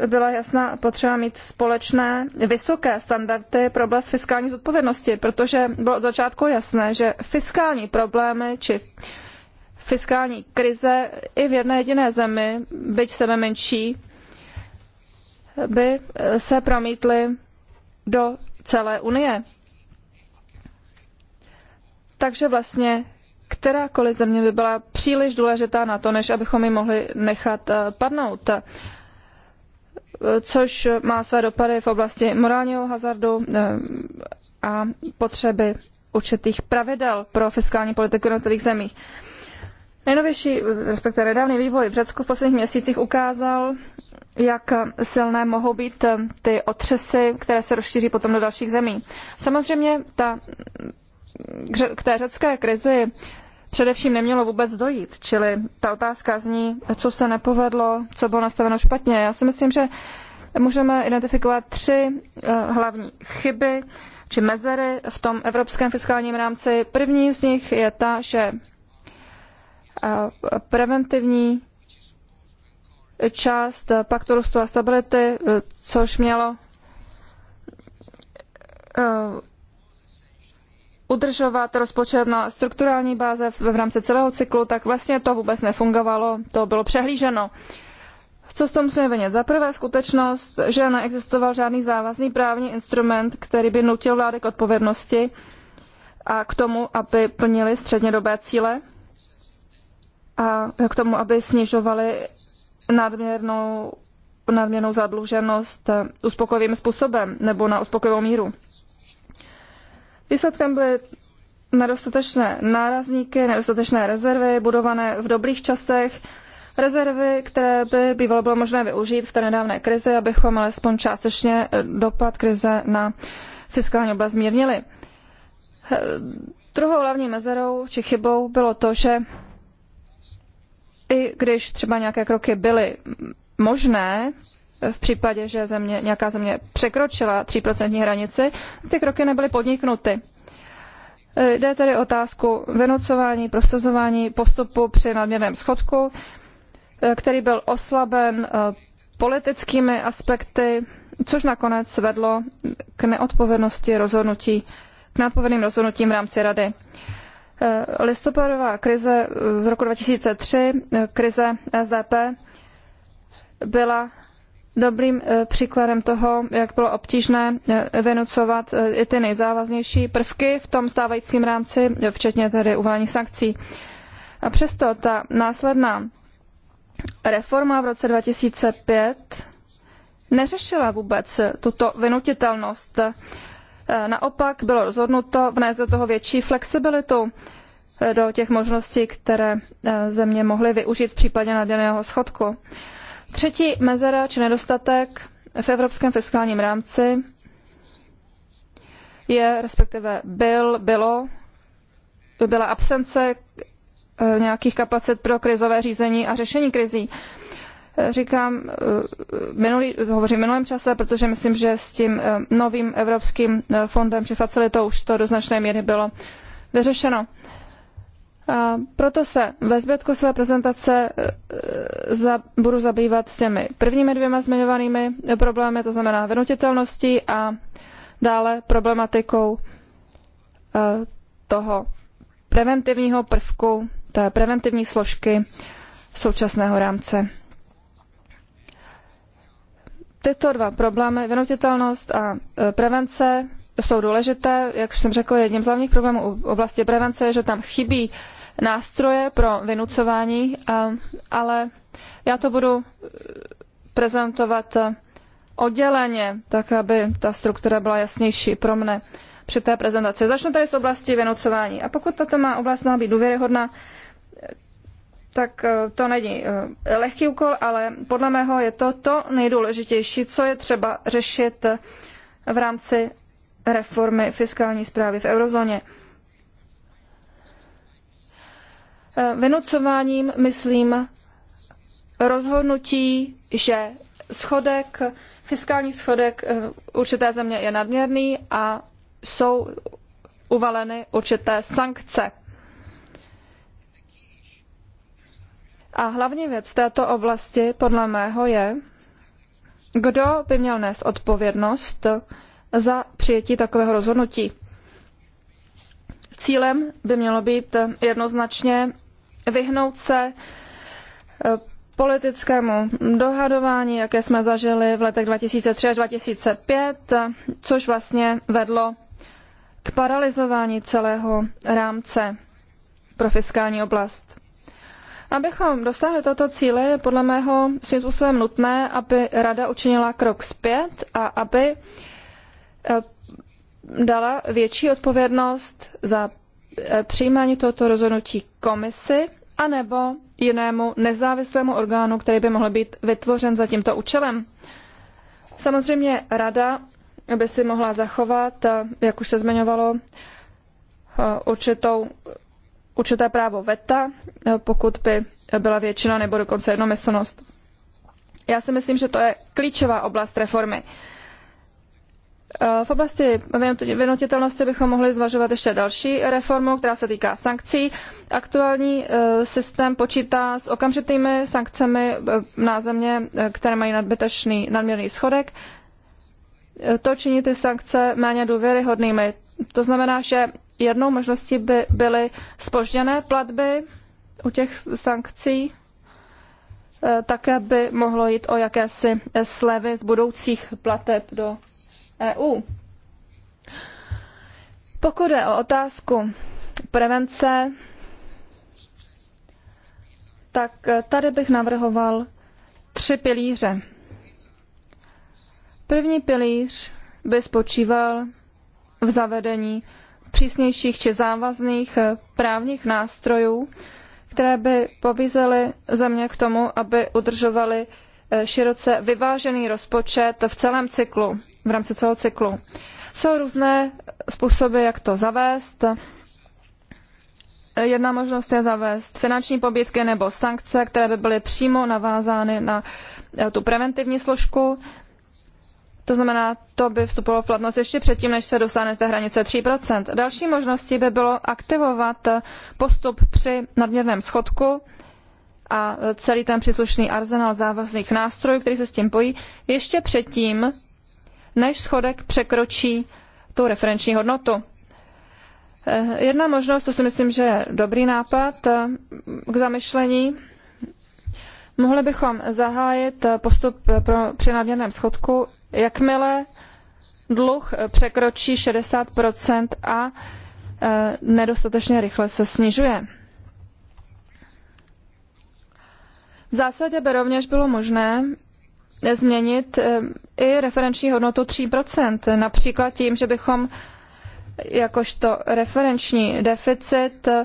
eh, byla jasná potřeba mít společné vysoké standardy pro oblast fiskální zodpovědnosti, protože bylo od začátku jasné, že fiskální problémy či fiskální krize i v jedné jediné zemi, byť sebe menší, by se promítly do celé Unie. Takže vlastně kterákoliv země by byla příliš důležitá na to, než abychom ji mohli nechat eh, padnout eh, což má své dopady v oblasti morálního hazardu eh, a potřeby určitých pravidel pro fiskální politiku jednotlivých zemí. Nejnovější, respektive nedávný vývoj v Řecku v posledních měsících ukázal, jak silné mohou být ty otřesy, které se rozšíří potom do dalších zemí. Samozřejmě ta k té řecké krizi především nemělo vůbec dojít. Čili ta otázka zní, co se nepovedlo, co bylo nastaveno špatně. Já si myslím, že můžeme identifikovat tři eh, hlavní chyby či mezery v tom evropském fiskálním rámci. První z nich je ta, že eh, preventivní část paktu růstu a stability, eh, což mělo udržovat rozpočet na strukturální báze v rámci celého cyklu, tak vlastně to vůbec nefungovalo, to bylo přehlíženo. Co s tom musíme vinit? Za prvé skutečnost, že neexistoval žádný závazný právní instrument, který by nutil vlády k odpovědnosti a k tomu, aby plnili střednědobé cíle a k tomu, aby snižovali nadměrnou, nadměrnou zadluženost uspokojivým způsobem nebo na uspokojivou míru. Výsledkem byly nedostatečné nárazníky, nedostatečné rezervy budované v dobrých časech, rezervy, které by bývalo bylo možné využít v té nedávné krizi, abychom alespoň částečně eh, dopad krize na fiskální oblast zmírnili. Eh, druhou hlavní mezerou či chybou bylo to, že i když třeba nějaké kroky byly možné, v případě, že země, nějaká země překročila 3% hranici, ty kroky nebyly podniknuty. E, jde tedy otázku vynucování, prosazování postupu při nadměrném schodku, e, který byl oslaben e, politickými aspekty, což nakonec vedlo k neodpovědnosti rozhodnutí, k neodpovědným rozhodnutím v rámci rady. Listopadová krize z roku 2003, krize SDP, byla dobrým eh, příkladem toho, jak bylo obtížné eh, vynucovat eh, i ty nejzávaznější prvky v tom stávajícím rámci, včetně tedy uvalení sankcí. A přesto ta následná reforma v roce 2005 neřešila vůbec tuto vynutitelnost. Naopak bylo rozhodnuto vnést do toho větší flexibilitu do těch možností, které země mohly využít v případě nadměrného schodku. Třetí mezera či nedostatek v evropském fiskálním rámci je, respektive byl, bylo, byla absence eh, nějakých kapacit pro krizové řízení a řešení krizí. Eh, říkám, eh, minulý, hovořím minulém čase, protože myslím, že s tím novým evropským fondem či facilitou už to do značné míry bylo vyřešeno. A proto se ve zbytku své prezentace e, e, za, budu zabývat těmi prvními dvěma zmiňovanými problémy, to znamená vynutitelností a dále problematikou e, toho preventivního prvku, té preventivní složky současného rámce. Tyto dva problémy, vynutitelnost a prevence, jsou důležité. Jak už jsem řekl, jedním z hlavních problémů v oblasti prevence je, že tam chybí nástroje pro vynucování, eh, ale já to budu prezentovat odděleně, tak aby ta struktura byla jasnější pro mne při té prezentaci. Začnu tady s oblasti vynucování. A pokud tato má oblast má být důvěryhodná, tak eh, to není eh, lehký úkol, ale podle mého je to to nejdůležitější, co je třeba řešit v rámci reformy fiskální zprávy v eurozóně. Eh, vynucováním myslím rozhodnutí, že schodek, fiskální schodek eh, určité země je nadměrný a jsou uvaleny určité sankce. A hlavní věc v této oblasti podle mého je, kdo by měl nést odpovědnost za přijetí takového rozhodnutí. Cílem by mělo být jednoznačně vyhnout se eh, politickému dohadování, jaké jsme zažili v letech 2003 až 2005, eh, což vlastně vedlo k paralizování celého rámce pro fiskální oblast. Abychom dosáhli tohoto cíle, je podle mého svým způsobem nutné, aby Rada učinila krok zpět a aby eh, dala větší odpovědnost za Eh, přijímání tohoto rozhodnutí komisi anebo jinému nezávislému orgánu, který by mohl být vytvořen za tímto účelem. Samozřejmě rada by si mohla zachovat, eh, jak už se zmiňovalo, eh, určitou, určité právo veta, pokud by byla většina nebo dokonce jednomyslnost. Já si myslím, že to je klíčová oblast reformy. Eh, v oblasti vynutitelnosti bychom mohli zvažovat ještě další reformu, která se týká sankcí. Aktuální eh, systém počítá s okamžitými sankcemi eh, na země, které mají nadbytečný nadměrný schodek. To činí ty sankce méně důvěryhodnými. To znamená, že jednou možností by byly spožděné platby u těch sankcí, také by mohlo jít o jakési slevy z budoucích plateb do EU. Pokud jde o otázku prevence, tak tady bych navrhoval tři pilíře. První pilíř by spočíval v zavedení přísnějších či závazných právních nástrojů, které by pobízely země k tomu, aby udržovaly široce vyvážený rozpočet v celém cyklu v rámci celého cyklu. Jsou různé způsoby, jak to zavést. Jedna možnost je zavést finanční pobídky nebo sankce, které by byly přímo navázány na eh, tu preventivní složku. To znamená, to by vstupovalo v platnost ještě předtím, než se dosáhne té hranice 3%. Další možností by bylo aktivovat eh, postup při nadměrném schodku a eh, celý ten příslušný arzenál závazných nástrojů, který se s tím pojí, ještě předtím, než schodek překročí tu referenční hodnotu. Eh, jedna možnost, to si myslím, že je dobrý nápad eh, k zamyšlení, mohli bychom zahájit eh, postup pro, při nadměrném schodku, jakmile dluh překročí 60 a nedostatečně rychle se snižuje. V zásadě by rovněž bylo možné změnit eh, i referenční hodnotu 3%, například tím, že bychom jakožto referenční deficit eh,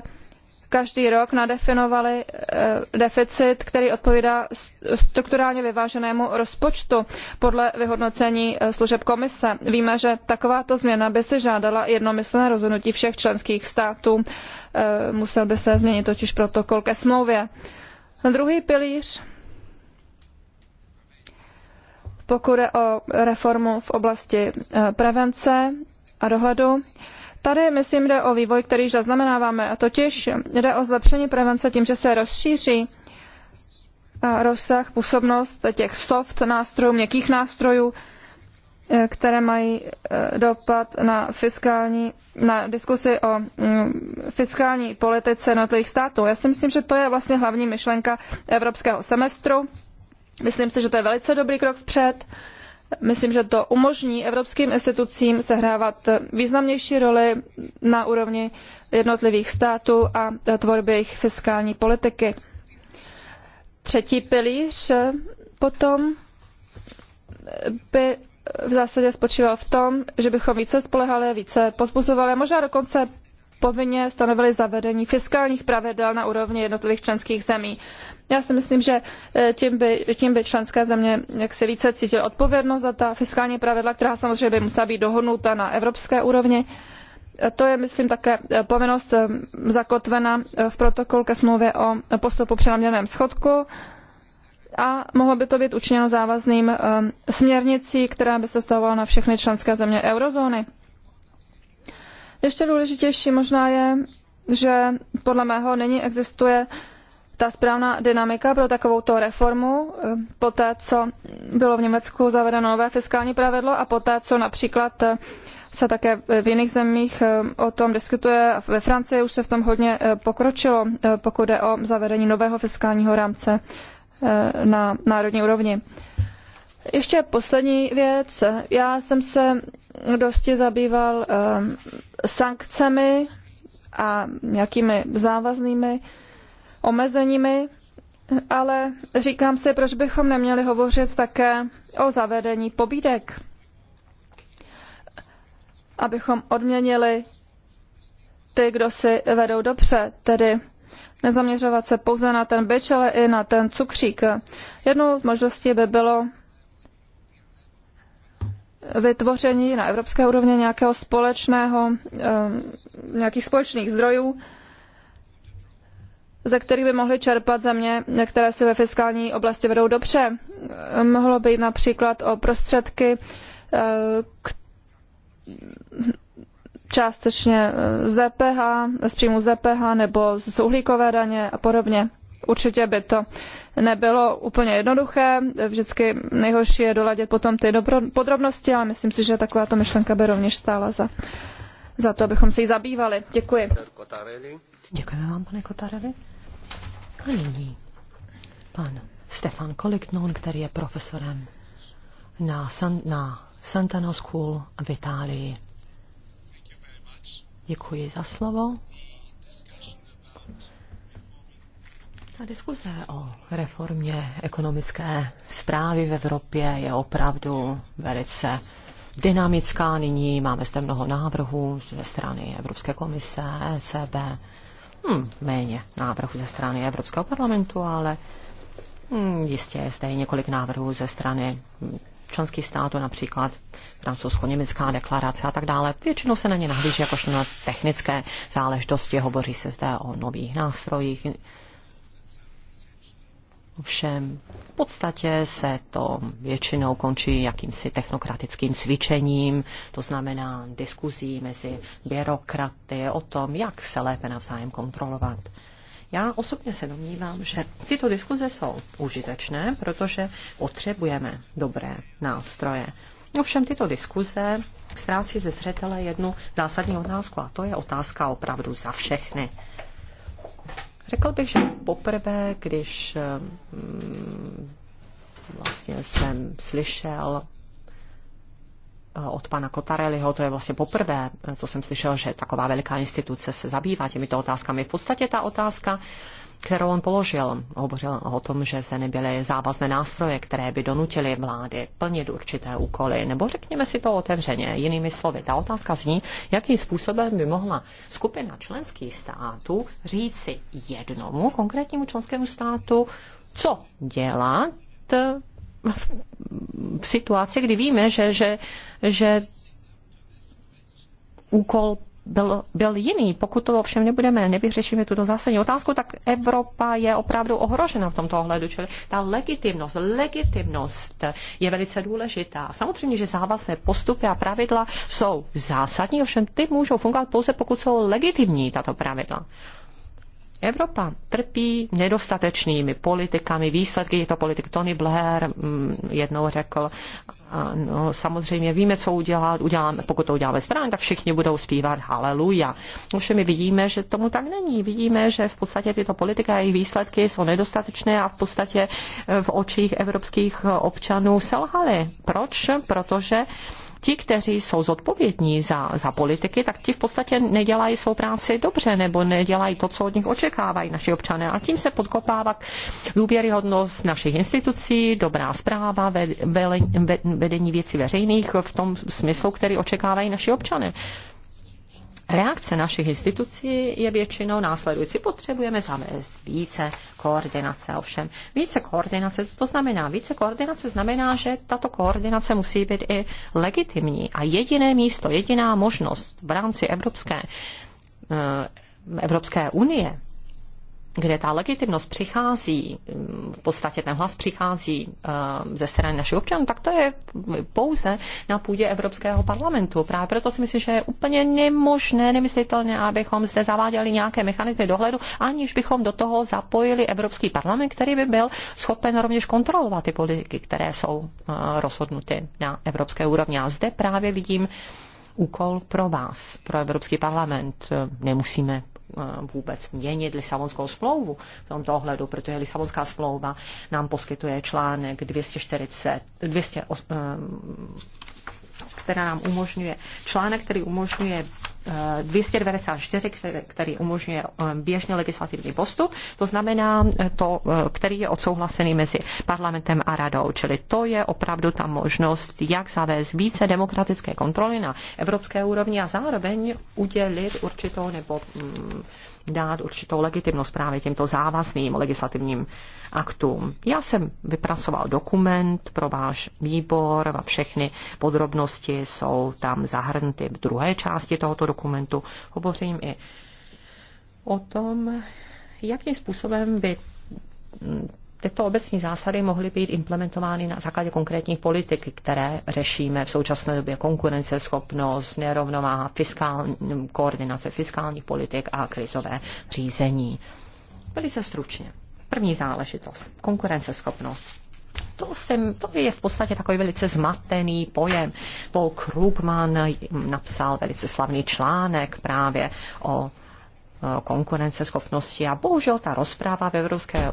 každý rok nadefinovali eh, deficit, který odpovídá strukturálně vyváženému rozpočtu podle vyhodnocení služeb komise. Víme, že takováto změna by si žádala jednomyslné rozhodnutí všech členských států. Musel by se změnit totiž protokol ke smlouvě. Druhý pilíř pokud je o reformu v oblasti eh, prevence a dohledu, Tady, myslím, jde o vývoj, který již zaznamenáváme, a totiž jde o zlepšení prevence tím, že se rozšíří eh, rozsah, působnost těch soft nástrojů, měkkých nástrojů, eh, které mají dopad na fiskální, na diskusi o mm, fiskální politice těch států. Já si myslím, že to je vlastně hlavní myšlenka evropského semestru Myslím si, že to je velice dobrý krok vpřed. Myslím, že to umožní evropským institucím sehrávat významnější roli na úrovni jednotlivých států a tvorby jejich fiskální politiky. Třetí pilíř potom by v zásadě spočíval v tom, že bychom více spolehali, více pozbuzovali, možná dokonce povinně stanovili zavedení fiskálních pravidel na úrovni jednotlivých členských zemí. Já si myslím, že eh, tím by, tím by členské země jak se více cítily odpovědnost za ta fiskální pravidla, která samozřejmě by musela být dohodnuta na evropské úrovni. To je, myslím, také eh, povinnost eh, zakotvena v protokolu ke smlouvě o postupu při schodku a mohlo by to být učiněno závazným směrnicí, která by se stavovala na všechny členské země eurozóny. Ještě důležitější možná je, že podle mého není existuje ta správná dynamika pro takovouto reformu, eh, poté co bylo v Německu zavedeno nové fiskální pravidlo a poté co například eh, se také v jiných zemích eh, o tom diskutuje. Ve Francii už se v tom hodně pokročilo, pokud jde o zavedení nového fiskálního rámce na národní úrovni. Ještě poslední věc. Já jsem se dosti zabýval eh, sankcemi a nějakými závaznými omezeními, ale říkám si, proč bychom neměli hovořit také o zavedení pobídek, abychom odměnili ty, kdo si vedou dobře, tedy nezaměřovat se pouze na ten byč, ale i na ten cukřík. Jednou z možností by bylo vytvoření na evropské úrovni nějakého společného, nějakých společných zdrojů, ze kterých by mohly čerpat země, které si ve fiskální oblasti vedou dobře. Mohlo by jít například o prostředky eh, k částečně z DPH, z příjmu z DPH nebo z uhlíkové daně a podobně. Určitě by to nebylo úplně jednoduché. Vždycky nejhorší je doladit potom ty dobro, podrobnosti, ale myslím si, že takováto myšlenka by rovněž stála za, za to, abychom se jí zabývali. Děkuji. Děkujeme vám, pane Kotareli. A nyní pan Stefan Kolignon, který je profesorem na, San, na Santana School v Itálii. Děkuji za slovo. Ta diskuze o reformě ekonomické zprávy v Evropě je opravdu velice dynamická. Nyní máme zde mnoho návrhů ze strany Evropské komise, ECB, hmm, méně návrhů ze strany Evropského parlamentu, ale hmm, jistě je zde i několik návrhů ze strany členských států, například francouzsko-německá deklarace a tak dále. Většinou se na ně nahlíží jakožto na technické záležitosti, hovoří se zde o nových nástrojích, Ovšem, v podstatě se to většinou končí jakýmsi technokratickým cvičením, to znamená diskuzí mezi byrokraty o tom, jak se lépe navzájem kontrolovat. Já osobně se domnívám, že tyto diskuze jsou užitečné, protože potřebujeme dobré nástroje. Ovšem tyto diskuze ztrácí ze zřetele jednu zásadní otázku a to je otázka opravdu za všechny. Řekl bych, že poprvé, když mm, vlastně jsem slyšel eh, od pana Kotareliho, to je vlastně poprvé, eh, co jsem slyšel, že taková veliká instituce se zabývá těmito otázkami. V podstatě ta otázka kterou on položil. Hovořil o tom, že se nebyly závazné nástroje, které by donutily vlády plnit určité úkoly, nebo řekněme si to otevřeně. Jinými slovy, ta otázka zní, jakým způsobem by mohla skupina členských států říci jednomu konkrétnímu členskému státu, co dělat v, v situaci, kdy víme, že, že, že úkol byl, byl jiný. Pokud to ovšem nebudeme, nevyřešíme tuto zásadní otázku, tak Evropa je opravdu ohrožena v tomto ohledu. Čili ta legitimnost, legitimnost je velice důležitá. Samozřejmě, že závazné postupy a pravidla jsou zásadní, ovšem ty můžou fungovat pouze, pokud jsou legitimní tato pravidla. Evropa trpí nedostatečnými politikami, výsledky to politik. Tony Blair mm, jednou řekl, no, samozřejmě víme, co udělat, uděláme, pokud to uděláme správně, tak všichni budou zpívat haleluja. Ovšem my vidíme, že tomu tak není. Vidíme, že v podstatě tyto politika a jejich výsledky jsou nedostatečné a v podstatě eh, v očích evropských občanů selhaly. Proč? Protože ti, kteří jsou zodpovědní za, za politiky, tak ti v podstatě nedělají svou práci dobře nebo nedělají to, co od nich očekávají naši občané. A tím se podkopává důvěryhodnost našich institucí, dobrá zpráva, vedení věcí veřejných v tom smyslu, který očekávají naši občané. Reakce našich institucí je většinou následující. Potřebujeme zavést více koordinace, ovšem více koordinace, co to znamená? Více koordinace znamená, že tato koordinace musí být i legitimní a jediné místo, jediná možnost v rámci Evropské, eh, Evropské unie kde ta legitimnost přichází, mm, v podstatě ten hlas přichází eh, ze strany našich občanů, tak to je pouze na půdě Evropského parlamentu. Právě proto si myslím, že je úplně nemožné, nemyslitelné, abychom zde zaváděli nějaké mechanizmy dohledu, aniž bychom do toho zapojili Evropský parlament, který by byl schopen rovněž kontrolovat ty politiky, které jsou eh, rozhodnuty na evropské úrovni. A zde právě vidím úkol pro vás, pro Evropský parlament. Nemusíme vůbec měnit Lisabonskou smlouvu v tomto ohledu, protože Lisabonská smlouva nám poskytuje článek 240, 200, ehm, která nám umožňuje, článek, který umožňuje 294, eh, který, který umožňuje eh, běžný legislativní postup, to znamená eh, to, který je odsouhlasený mezi parlamentem a radou. Čili to je opravdu ta možnost, jak zavést více demokratické kontroly na evropské úrovni a zároveň udělit určitou nebo mm, dát určitou legitimnost právě těmto závazným legislativním aktům. Já jsem vypracoval dokument pro váš výbor a všechny podrobnosti jsou tam zahrnuty v druhé části tohoto dokumentu. Hovořím i o tom, jakým způsobem by tyto obecní zásady mohly být implementovány na základě konkrétních politik, které řešíme v současné době konkurenceschopnost, nerovnováha, fiskální, koordinace fiskálních politik a krizové řízení. Velice stručně. První záležitost. Konkurenceschopnost. To, jsem, to je v podstatě takový velice zmatený pojem. Paul Krugman napsal velice slavný článek právě o konkurenceschopnosti a bohužel ta rozpráva v Evropské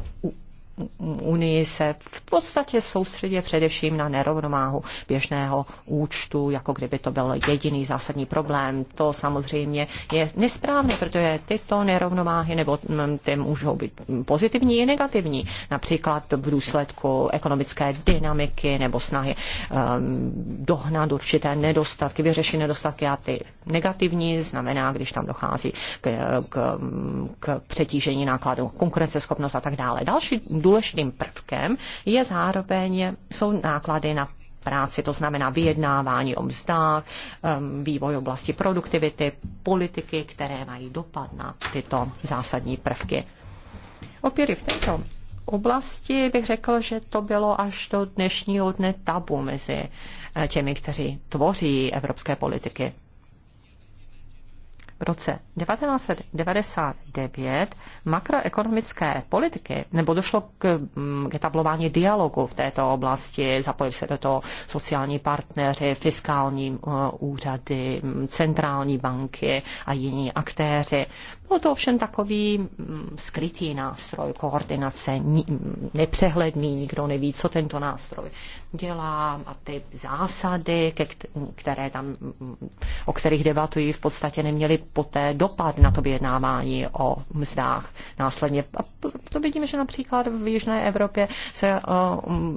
unii se v podstatě soustředí především na nerovnováhu běžného účtu, jako kdyby to byl jediný zásadní problém. To samozřejmě je nesprávné, protože tyto nerovnováhy nebo mm, ty můžou být pozitivní i negativní. Například v důsledku ekonomické dynamiky nebo snahy um, dohnat určité nedostatky, vyřešit nedostatky a ty negativní znamená, když tam dochází k, k, k přetížení nákladů, konkurenceschopnost a tak dále. Další důležitým prvkem je zároveň, jsou náklady na práci, to znamená vyjednávání o mzdách, vývoj oblasti produktivity, politiky, které mají dopad na tyto zásadní prvky. Opět v této oblasti bych řekl, že to bylo až do dnešního dne tabu mezi eh, těmi, kteří tvoří evropské politiky. V roce 1999 makroekonomické politiky, nebo došlo k, mm, k etablování dialogu v této oblasti, zapojili se do toho sociální partneři, fiskální uh, úřady, mm, centrální banky a jiní aktéři. Byl to ovšem takový mm, skrytý nástroj koordinace, mm, nepřehledný, nikdo neví, co tento nástroj dělá a ty zásady, které tam, mm, o kterých debatují, v podstatě neměly poté dopad na to vyjednávání o mzdách následně. A to vidíme, že například v Jižné Evropě se eh,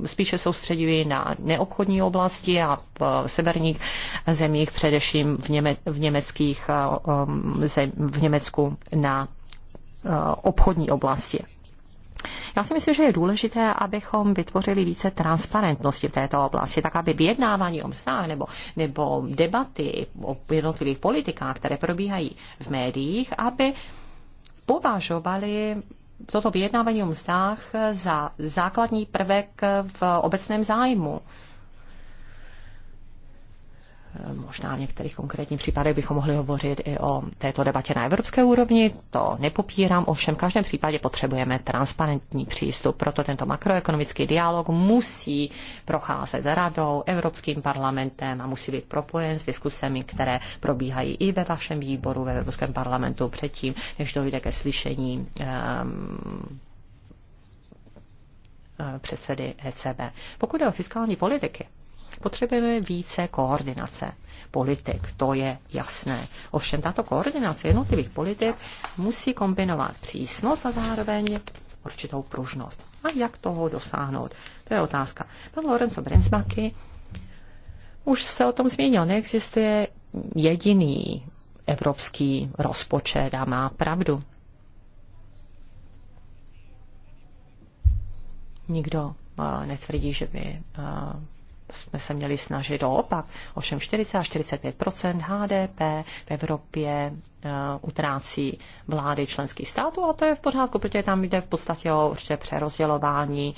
spíše soustředují na neobchodní oblasti a v eh, severních zemích, především v, Něme, v, německých, eh, v Německu na eh, obchodní oblasti. Já si myslím, že je důležité, abychom vytvořili více transparentnosti v této oblasti, tak aby vyjednávání o mstách nebo, nebo debaty o jednotlivých politikách, které probíhají v médiích, aby považovali toto vyjednávání o mstách za základní prvek v obecném zájmu. Možná v některých konkrétních případech bychom mohli hovořit i o této debatě na evropské úrovni, to nepopírám, ovšem v každém případě potřebujeme transparentní přístup, proto tento makroekonomický dialog musí procházet radou, Evropským parlamentem a musí být propojen s diskusemi, které probíhají i ve vašem výboru, ve Evropském parlamentu předtím, než dojde ke slyšení um, předsedy ECB. Pokud je o fiskální politiky, Potřebujeme více koordinace politik, to je jasné. Ovšem tato koordinace jednotlivých politik musí kombinovat přísnost a zároveň určitou pružnost. A jak toho dosáhnout? To je otázka. Pan Lorenzo Brinsmaky už se o tom zmínil. Neexistuje jediný evropský rozpočet a má pravdu. Nikdo eh, netvrdí, že by eh, jsme se měli snažit o opak. Ovšem 40 až 45 HDP v Evropě uh, utrácí vlády členských států a to je v pořádku, protože tam jde v podstatě o určité přerozdělování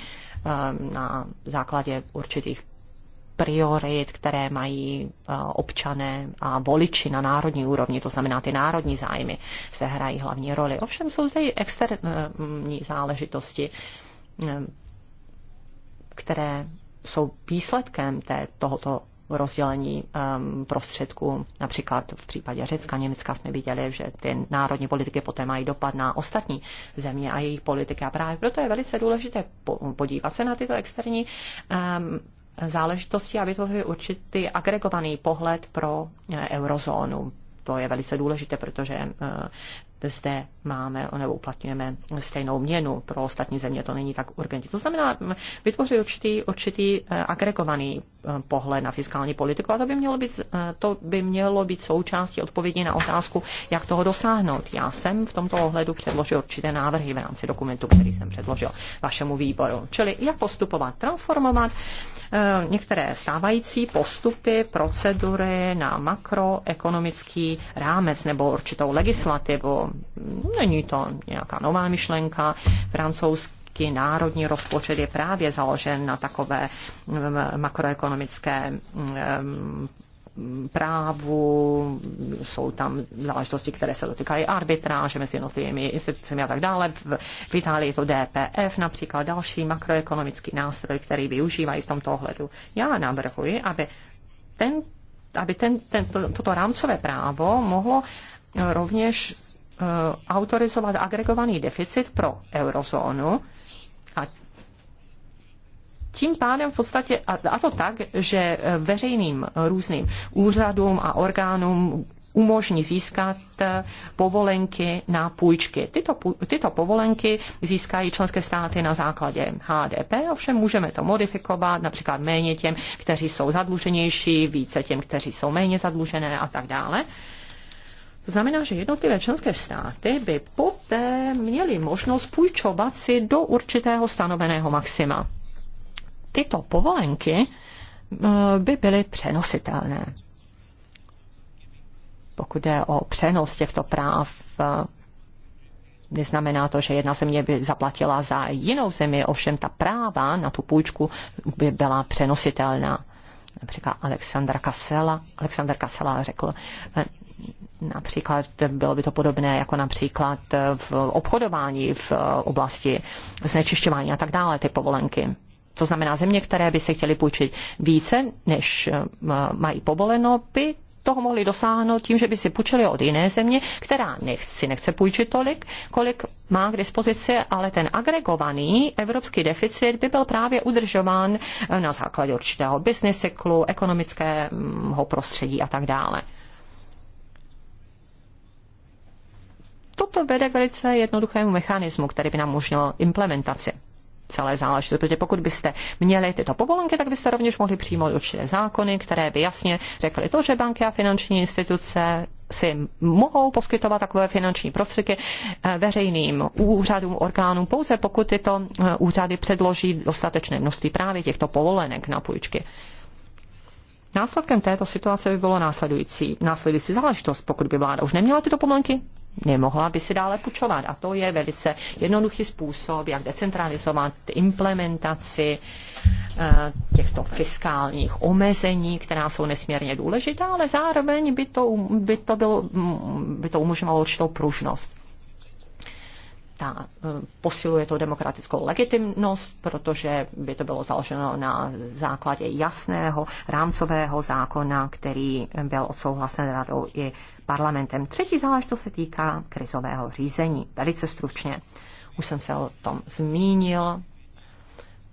um, na základě určitých priorit, které mají eh, občané a voliči na národní úrovni, to znamená ty národní zájmy, se hrají hlavní roli. Ovšem jsou zde i externí záležitosti, které jsou výsledkem té, tohoto rozdělení um, prostředků. Například v případě Řecka, Německa jsme viděli, že ty národní politiky poté mají dopad na ostatní země a jejich politiky. A právě proto je velice důležité podívat se na tyto externí um, záležitosti a vytvořit určitý agregovaný pohled pro eh, eurozónu. To je velice důležité, protože eh, zde máme nebo uplatňujeme stejnou měnu. Pro ostatní země to není tak urgentní. To znamená mm, vytvořit určitý, určitý eh, agregovaný eh, pohled na fiskální politiku a to by mělo být, eh, to by mělo být součástí odpovědi na otázku, jak toho dosáhnout. Já jsem v tomto ohledu předložil určité návrhy v rámci dokumentu, který jsem předložil vašemu výboru. Čili jak postupovat, transformovat některé stávající postupy, procedury na makroekonomický rámec nebo určitou legislativu. Není to nějaká nová myšlenka. Francouzský národní rozpočet je právě založen na takové mm, makroekonomické mm, právu, jsou tam záležitosti, které se dotýkají arbitráže mezi jednotlivými institucemi a tak dále. V Itálii je to DPF, například další makroekonomický nástroj, který využívají v tomto ohledu. Já navrhuji, aby, ten, aby ten, ten, to, toto rámcové právo mohlo rovněž Eh, autorizovat agregovaný deficit pro eurozónu a tím pádem v podstatě, a to tak, že eh, veřejným různým úřadům a orgánům umožní získat eh, povolenky na půjčky. Tyto, tyto povolenky získají členské státy na základě HDP, ovšem můžeme to modifikovat, například méně těm, kteří jsou zadluženější, více těm, kteří jsou méně zadlužené a tak dále. To znamená, že jednotlivé členské státy by poté měly možnost půjčovat si do určitého stanoveného maxima. Tyto povolenky eh, by byly přenositelné. Pokud je o přenos těchto práv, eh, neznamená to, že jedna země by zaplatila za jinou zemi, ovšem ta práva na tu půjčku by byla přenositelná. Například Alexandra Kasela. Alexander Kasela řekl, eh, například bylo by to podobné jako například v obchodování v eh, oblasti znečišťování a tak dále, ty povolenky. To znamená, země, které by se chtěly půjčit více, než eh, mají povoleno, by toho mohli dosáhnout tím, že by si půjčili od jiné země, která nechci, nechce půjčit tolik, kolik má k dispozici, ale ten agregovaný evropský deficit by byl právě udržován eh, na základě určitého business cyklu, ekonomického prostředí a tak dále. toto vede k velice jednoduchému mechanismu, který by nám umožnil implementaci celé záležitosti. Protože pokud byste měli tyto povolenky, tak byste rovněž mohli přijmout určité zákony, které by jasně řekly to, že banky a finanční instituce si mohou poskytovat takové finanční prostředky eh, veřejným úřadům, orgánům, pouze pokud tyto eh, úřady předloží dostatečné množství právě těchto povolenek na půjčky. Následkem této situace by bylo následující, následující záležitost. Pokud by vláda už neměla tyto povolenky, nemohla by si dále půjčovat. A to je velice jednoduchý způsob, jak decentralizovat implementaci eh, těchto fiskálních omezení, která jsou nesmírně důležitá, ale zároveň by to, by to, bylo, mm, by to umožňovalo určitou pružnost ta, posiluje to demokratickou legitimnost, protože by to bylo založeno na základě jasného rámcového zákona, který byl odsouhlasen radou i parlamentem. Třetí záležitost se týká krizového řízení. Velice stručně. Už jsem se o tom zmínil.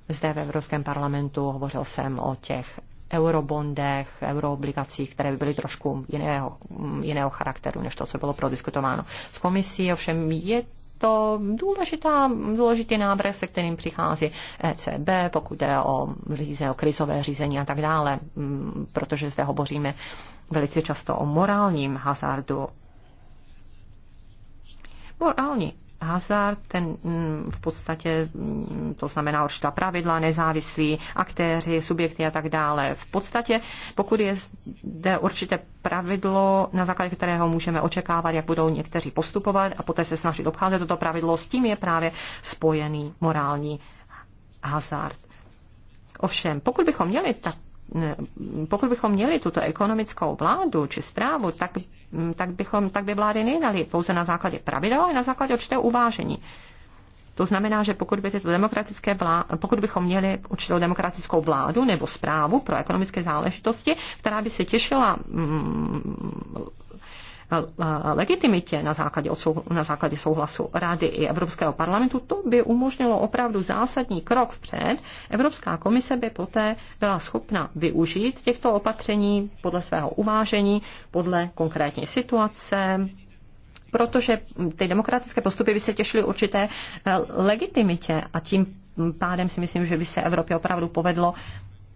Zde ve Evropském parlamentu hovořil jsem o těch eurobondech, euroobligacích, které by byly trošku jiného, jiného charakteru, než to, co bylo prodiskutováno. S komisí ovšem je to důležitá, důležitý návrh, se kterým přichází ECB, pokud jde o, říze, o krizové řízení a tak dále, mm, protože zde hovoříme velice často o morálním hazardu. Morální hazard, ten mm, v podstatě, mm, to znamená určitá pravidla, nezávislí aktéři, subjekty a tak dále. V podstatě, pokud je zde určité pravidlo, na základě kterého můžeme očekávat, jak budou někteří postupovat a poté se snažit obcházet toto pravidlo, s tím je právě spojený morální hazard. Ovšem, pokud bychom měli tak pokud bychom měli tuto ekonomickou vládu či zprávu, tak, mm, tak, bychom, tak by vlády nejdali pouze na základě pravidel, ale na základě určitého uvážení. To znamená, že pokud, by tyto demokratické vlá... pokud bychom měli určitou demokratickou vládu nebo zprávu pro ekonomické záležitosti, která by se těšila mm, legitimitě na základě, odsou, na základě souhlasu Rady i Evropského parlamentu, to by umožnilo opravdu zásadní krok vpřed. Evropská komise by poté byla schopna využít těchto opatření podle svého uvážení, podle konkrétní situace, protože ty demokratické postupy by se těšily určité eh, legitimitě a tím pádem si myslím, že by se Evropě opravdu povedlo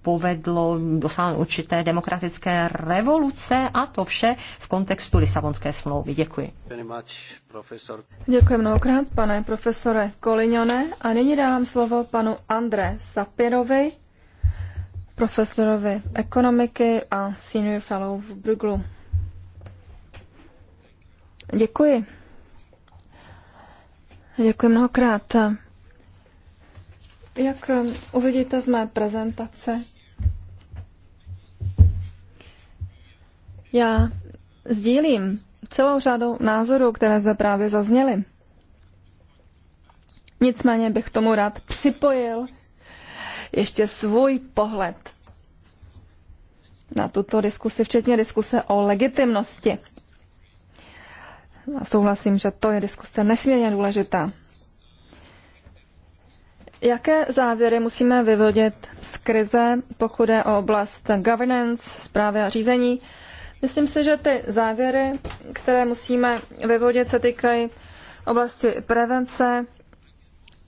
povedlo dosáhnout určité demokratické revoluce a to vše v kontextu Lisabonské smlouvy. Děkuji. Děkuji mnohokrát, pane profesore Kolinione. A nyní dávám slovo panu Andre Sapirovi, profesorovi ekonomiky a senior fellow v Bruglu. Děkuji. Děkuji mnohokrát. Jak uvidíte z mé prezentace, Já sdílím celou řadu názorů, které zde právě zazněly. Nicméně bych tomu rád připojil ještě svůj pohled na tuto diskusi, včetně diskuse o legitimnosti. A souhlasím, že to je diskuse nesmírně důležitá. Jaké závěry musíme vyvodit z krize, pokud je o oblast governance, zprávy a řízení? Myslím si, že ty závěry, které musíme vyvodit, se týkají oblasti prevence,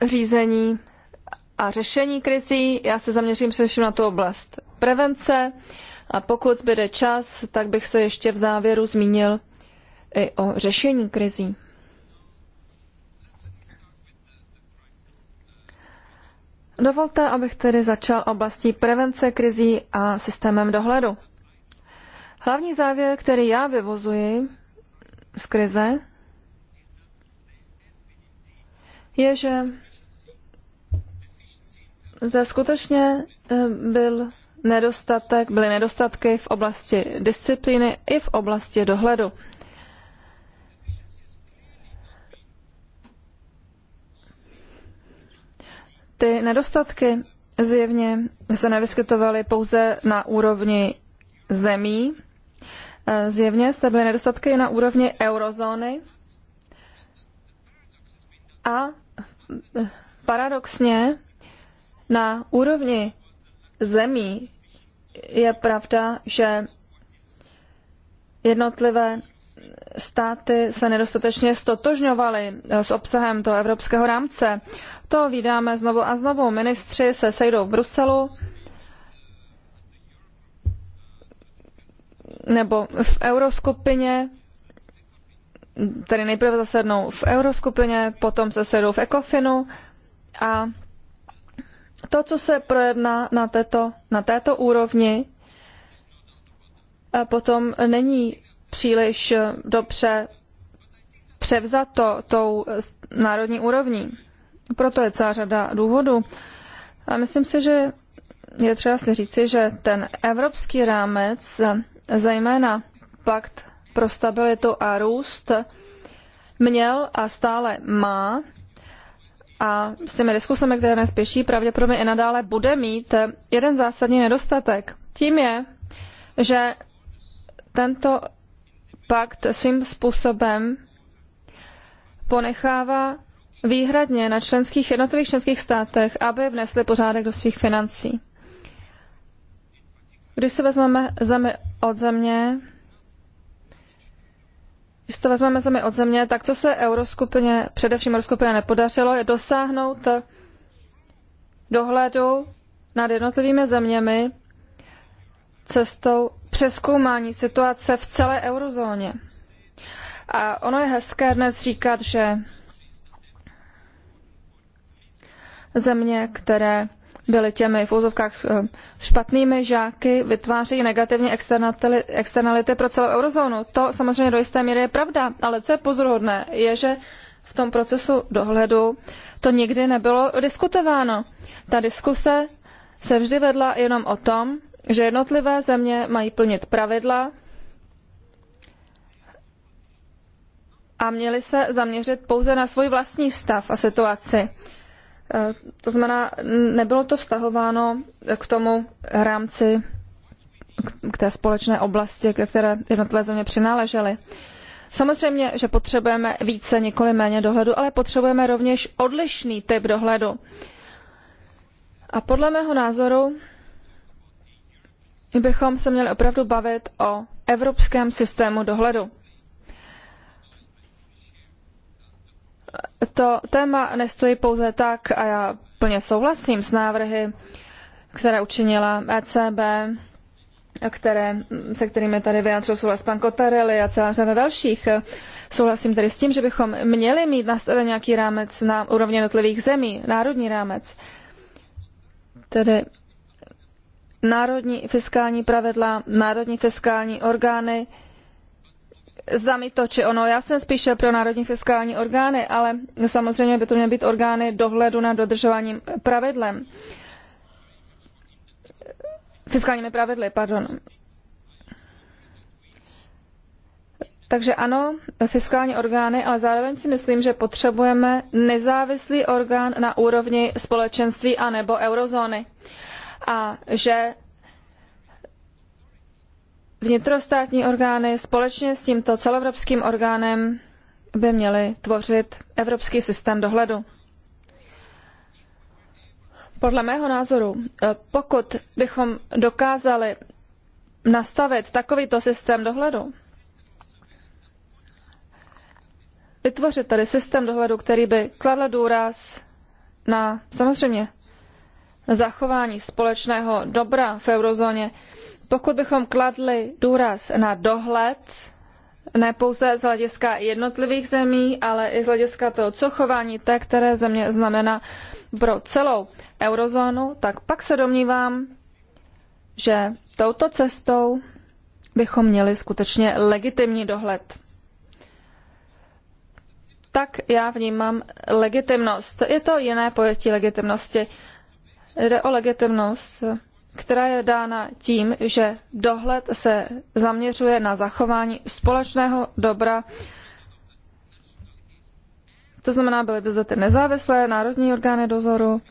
řízení a řešení krizí. Já se zaměřím především na tu oblast prevence a pokud bude čas, tak bych se ještě v závěru zmínil i o řešení krizí. Dovolte, abych tedy začal oblastí prevence krizí a systémem dohledu. Hlavní závěr, který já vyvozuji z krize, je, že zde skutečně eh, byl nedostatek, byly nedostatky v oblasti disciplíny i v oblasti dohledu. Ty nedostatky zjevně se nevyskytovaly pouze na úrovni zemí, Zjevně jste byly nedostatky na úrovni eurozóny a paradoxně na úrovni zemí je pravda, že jednotlivé státy se nedostatečně stotožňovaly s obsahem toho evropského rámce. To vydáme znovu a znovu. Ministři se sejdou v Bruselu nebo v euroskupině, tedy nejprve zasednou v euroskupině, potom se zasedou v ECOFINu a to, co se projedná na této, na této úrovni, eh, potom není příliš eh, dobře převzato tou národní úrovní. Proto je celá řada důvodů. A myslím si, že je třeba si říci, že ten evropský rámec eh, zejména pakt pro stabilitu a růst měl a stále má a s těmi diskusemi, které dnes pěší, pravděpodobně i nadále bude mít jeden zásadní nedostatek. Tím je, že tento pakt svým způsobem ponechává výhradně na členských jednotlivých členských státech, aby vnesli pořádek do svých financí. Když se vezmeme zemi od země, když to vezmeme zemi od země, tak co se euroskupině, především euroskupině nepodařilo, je dosáhnout dohledu nad jednotlivými zeměmi cestou přeskoumání situace v celé eurozóně. A ono je hezké dnes říkat, že země, které byli těmi v úzovkách eh, špatnými žáky, vytvářejí negativní externality pro celou eurozónu. To samozřejmě do jisté míry je pravda, ale co je pozoruhodné, je, že v tom procesu dohledu to nikdy nebylo diskutováno. Ta diskuse se vždy vedla jenom o tom, že jednotlivé země mají plnit pravidla a měly se zaměřit pouze na svůj vlastní stav a situaci. Eh, to znamená, nebylo to vztahováno k tomu rámci, k té společné oblasti, ke které jednotlivé země přináležely. Samozřejmě, že potřebujeme více, nikoli méně dohledu, ale potřebujeme rovněž odlišný typ dohledu. A podle mého názoru bychom se měli opravdu bavit o evropském systému dohledu. to téma nestojí pouze tak, a já plně souhlasím s návrhy, které učinila ECB, které, se kterými tady vyjádřil souhlas pan Kotarelli a celá řada dalších. Souhlasím tedy s tím, že bychom měli mít nastaven nějaký rámec na úrovni jednotlivých zemí, národní rámec. Tedy národní fiskální pravidla, národní fiskální orgány, zda mi to či ono. Já jsem spíše pro národní fiskální orgány, ale samozřejmě by to měly být orgány dohledu na dodržováním pravidlem. Fiskálními pravidly, pardon. Takže ano, fiskální orgány, ale zároveň si myslím, že potřebujeme nezávislý orgán na úrovni společenství a nebo eurozóny. A že vnitrostátní orgány společně s tímto celoevropským orgánem by měly tvořit evropský systém dohledu. Podle mého názoru, eh, pokud bychom dokázali nastavit takovýto systém dohledu, vytvořit tady systém dohledu, který by kladl důraz na samozřejmě zachování společného dobra v eurozóně, pokud bychom kladli důraz na dohled, ne pouze z hlediska jednotlivých zemí, ale i z hlediska toho, co chování té, které země znamená pro celou eurozónu, tak pak se domnívám, že touto cestou bychom měli skutečně legitimní dohled. Tak já vnímám legitimnost. Je to jiné pojetí legitimnosti. Jde o legitimnost která je dána tím, že dohled se zaměřuje na zachování společného dobra. To znamená, byly by zde ty nezávislé národní orgány dozoru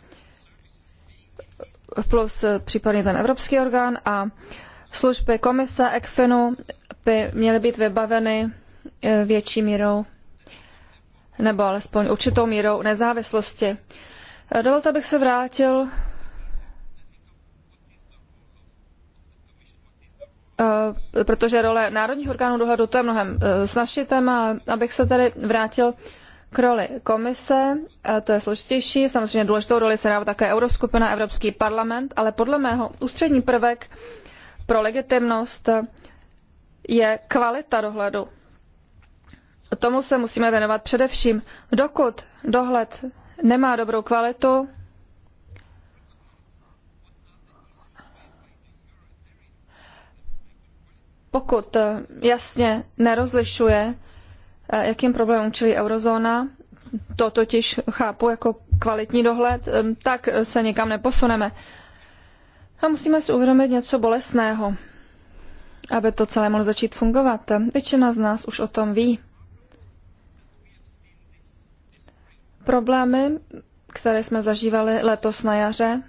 plus případně ten evropský orgán a služby komise ECFINu by měly být vybaveny e, větší mírou nebo alespoň určitou mírou nezávislosti. Dovolte, abych se vrátil Eh, protože role národních orgánů dohledu to je mnohem eh, snažší téma, abych se tady vrátil k roli komise, eh, to je složitější, samozřejmě důležitou roli se dává také Euroskupina, Evropský parlament, ale podle mého ústřední prvek pro legitimnost je kvalita dohledu. Tomu se musíme věnovat především. Dokud dohled nemá dobrou kvalitu, pokud eh, jasně nerozlišuje, eh, jakým problémům čili eurozóna, to totiž chápu jako kvalitní dohled, eh, tak se nikam neposuneme. A musíme si uvědomit něco bolestného, aby to celé mohlo začít fungovat. Většina z nás už o tom ví. Problémy, které jsme zažívali letos na jaře,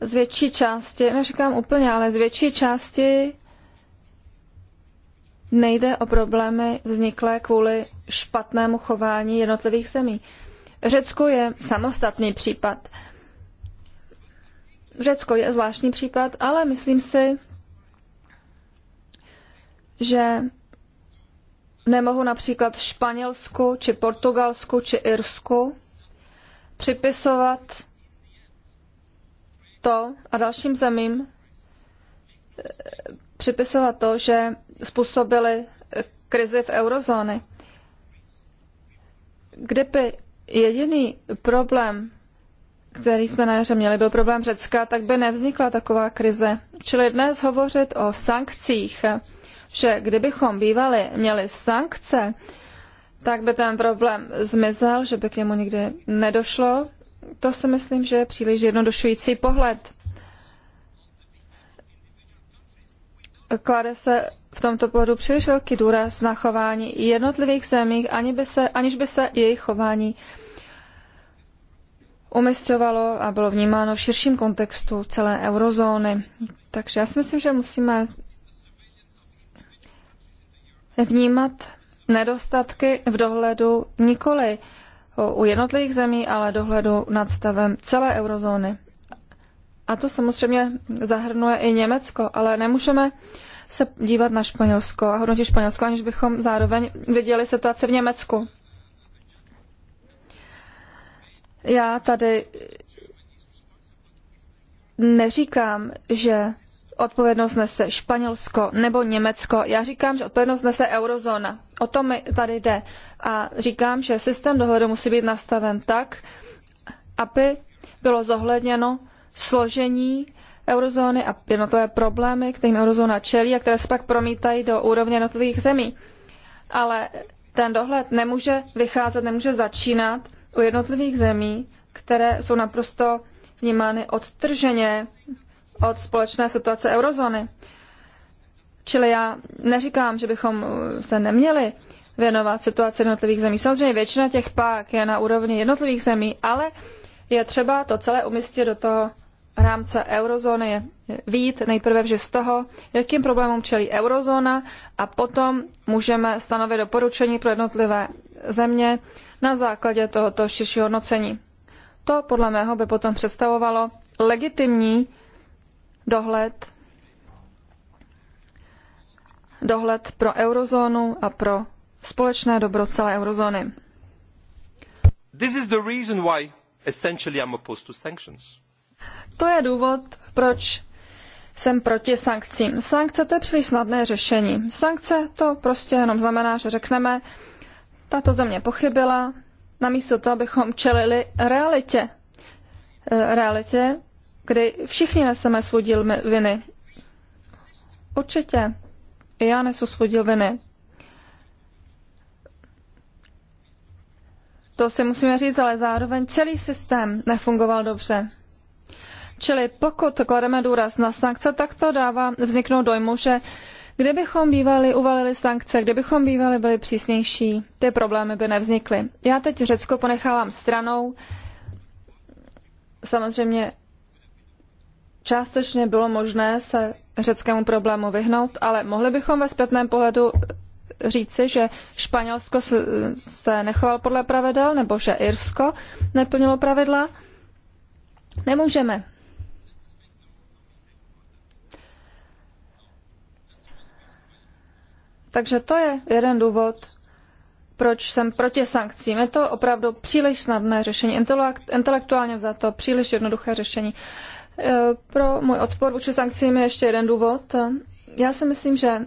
z větší části, neříkám úplně, ale z větší části nejde o problémy vzniklé kvůli špatnému chování jednotlivých zemí. Řecko je samostatný případ. Řecko je zvláštní případ, ale myslím si, že nemohu například Španělsku, či Portugalsku, či Irsku připisovat to a dalším zemím eh, připisovat to, že způsobili krizi v eurozóny. Kdyby jediný problém, který jsme na jaře měli, byl problém Řecka, tak by nevznikla taková krize. Čili dnes hovořit o sankcích, že kdybychom bývali měli sankce, tak by ten problém zmizel, že by k němu nikdy nedošlo, to si myslím, že je příliš jednodušující pohled. Klade se v tomto pohledu příliš velký důraz na chování jednotlivých zemí, ani by se, aniž by se jejich chování umistovalo a bylo vnímáno v širším kontextu celé eurozóny. Takže já si myslím, že musíme vnímat nedostatky v dohledu nikoli u jednotlivých zemí, ale dohledu nad stavem celé eurozóny. A to samozřejmě zahrnuje i Německo, ale nemůžeme se dívat na Španělsko a hodnotit Španělsko, aniž bychom zároveň viděli situaci v Německu. Já tady neříkám, že odpovědnost nese Španělsko nebo Německo. Já říkám, že odpovědnost nese eurozóna. O to mi tady jde. A říkám, že systém dohledu musí být nastaven tak, aby bylo zohledněno složení eurozóny a jednotlivé problémy, kterým eurozóna čelí a které se pak promítají do úrovně jednotlivých zemí. Ale ten dohled nemůže vycházet, nemůže začínat u jednotlivých zemí, které jsou naprosto vnímány odtrženě od společné situace eurozóny. Čili já neříkám, že bychom uh, se neměli věnovat situaci jednotlivých zemí. Samozřejmě většina těch pák je na úrovni jednotlivých zemí, ale je třeba to celé umístit do toho rámce eurozóny, je vít nejprve vždy z toho, jakým problémům čelí eurozóna a potom můžeme stanovit doporučení pro jednotlivé země na základě tohoto širšího hodnocení. To podle mého by potom představovalo legitimní dohled, dohled pro eurozónu a pro společné dobro celé eurozóny. This is the reason why essentially I'm opposed to sanctions. To je důvod, proč jsem proti sankcím. Sankce to je příliš snadné řešení. Sankce to prostě jenom znamená, že řekneme, tato země pochybila, namísto toho, abychom čelili realitě. E, realitě, kdy všichni neseme svůj díl viny. Určitě. I já nesu svůj díl viny. To si musíme říct, ale zároveň celý systém nefungoval dobře. Čili pokud klademe důraz na sankce, tak to dává vzniknout dojmu, že kdybychom bývali uvalili sankce, kdybychom bývali byli přísnější, ty problémy by nevznikly. Já teď Řecko ponechávám stranou. Samozřejmě Částečně bylo možné se řeckému problému vyhnout, ale mohli bychom ve zpětném pohledu říci, že Španělsko se nechoval podle pravidel, nebo že Irsko neplnilo pravidla? Nemůžeme. Takže to je jeden důvod, proč jsem proti sankcím. Je to opravdu příliš snadné řešení, intelektuálně vzato příliš jednoduché řešení. Eh, pro můj odpor vůči sankcím je ještě jeden důvod. Já si myslím, že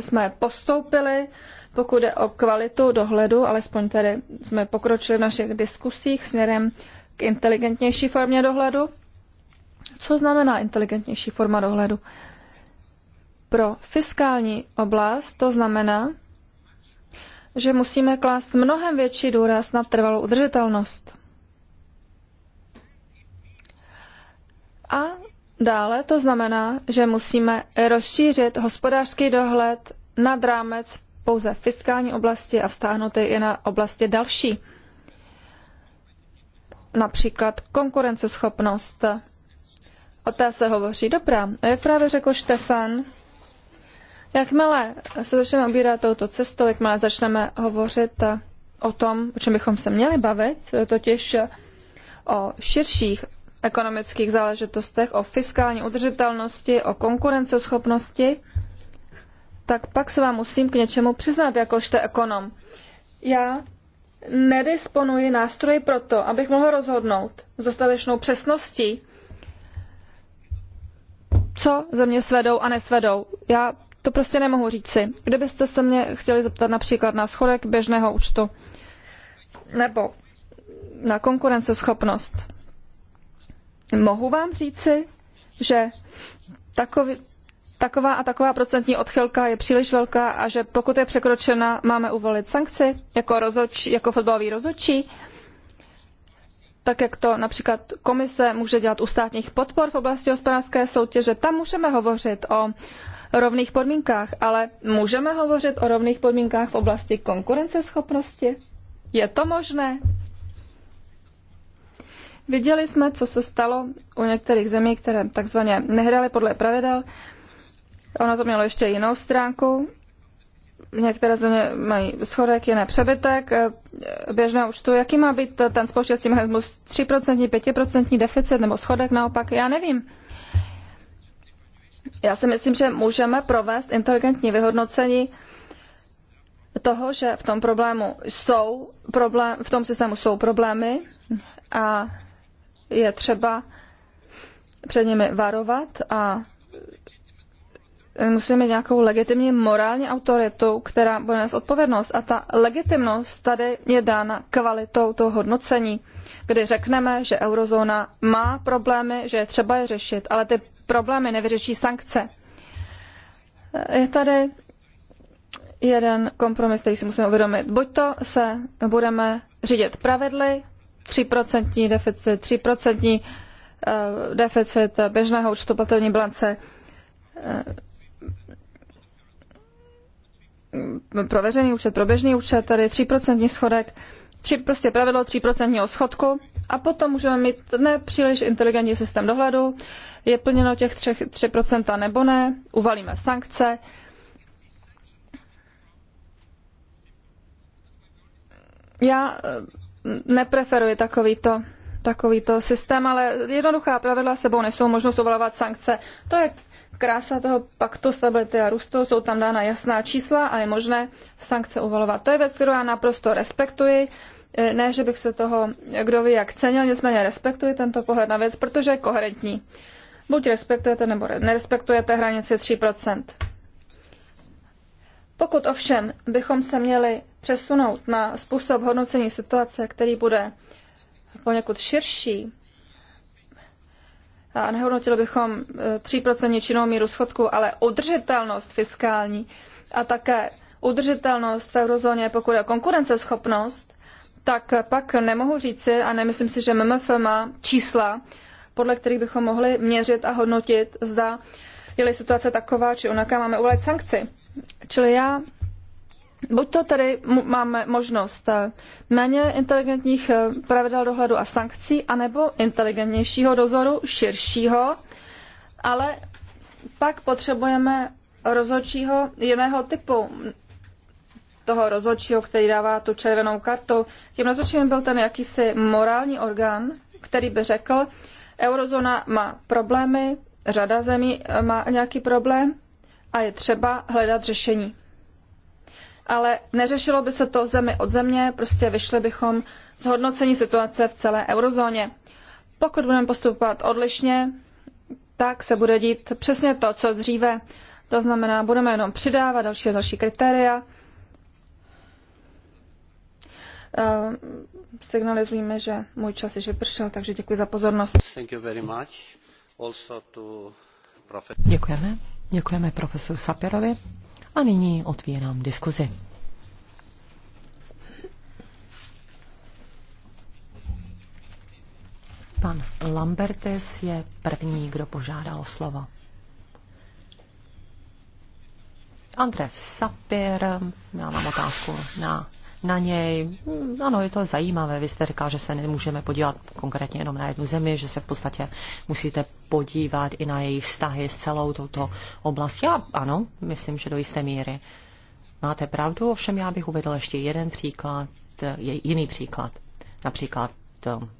jsme postoupili, pokud je o kvalitu dohledu, alespoň tedy jsme pokročili v našich diskusích směrem k inteligentnější formě dohledu. Co znamená inteligentnější forma dohledu? Pro fiskální oblast to znamená, že musíme klást mnohem větší důraz na trvalou udržitelnost. A dále to znamená, že musíme rozšířit hospodářský dohled nad rámec pouze fiskální oblasti a vztáhnout i na oblasti další. Například konkurenceschopnost. O té se hovoří. Dobrá, jak právě řekl Štefan, jakmile se začneme obírat touto cestou, jakmile začneme hovořit o tom, o čem bychom se měli bavit, totiž o širších ekonomických záležitostech, o fiskální udržitelnosti, o konkurenceschopnosti, tak pak se vám musím k něčemu přiznat, jakožto ekonom. Já nedisponuji nástroji pro to, abych mohl rozhodnout s dostatečnou přesností, co ze mě svedou a nesvedou. Já to prostě nemohu říci. Kdybyste se mě chtěli zeptat například na schodek běžného účtu nebo na konkurenceschopnost, mohu vám říci, že takový, taková a taková procentní odchylka je příliš velká a že pokud je překročena, máme uvolit sankci jako, rozhodč, jako fotbalový rozhodčí, tak jak to například komise může dělat u státních podpor v oblasti hospodářské soutěže. Tam můžeme hovořit o rovných podmínkách, ale můžeme hovořit o rovných podmínkách v oblasti konkurenceschopnosti? Je to možné? Viděli jsme, co se stalo u některých zemí, které takzvaně nehrály podle pravidel. Ono to mělo ještě jinou stránku. Některé země mají schodek, jiné přebytek už účtu. Jaký má být ten spouštěcí mechanismus? 3%, 5% deficit nebo schodek naopak? Já nevím. Já si myslím, že můžeme provést inteligentní vyhodnocení toho, že v tom problému jsou problém, v tom systému jsou problémy a je třeba před nimi varovat a musíme mít nějakou legitimní morální autoritu, která bude nést odpovědnost. A ta legitimnost tady je dána kvalitou toho hodnocení, kdy řekneme, že eurozóna má problémy, že je třeba je řešit, ale ty problémy nevyřeší sankce. Je tady jeden kompromis, který si musíme uvědomit. Buď to se budeme řídit pravidly, 3% deficit, 3% eh, deficit běžného účtu platební bilance eh, pro veřejný účet, pro běžný účet, tady 3% schodek, či prostě pravidlo 3% schodku a potom můžeme mít nepříliš inteligentní systém dohledu, je plněno těch 3, 3% nebo ne, uvalíme sankce, já eh, nepreferuji takovýto takovýto systém, ale jednoduchá pravidla sebou nesou možnost uvalovat sankce. To je krása toho paktu stability a růstu, jsou tam dána jasná čísla a je možné sankce uvalovat. To je věc, kterou já naprosto respektuji. Eh, ne, že bych se toho, kdo ví, jak cenil, nicméně respektuji tento pohled na věc, protože je koherentní. Buď respektujete nebo nerespektujete hranici 3%. Pokud ovšem bychom se měli přesunout na způsob hodnocení situace, který bude poněkud širší, a nehodnotili bychom 3% e, činnou míru schodku, ale udržitelnost fiskální a také udržitelnost v eurozóně, pokud je konkurenceschopnost, tak pak nemohu říci, a nemyslím si, že MMF má čísla, podle kterých bychom mohli měřit a hodnotit, zda je situace taková či onaká, máme uvalit sankci. Čili já Buď to tedy máme možnost eh, méně inteligentních eh, pravidel dohledu a sankcí, anebo inteligentnějšího dozoru, širšího, ale pak potřebujeme rozhodčího jiného typu, toho rozhodčího, který dává tu červenou kartu. Tím rozhodčím byl ten jakýsi morální orgán, který by řekl, Eurozona má problémy, řada zemí eh, má nějaký problém a je třeba hledat řešení ale neřešilo by se to zemi od země, prostě vyšli bychom zhodnocení situace v celé eurozóně. Pokud budeme postupovat odlišně, tak se bude dít přesně to, co dříve. To znamená, budeme jenom přidávat další a další kritéria. Uh, signalizujeme, že můj čas již vypršel, takže děkuji za pozornost. Děkujeme. Děkujeme profesoru Sapirovi. A nyní otvírám diskuzi. Pan Lambertes je první, kdo požádal o slovo. Andres Sapir, já mám otázku na na něj. Ano, je to zajímavé. Vy jste říkal, že se nemůžeme podívat konkrétně jenom na jednu zemi, že se v podstatě musíte podívat i na jejich vztahy s celou touto oblastí. A ano, myslím, že do jisté míry. Máte pravdu, ovšem já bych uvedl ještě jeden příklad, jiný příklad. Například um,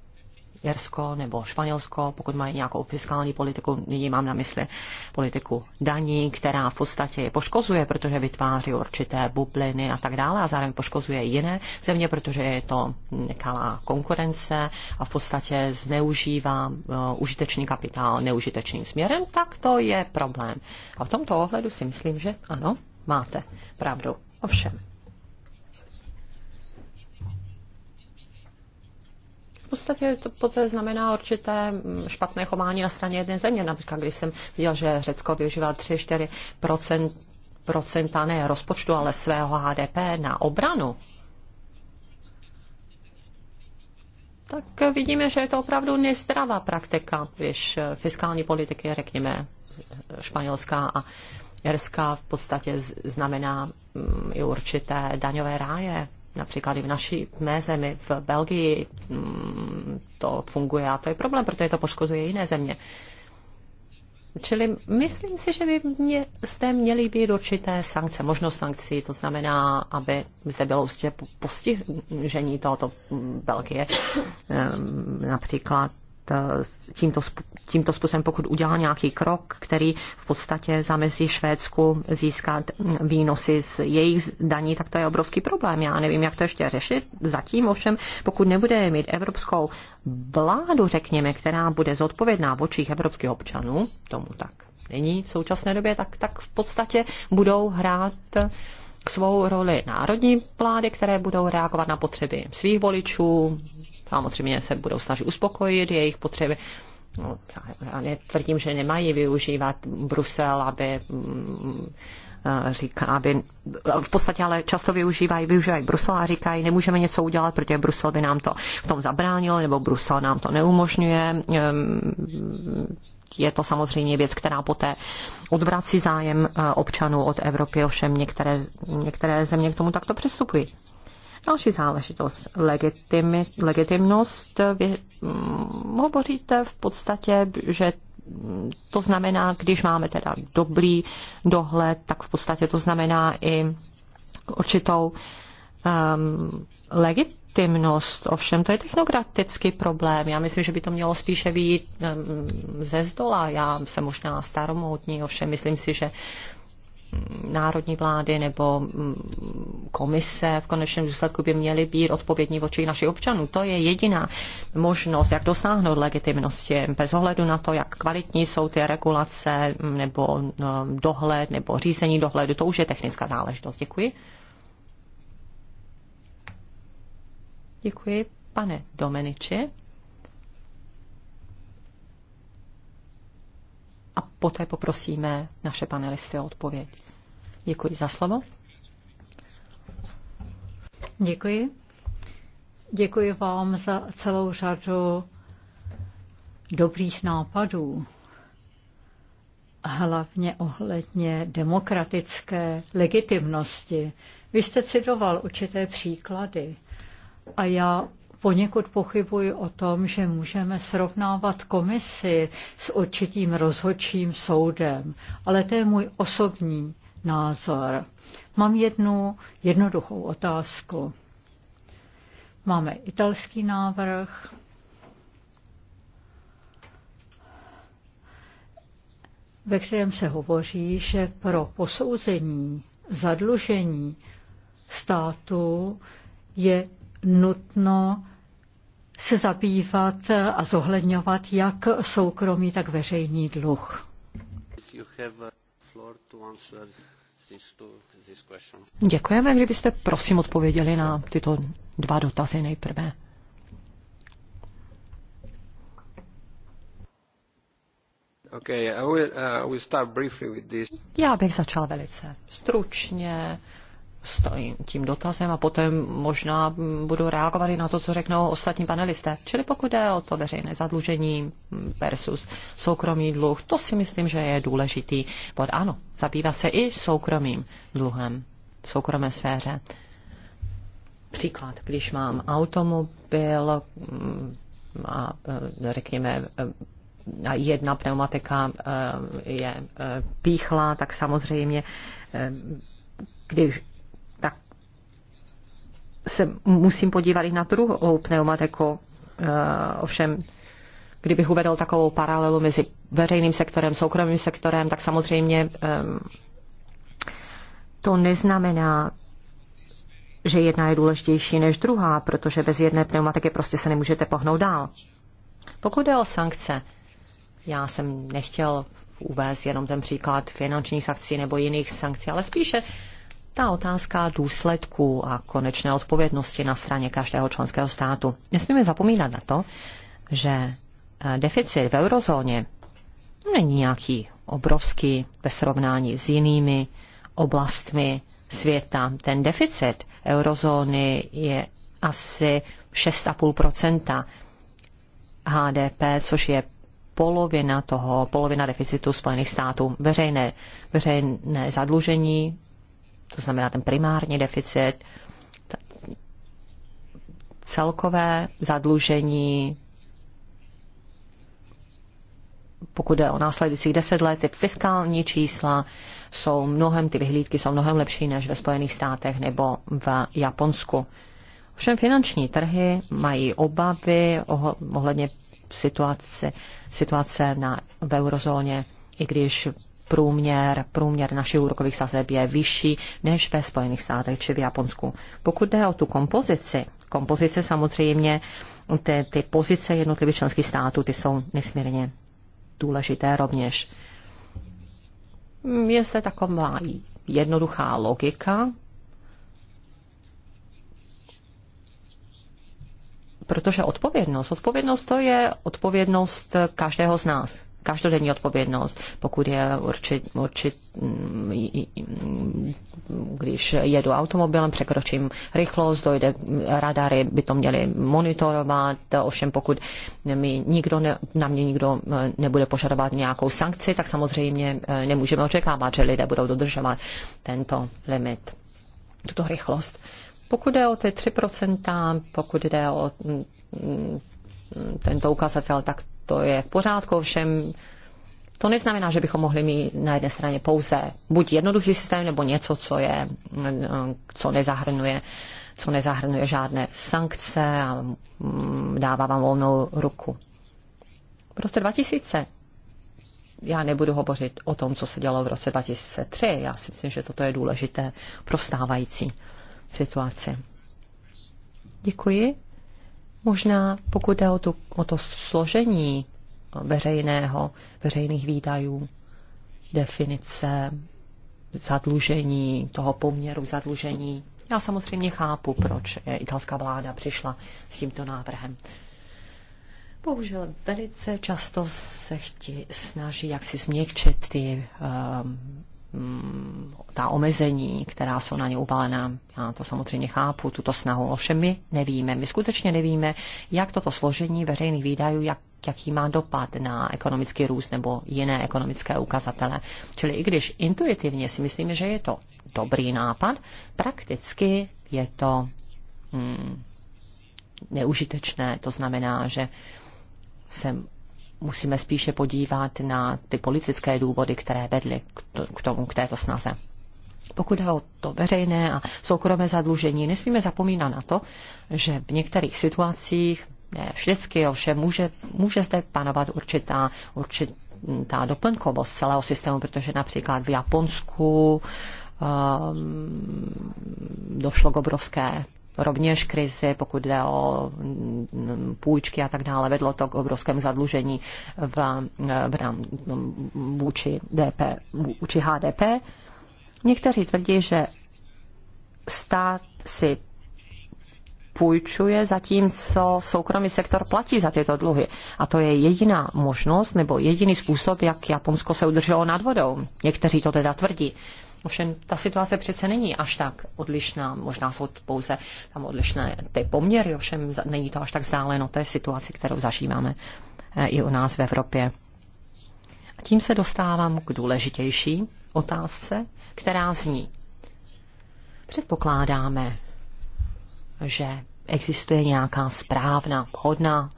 Jersko nebo Španělsko, pokud mají nějakou fiskální politiku, nyní mám na mysli politiku daní, která v podstatě je poškozuje, protože vytváří určité bubliny a tak dále a zároveň poškozuje jiné země, protože je to nekalá konkurence a v podstatě zneužívá uh, užitečný kapitál neužitečným směrem, tak to je problém. A v tomto ohledu si myslím, že ano, máte pravdu. Ovšem, V podstatě to poté znamená určité mm, špatné chování na straně jedné země. Například, když jsem viděl, že Řecko využívá 3-4 procenta ne rozpočtu, ale svého HDP na obranu, tak vidíme, že je to opravdu nezdravá praktika, když eh, fiskální politiky, řekněme, španělská a jerská v podstatě znamená mm, i určité daňové ráje například i v naší v mé zemi, v Belgii, mm, to funguje a to je problém, protože to poškozuje jiné země. Čili myslím si, že by mě, jste měli být určité sankce, možnost sankcí, to znamená, aby zde bylo určitě postižení tohoto Belgie. Ehm, například Eh, tímto, tímto způsobem, pokud udělá nějaký krok, který v podstatě zamezí Švédsku získat výnosy z jejich daní, tak to je obrovský problém. Já nevím, jak to ještě řešit. Zatím ovšem, pokud nebude mít evropskou vládu, řekněme, která bude zodpovědná v očích evropských občanů, tomu tak není v současné době, tak, tak v podstatě budou hrát svou roli národní vlády, které budou reagovat na potřeby svých voličů, samozřejmě se budou snažit uspokojit jejich potřeby. No, já netvrdím, že nemají využívat Brusel, aby mm, říká, aby v podstatě ale často využívají, využívají Brusel a říkají, nemůžeme něco udělat, protože Brusel by nám to v tom zabránil, nebo Brusel nám to neumožňuje. Ehm, je to samozřejmě věc, která poté odvrací zájem eh, občanů od Evropy, ovšem některé, některé země k tomu takto přistupují. Další záležitost, legitimi, legitimnost. Vy hm, hovoříte v podstatě, že to znamená, když máme teda dobrý dohled, tak v podstatě to znamená i určitou um, legitimnost. Ovšem, to je technokratický problém. Já myslím, že by to mělo spíše být ehm, ze zdola. Já jsem možná staromoutní, ovšem myslím si, že národní vlády nebo mm, komise v konečném důsledku by měly být odpovědní v očích našich občanů. To je jediná možnost, jak dosáhnout legitimnosti, bez ohledu na to, jak kvalitní jsou ty regulace mm, nebo no, dohled nebo řízení dohledu. To už je technická záležitost. Děkuji. Děkuji, pane Domeniči. poté poprosíme naše panelisty o odpověď. Děkuji za slovo. Děkuji. Děkuji vám za celou řadu dobrých nápadů, hlavně ohledně demokratické legitimnosti. Vy jste citoval určité příklady a já poněkud pochybuji o tom, že můžeme srovnávat komisi s určitým rozhodčím soudem, ale to je můj osobní názor. Mám jednu jednoduchou otázku. Máme italský návrh, ve kterém se hovoří, že pro posouzení zadlužení státu je nutno se zabývat a zohledňovat jak soukromý, tak veřejný dluh. Děkujeme, kdybyste prosím odpověděli na tyto dva dotazy nejprve. Uh, Já bych začal velice stručně stojím tím dotazem a potom možná budu reagovat i na to, co řeknou ostatní panelisté. Čili pokud jde o to veřejné zadlužení versus soukromý dluh, to si myslím, že je důležitý bod. Ano, zabývá se i soukromým dluhem v soukromé sféře. Příklad, když mám automobil mm, a e, řekněme e, jedna pneumatika e, je píchla, tak samozřejmě když se musím podívat i na druhou pneumatiku. Eh, ovšem, kdybych uvedl takovou paralelu mezi veřejným sektorem, soukromým sektorem, tak samozřejmě eh, to neznamená, že jedna je důležitější než druhá, protože bez jedné pneumatiky prostě se nemůžete pohnout dál. Pokud jde o sankce, já jsem nechtěl uvést jenom ten příklad finančních sankcí nebo jiných sankcí, ale spíše ta otázka důsledků a konečné odpovědnosti na straně každého členského státu. Nesmíme zapomínat na to, že eh, deficit v eurozóně není nějaký obrovský ve srovnání s jinými oblastmi světa. Ten deficit eurozóny je asi 6,5 HDP, což je polovina toho, polovina deficitu Spojených států. Veřejné, veřejné zadlužení to znamená ten primární deficit, celkové zadlužení, pokud jde o následujících deset let, ty fiskální čísla jsou mnohem, ty vyhlídky jsou mnohem lepší než ve Spojených státech nebo v Japonsku. Všem finanční trhy mají obavy ohledně situace, situace na, v eurozóně, i když průměr, průměr našich úrokových sazeb je vyšší než ve Spojených státech či v Japonsku. Pokud jde o tu kompozici, kompozice samozřejmě, ty, ty pozice jednotlivých členských států, ty jsou nesmírně důležité rovněž. Je zde taková jednoduchá logika, protože odpovědnost, odpovědnost to je odpovědnost každého z nás každodenní odpovědnost, pokud je určit, určit když jedu automobilem, překročím rychlost, dojde, radary by to měli monitorovat, ovšem pokud mi nikdo ne, na mě nikdo eh, nebude požadovat nějakou sankci, tak samozřejmě eh, nemůžeme očekávat, že lidé budou dodržovat tento limit, tuto rychlost. Pokud jde o ty 3%, pokud jde o mm, mm, tento ukazatel, tak to je v pořádku, všem to neznamená, že bychom mohli mít na jedné straně pouze buď jednoduchý systém, nebo něco, co, je, co, nezahrnuje, co nezahrnuje žádné sankce a mm, dává vám volnou ruku. V roce 2000 já nebudu hovořit o tom, co se dělo v roce 2003. Já si myslím, že toto je důležité pro stávající situaci. Děkuji. Možná pokud jde o, tu, o to složení veřejného, veřejných výdajů, definice zadlužení, toho poměru zadlužení. Já samozřejmě chápu, proč italská vláda přišla s tímto návrhem. Bohužel velice často se chtí, snaží jak si změkčit ty um, Mm, ta omezení, která jsou na ně uvalená. Já to samozřejmě chápu, tuto snahu. Ovšem my nevíme, my skutečně nevíme, jak toto složení veřejných výdajů, jak, jaký má dopad na ekonomický růst nebo jiné ekonomické ukazatele. Čili i když intuitivně si myslíme, že je to dobrý nápad, prakticky je to hmm, neužitečné. To znamená, že se musíme spíše podívat na ty politické důvody, které vedly k tomu, k této snaze. Pokud je o to veřejné a soukromé zadlužení, nesmíme zapomínat na to, že v některých situacích, ne vždycky, ovšem může, může zde panovat určitá, určitá doplňkovost celého systému, protože například v Japonsku um, došlo k obrovské rovněž krizi, pokud jde o mm, půjčky a tak dále. Vedlo to k obrovskému zadlužení v, v, vůči, DP, vůči HDP. Někteří tvrdí, že stát si půjčuje, zatímco soukromý sektor platí za tyto dluhy. A to je jediná možnost nebo jediný způsob, jak Japonsko se udrželo nad vodou. Někteří to teda tvrdí. Ovšem ta situace přece není až tak odlišná, možná jsou pouze tam odlišné ty poměry, ovšem není to až tak vzdáleno té situaci, kterou zažíváme eh, i u nás v Evropě. A tím se dostávám k důležitější otázce, která zní. Předpokládáme, že existuje nějaká správná, hodná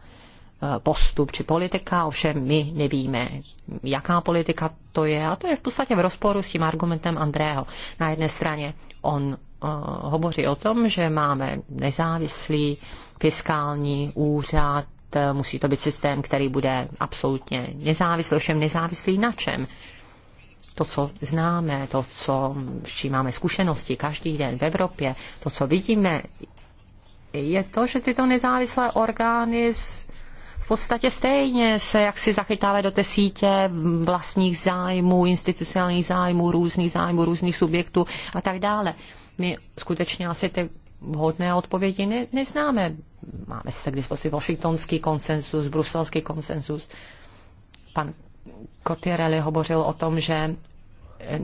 Eh, postup či politika, ovšem my nevíme, jaká politika to je a to je v podstatě v rozporu s tím argumentem Andrého. Na jedné straně on eh, hovoří o tom, že máme nezávislý fiskální úřad, eh, musí to být systém, který bude absolutně nezávislý, ovšem nezávislý na čem? To, co známe, to, co, s čím máme zkušenosti každý den v Evropě, to, co vidíme, je to, že tyto nezávislé orgány z v podstatě stejně se jak si zachytávají do té sítě vlastních zájmů, institucionálních zájmů, různých zájmů, různých subjektů a tak dále. My skutečně asi ty vhodné odpovědi ne, neznáme. Máme se k dispozici washingtonský konsensus, bruselský konsensus. Pan Kotirelli hovořil o tom, že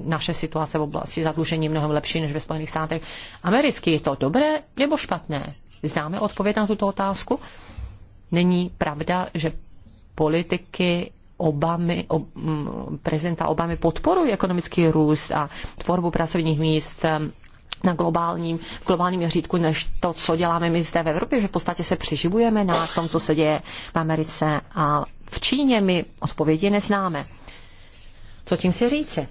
naše situace v oblasti zadlužení mnohem lepší než ve Spojených státech. Americky je to dobré nebo špatné? Známe odpověď na tuto otázku? Není pravda, že politiky Obamy, ob, prezidenta Obamy podporují ekonomický růst a tvorbu pracovních míst ehm, na globálním, v globálním měřítku, než to, co děláme my zde v Evropě, že v podstatě se přiživujeme na tom, co se děje v Americe a v Číně. My odpovědi neznáme. Co tím chci říci?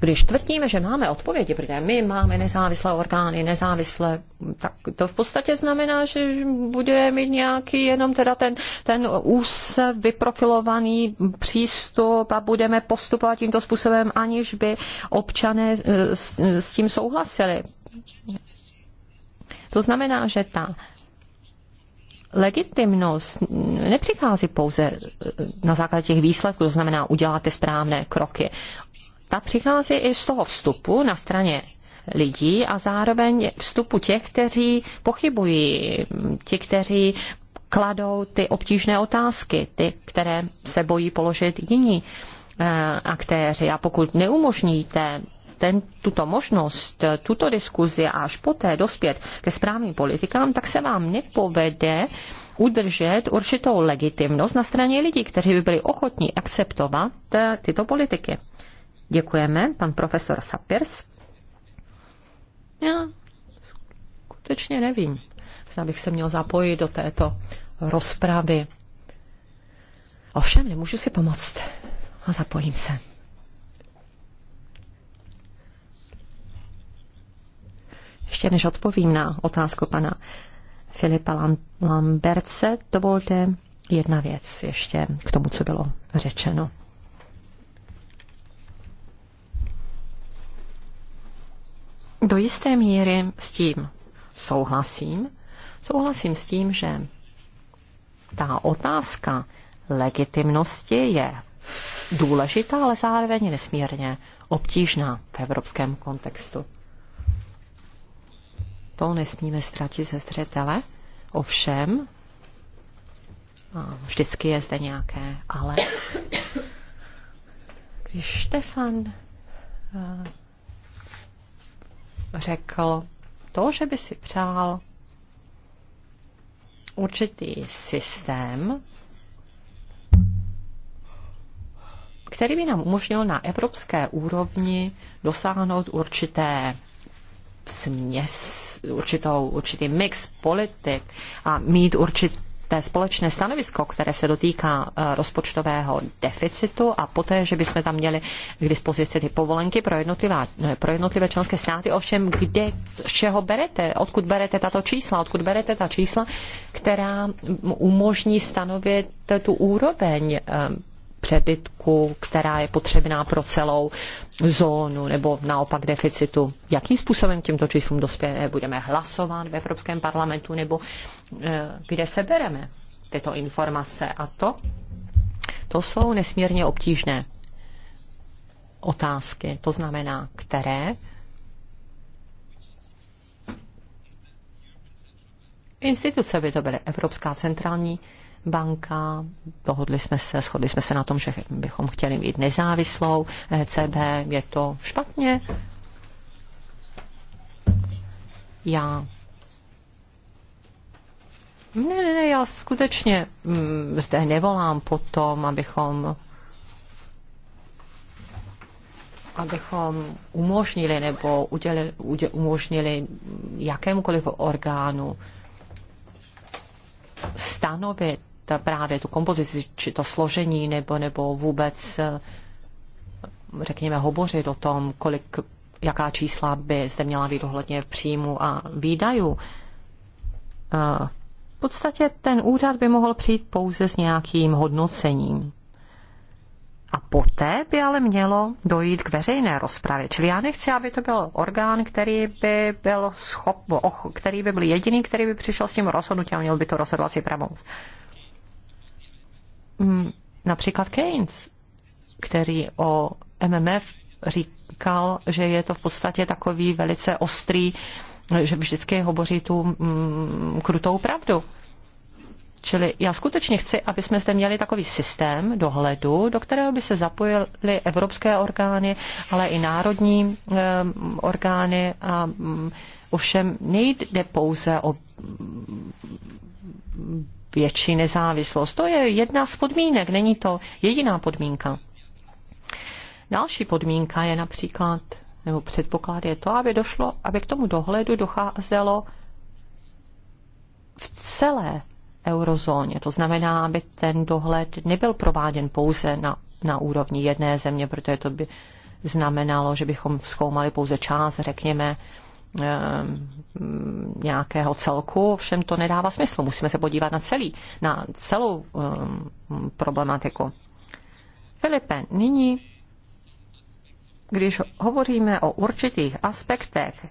Když tvrdíme, že máme odpovědi, protože my máme nezávislé orgány, nezávislé, tak to v podstatě znamená, že bude mít nějaký jenom teda ten, ten ús vyprofilovaný přístup a budeme postupovat tímto způsobem, aniž by občané eh, s, s tím souhlasili. To znamená, že ta legitimnost nepřichází pouze eh, na základě těch výsledků, to znamená uděláte správné kroky, ta přichází i z toho vstupu na straně lidí a zároveň vstupu těch, kteří pochybují, ti, kteří kladou ty obtížné otázky, ty, které se bojí položit jiní eh, aktéři. A pokud neumožníte ten, tuto možnost, tuto diskuzi a až poté dospět ke správným politikám, tak se vám nepovede udržet určitou legitimnost na straně lidí, kteří by byli ochotní akceptovat eh, tyto politiky. Děkujeme, pan profesor Sapirs. Já skutečně nevím, zda bych se měl zapojit do této rozpravy. Ovšem, nemůžu si pomoct a zapojím se. Ještě než odpovím na otázku pana Filipa Lamberce, dovolte jedna věc ještě k tomu, co bylo řečeno. Do jisté míry s tím souhlasím. Souhlasím s tím, že ta otázka legitimnosti je důležitá, ale zároveň nesmírně obtížná v evropském kontextu. To nesmíme ztratit ze zřetele. Ovšem, vždycky je zde nějaké ale. Když Štefan eh, řekl to, že by si přál určitý systém, který by nám umožnil na evropské úrovni dosáhnout určité směs, určitou, určitý mix politik a mít určitý té společné stanovisko, které se dotýká e, rozpočtového deficitu a poté, že bychom tam měli k dispozici ty povolenky pro, ne, pro jednotlivé členské státy, ovšem kde, z čeho berete, odkud berete tato čísla, odkud berete ta čísla, která umožní stanovit tu úroveň e, přebytku, která je potřebná pro celou zónu nebo naopak deficitu. Jakým způsobem tímto těmto číslům dospěje? Budeme hlasovat v Evropském parlamentu nebo e, kde se bereme tyto informace? A to, to jsou nesmírně obtížné otázky. To znamená, které instituce by to byly Evropská centrální banka. Dohodli jsme se, shodli jsme se na tom, že bychom chtěli mít nezávislou ECB. Je to špatně? Já ne, ne, ne, já skutečně mm, zde nevolám po tom, abychom abychom umožnili nebo udělili, udě, umožnili jakémukoliv orgánu stanovit právě tu kompozici, či to složení, nebo, nebo vůbec, eh, řekněme, hovořit o tom, kolik, jaká čísla by zde měla být ohledně příjmu a výdajů. Eh, v podstatě ten úřad by mohl přijít pouze s nějakým hodnocením. A poté by ale mělo dojít k veřejné rozpravě. Čili já nechci, aby to byl orgán, který by byl schop, který by byl jediný, který by přišel s tím rozhodnutím a měl by to rozhodovací pravomoc. Mm, například Keynes, který o MMF říkal, že je to v podstatě takový velice ostrý, že vždycky hovoří tu mm, krutou pravdu. Čili já skutečně chci, aby jsme zde měli takový systém dohledu, do kterého by se zapojily evropské orgány, ale i národní mm, orgány. A, um, ovšem nejde pouze o větší nezávislost. To je jedna z podmínek, není to jediná podmínka. Další podmínka je například, nebo předpoklad je to, aby došlo, aby k tomu dohledu docházelo v celé eurozóně. To znamená, aby ten dohled nebyl prováděn pouze na, na úrovni jedné země, protože to by znamenalo, že bychom zkoumali pouze část, řekněme, Ehm, nějakého celku, všem to nedává smysl. Musíme se podívat na celý, na celou um, problematiku. Filipe, nyní, když hovoříme o určitých aspektech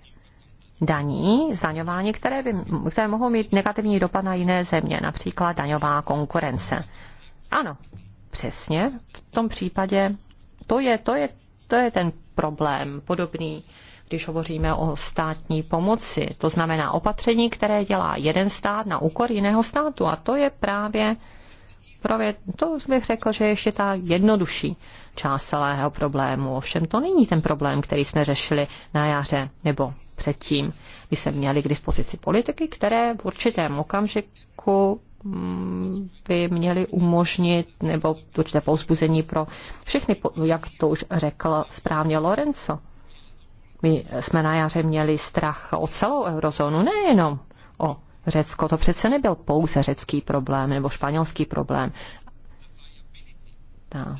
daní, zdaňování, které, by, které mohou mít negativní dopad na jiné země, například daňová konkurence. Ano, přesně, v tom případě to je, to je, to je ten problém podobný když hovoříme o státní pomoci. To znamená opatření, které dělá jeden stát na úkor jiného státu. A to je právě, právě to bych řekl, že ještě ta jednodušší část celého problému. Ovšem to není ten problém, který jsme řešili na jaře nebo předtím. My jsme měli k dispozici politiky, které v určitém okamžiku mm, by měly umožnit nebo určité pouzbuzení pro všechny, jak to už řekl správně Lorenzo. My jsme na jaře měli strach o celou eurozónu, nejenom o Řecko. To přece nebyl pouze řecký problém nebo španělský problém. Ta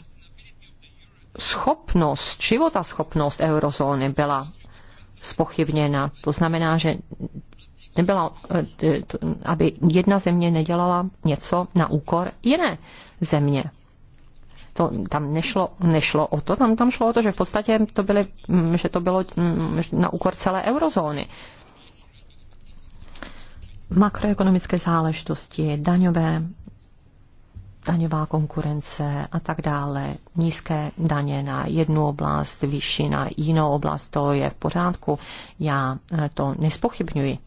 schopnost, života schopnost eurozóny byla spochybněna. To znamená, že nebyla, eh, aby jedna země nedělala něco na úkor jiné země to tam nešlo, nešlo o to, tam, tam šlo o to, že v podstatě to, byly, mm, že to bylo mm, na úkor celé eurozóny. Makroekonomické záležitosti, daňové, daňová konkurence a tak dále, nízké daně na jednu oblast, vyšší na jinou oblast, to je v pořádku. Já eh, to nespochybňuji.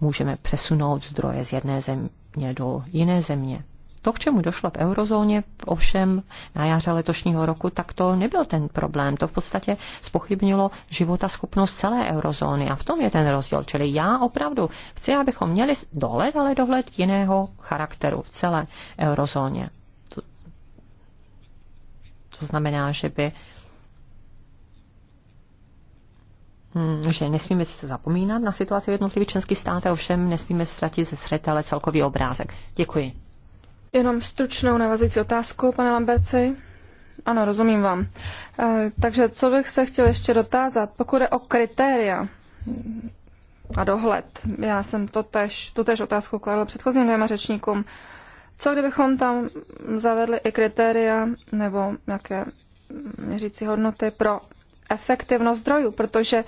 Můžeme přesunout zdroje z jedné země do jiné země. To, k čemu došlo v eurozóně, ovšem na jaře letošního roku, tak to nebyl ten problém. To v podstatě spochybnilo života schopnost celé eurozóny. A v tom je ten rozdíl. Čili já opravdu chci, abychom měli dohled, ale dohled jiného charakteru v celé eurozóně. To, to znamená, že by hmm, že nesmíme se zapomínat na situaci v jednotlivých členských státech, ovšem nesmíme ztratit ze zřetele celkový obrázek. Děkuji. Jenom stručnou navazující otázku, pane Lamberci. Ano, rozumím vám. E, takže co bych se chtěl ještě dotázat, pokud je o kritéria a dohled. Já jsem to tež, tu tež otázku kladl předchozím dvěma řečníkům. Co kdybychom tam zavedli i kritéria nebo nějaké měřící hodnoty pro efektivnost zdrojů, protože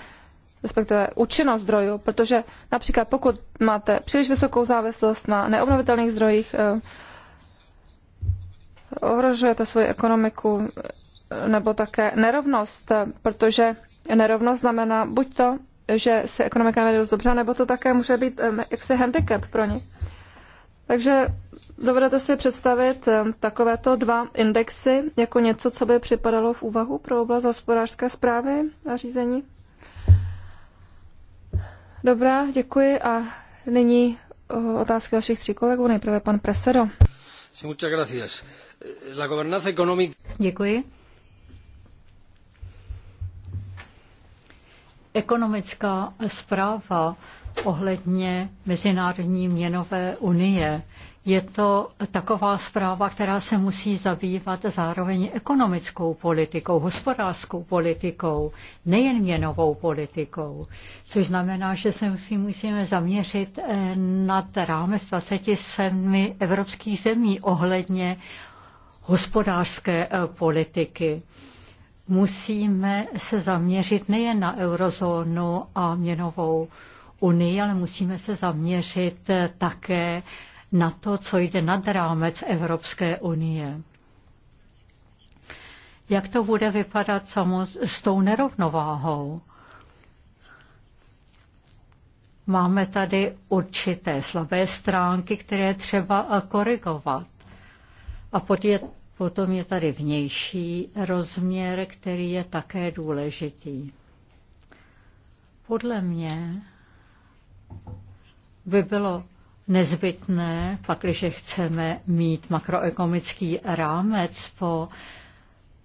respektive účinnost zdrojů, protože například pokud máte příliš vysokou závislost na neobnovitelných zdrojích, e, ohrožuje to svoji ekonomiku, nebo také nerovnost, protože nerovnost znamená buď to, že se ekonomika nevede dost dobře, nebo to také může být jaksi handicap pro ně. Takže dovedete si představit takovéto dva indexy jako něco, co by připadalo v úvahu pro oblast hospodářské zprávy a řízení? Dobrá, děkuji a nyní otázky vašich tří kolegů. Nejprve pan Presedo. Děkuji. Ekonomická zpráva ohledně Mezinárodní měnové unie je to taková zpráva, která se musí zabývat zároveň ekonomickou politikou, hospodářskou politikou, nejen měnovou politikou, což znamená, že se musí, musíme zaměřit eh, nad rámec 27 evropských zemí ohledně hospodářské eh, politiky musíme se zaměřit nejen na eurozónu a měnovou unii, ale musíme se zaměřit eh, také na to, co jde nad rámec Evropské unie. Jak to bude vypadat s tou nerovnováhou? Máme tady určité slabé stránky, které třeba korigovat. A potom je tady vnější rozměr, který je také důležitý. Podle mě by bylo nezbytné, pakliže chceme mít makroekonomický rámec po,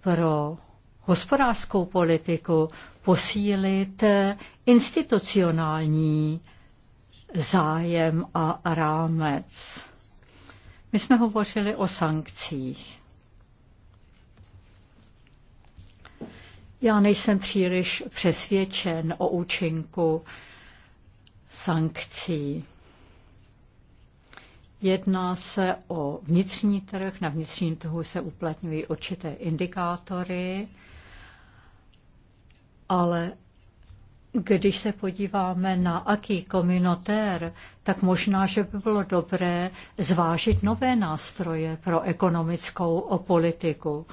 pro hospodářskou politiku, posílit institucionální zájem a rámec. My jsme hovořili o sankcích. Já nejsem příliš přesvědčen o účinku sankcí. Jedná se o vnitřní trh. Na vnitřním trhu se uplatňují určité indikátory, ale když se podíváme na aký kominotér, tak možná, že by bylo dobré zvážit nové nástroje pro ekonomickou politiku.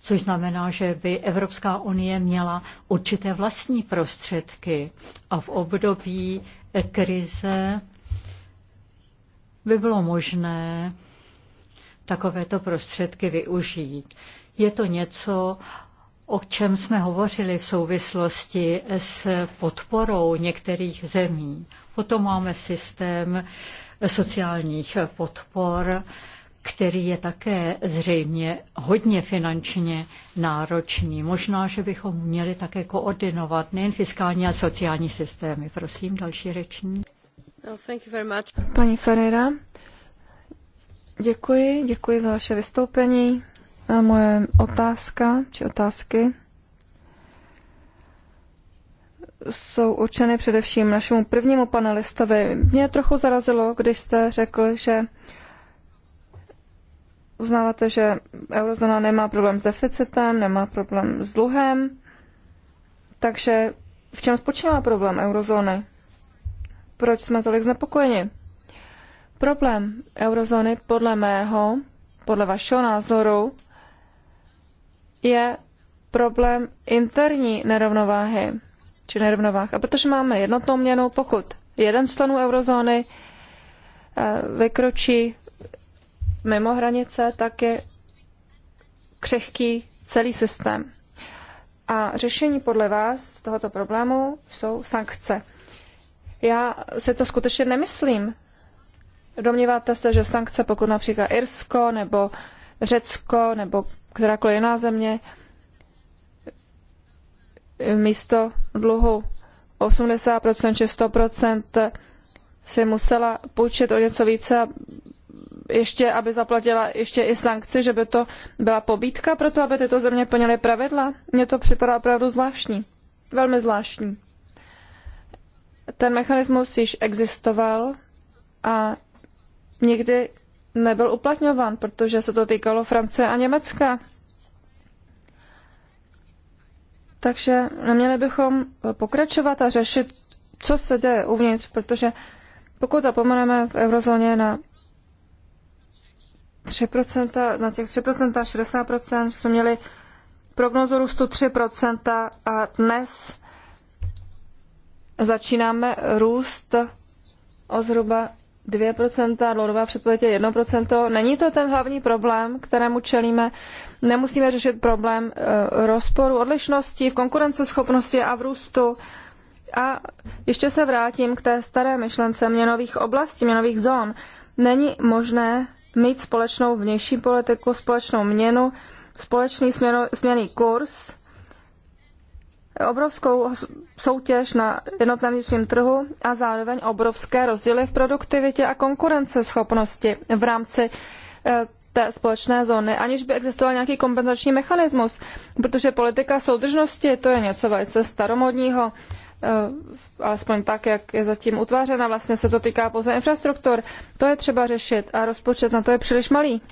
Což znamená, že by Evropská unie měla určité vlastní prostředky a v období krize by bylo možné takovéto prostředky využít. Je to něco, o čem jsme hovořili v souvislosti s podporou některých zemí. Potom máme systém sociálních podpor, který je také zřejmě hodně finančně náročný. Možná, že bychom měli také koordinovat nejen fiskální a sociální systémy. Prosím, další řečník. Paní Ferreira, děkuji, děkuji za vaše vystoupení. A moje otázka či otázky jsou určeny především našemu prvnímu panelistovi. Mě trochu zarazilo, když jste řekl, že uznáváte, že eurozóna nemá problém s deficitem, nemá problém s dluhem, takže v čem spočívá problém eurozóny? proč jsme tolik znepokojeni. Problém eurozóny podle mého, podle vašeho názoru, je problém interní nerovnováhy, či nerovnováh. A protože máme jednotnou měnu, pokud jeden z členů eurozóny eh, vykročí mimo hranice, tak je křehký celý systém. A řešení podle vás tohoto problému jsou sankce. Já si to skutečně nemyslím. Domníváte se, že sankce, pokud například Irsko nebo Řecko nebo kterákoliv jiná země místo dluhu 80% či 100% si musela půjčit o něco více, ještě, aby zaplatila ještě i sankci, že by to byla pobídka pro to, aby tyto země plnily pravidla. Mně to připadá opravdu zvláštní. Velmi zvláštní. Ten mechanismus již existoval a nikdy nebyl uplatňován, protože se to týkalo Francie a Německa. Takže neměli bychom pokračovat a řešit, co se děje uvnitř, protože pokud zapomeneme v eurozóně na 3%, na těch 3%, 60%, jsme měli prognozu růstu 3% a dnes začínáme růst o zhruba 2%, dlouhodobá předpověď je 1%. Není to ten hlavní problém, kterému čelíme. Nemusíme řešit problém e, rozporu, odlišností v konkurenceschopnosti a v růstu. A ještě se vrátím k té staré myšlence měnových oblastí, měnových zón. Není možné mít společnou vnější politiku, společnou měnu, společný směno, směný kurz obrovskou soutěž na jednotném vnitřním trhu a zároveň obrovské rozdíly v produktivitě a konkurenceschopnosti v rámci eh, té společné zóny, aniž by existoval nějaký kompenzační mechanismus, protože politika soudržnosti to je něco velice staromodního, eh, alespoň tak, jak je zatím utvářena, vlastně se to týká pouze infrastruktur. To je třeba řešit a rozpočet na to je příliš malý.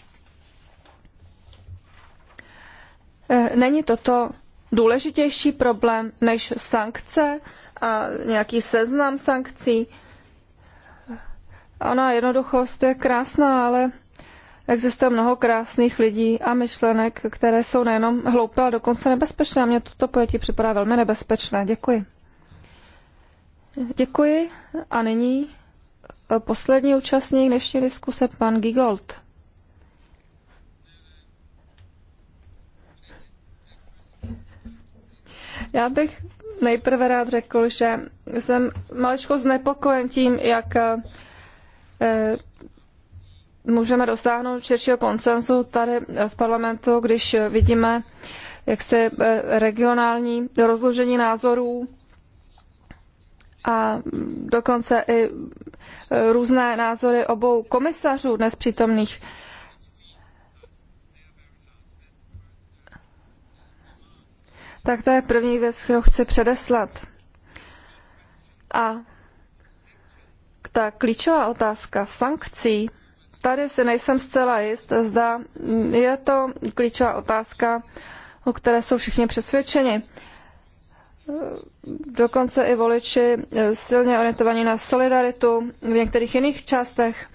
Eh, není toto důležitější problém než sankce a nějaký seznam sankcí. Ona jednoduchost je krásná, ale existuje mnoho krásných lidí a myšlenek, které jsou nejenom hloupé, ale dokonce nebezpečné. A mně toto pojetí připadá velmi nebezpečné. Děkuji. Děkuji. A nyní poslední účastník dnešní diskuse, pan Gigold. Já bych nejprve rád řekl, že jsem maličko znepokojen tím, jak eh, můžeme dosáhnout širšího koncenzu tady v parlamentu, když vidíme jak se eh, regionální rozložení názorů a dokonce i eh, různé názory obou komisařů dnes přítomných. Tak to je první věc, kterou chci předeslat. A ta klíčová otázka sankcí, tady si nejsem zcela jist, zda je to klíčová otázka, o které jsou všichni přesvědčeni. Dokonce i voliči silně orientovaní na solidaritu v některých jiných částech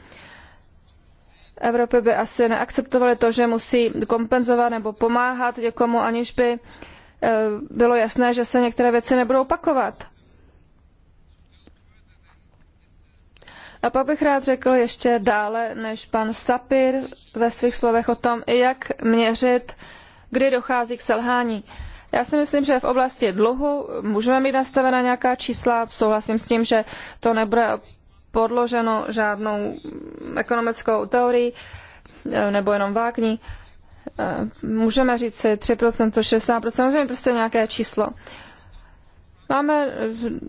Evropy by asi neakceptovali to, že musí kompenzovat nebo pomáhat někomu, aniž by Eh, bylo jasné, že se některé věci nebudou opakovat. A pak bych rád řekl ještě dále než pan Sapir ve svých slovech o tom, jak měřit, kdy dochází k selhání. Já si myslím, že v oblasti dluhu můžeme mít nastavena nějaká čísla. Souhlasím s tím, že to nebude podloženo žádnou ekonomickou teorií eh, nebo jenom vágní. Eh, můžeme říct 3%, 60%, můžeme prostě nějaké číslo. Máme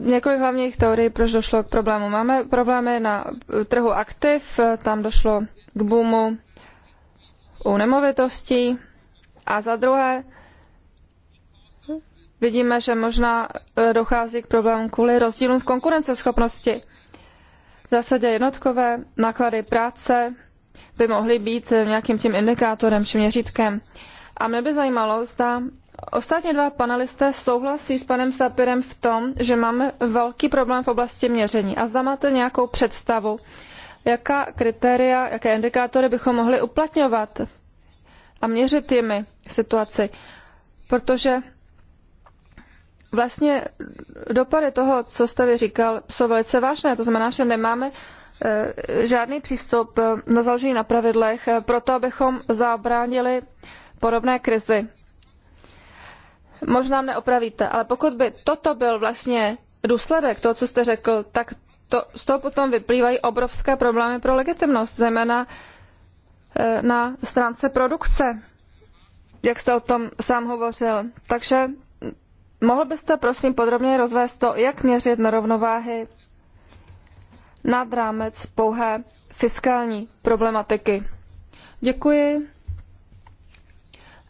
několik hlavních teorií, proč došlo k problému. Máme problémy na trhu aktiv, tam došlo k boomu u nemovitostí. A za druhé, vidíme, že možná eh, dochází k problémům kvůli rozdílům v konkurenceschopnosti. V zásadě jednotkové náklady práce by mohly být nějakým tím indikátorem či měřítkem. A mě by zajímalo, zda ostatně dva panelisté souhlasí s panem Sapirem v tom, že máme velký problém v oblasti měření. A zda máte nějakou představu, jaká kritéria, jaké indikátory bychom mohli uplatňovat a měřit jimi situaci. Protože vlastně dopady toho, co jste vy říkal, jsou velice vážné. To znamená, že nemáme Eh, žádný přístup eh, na založení na pravidlech, eh, proto abychom zabránili podobné krizi. Možná mne opravíte, ale pokud by toto byl vlastně důsledek toho, co jste řekl, tak to, z toho potom vyplývají obrovské problémy pro legitimnost, zejména na stránce produkce, jak jste o tom sám hovořil. Takže mohl byste prosím podrobněji rozvést to, jak měřit nerovnováhy nad rámec pouhé fiskální problematiky. Děkuji.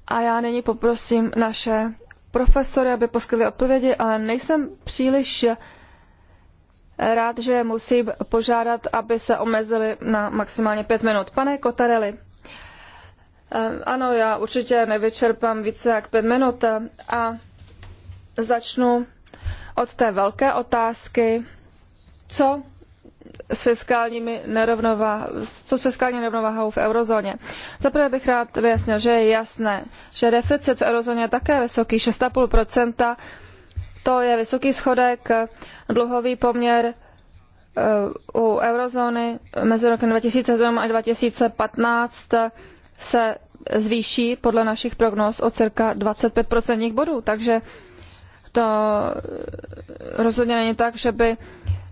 A já nyní poprosím naše profesory, aby poskytli odpovědi, ale nejsem příliš rád, že je musím požádat, aby se omezili na maximálně pět minut. Pane Kotareli, eh, ano, já určitě nevyčerpám více jak pět minut a začnu od té velké otázky, co s fiskálními co s fiskální nerovnováhou v eurozóně. Zaprvé bych rád vyjasnil, že je jasné, že deficit v eurozóně je také vysoký, 6,5%, to je vysoký schodek, dluhový poměr eh, u eurozóny mezi rokem 2007 a 2015 se zvýší podle našich prognóz o cirka 25% bodů, takže to rozhodně není tak, že by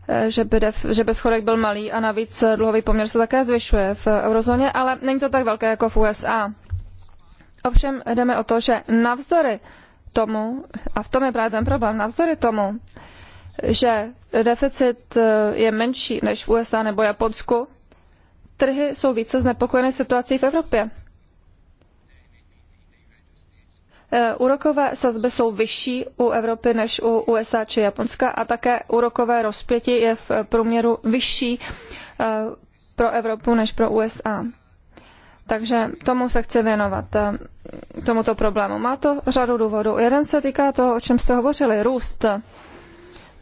Eh, že by, def, že by schodek byl malý a navíc eh, dluhový poměr se také zvyšuje v eh, eurozóně, ale není to tak velké jako v USA. Ovšem jdeme o to, že navzdory tomu, a v tom je právě ten problém, navzdory tomu, že deficit je menší než v USA nebo Japonsku, trhy jsou více znepokojeny situací v Evropě. Eh, úrokové sazby jsou vyšší u Evropy než u USA či Japonska a také úrokové rozpětí je v průměru vyšší eh, pro Evropu než pro USA. Takže tomu se chci věnovat, eh, tomuto problému. Má to řadu důvodů. Jeden se týká toho, o čem jste hovořili, růst.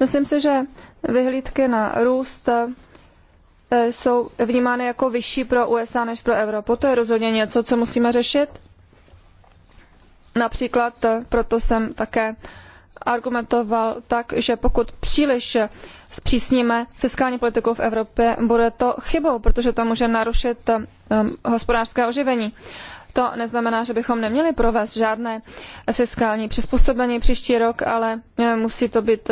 Myslím si, že vyhlídky na růst jsou vnímány jako vyšší pro USA než pro Evropu. To je rozhodně něco, co musíme řešit. Například eh, proto jsem také argumentoval tak, že pokud příliš zpřísníme fiskální politiku v Evropě, bude to chybou, protože to může narušit eh, eh, hospodářské oživení. To neznamená, že bychom neměli provést žádné fiskální přizpůsobení příští rok, ale musí to být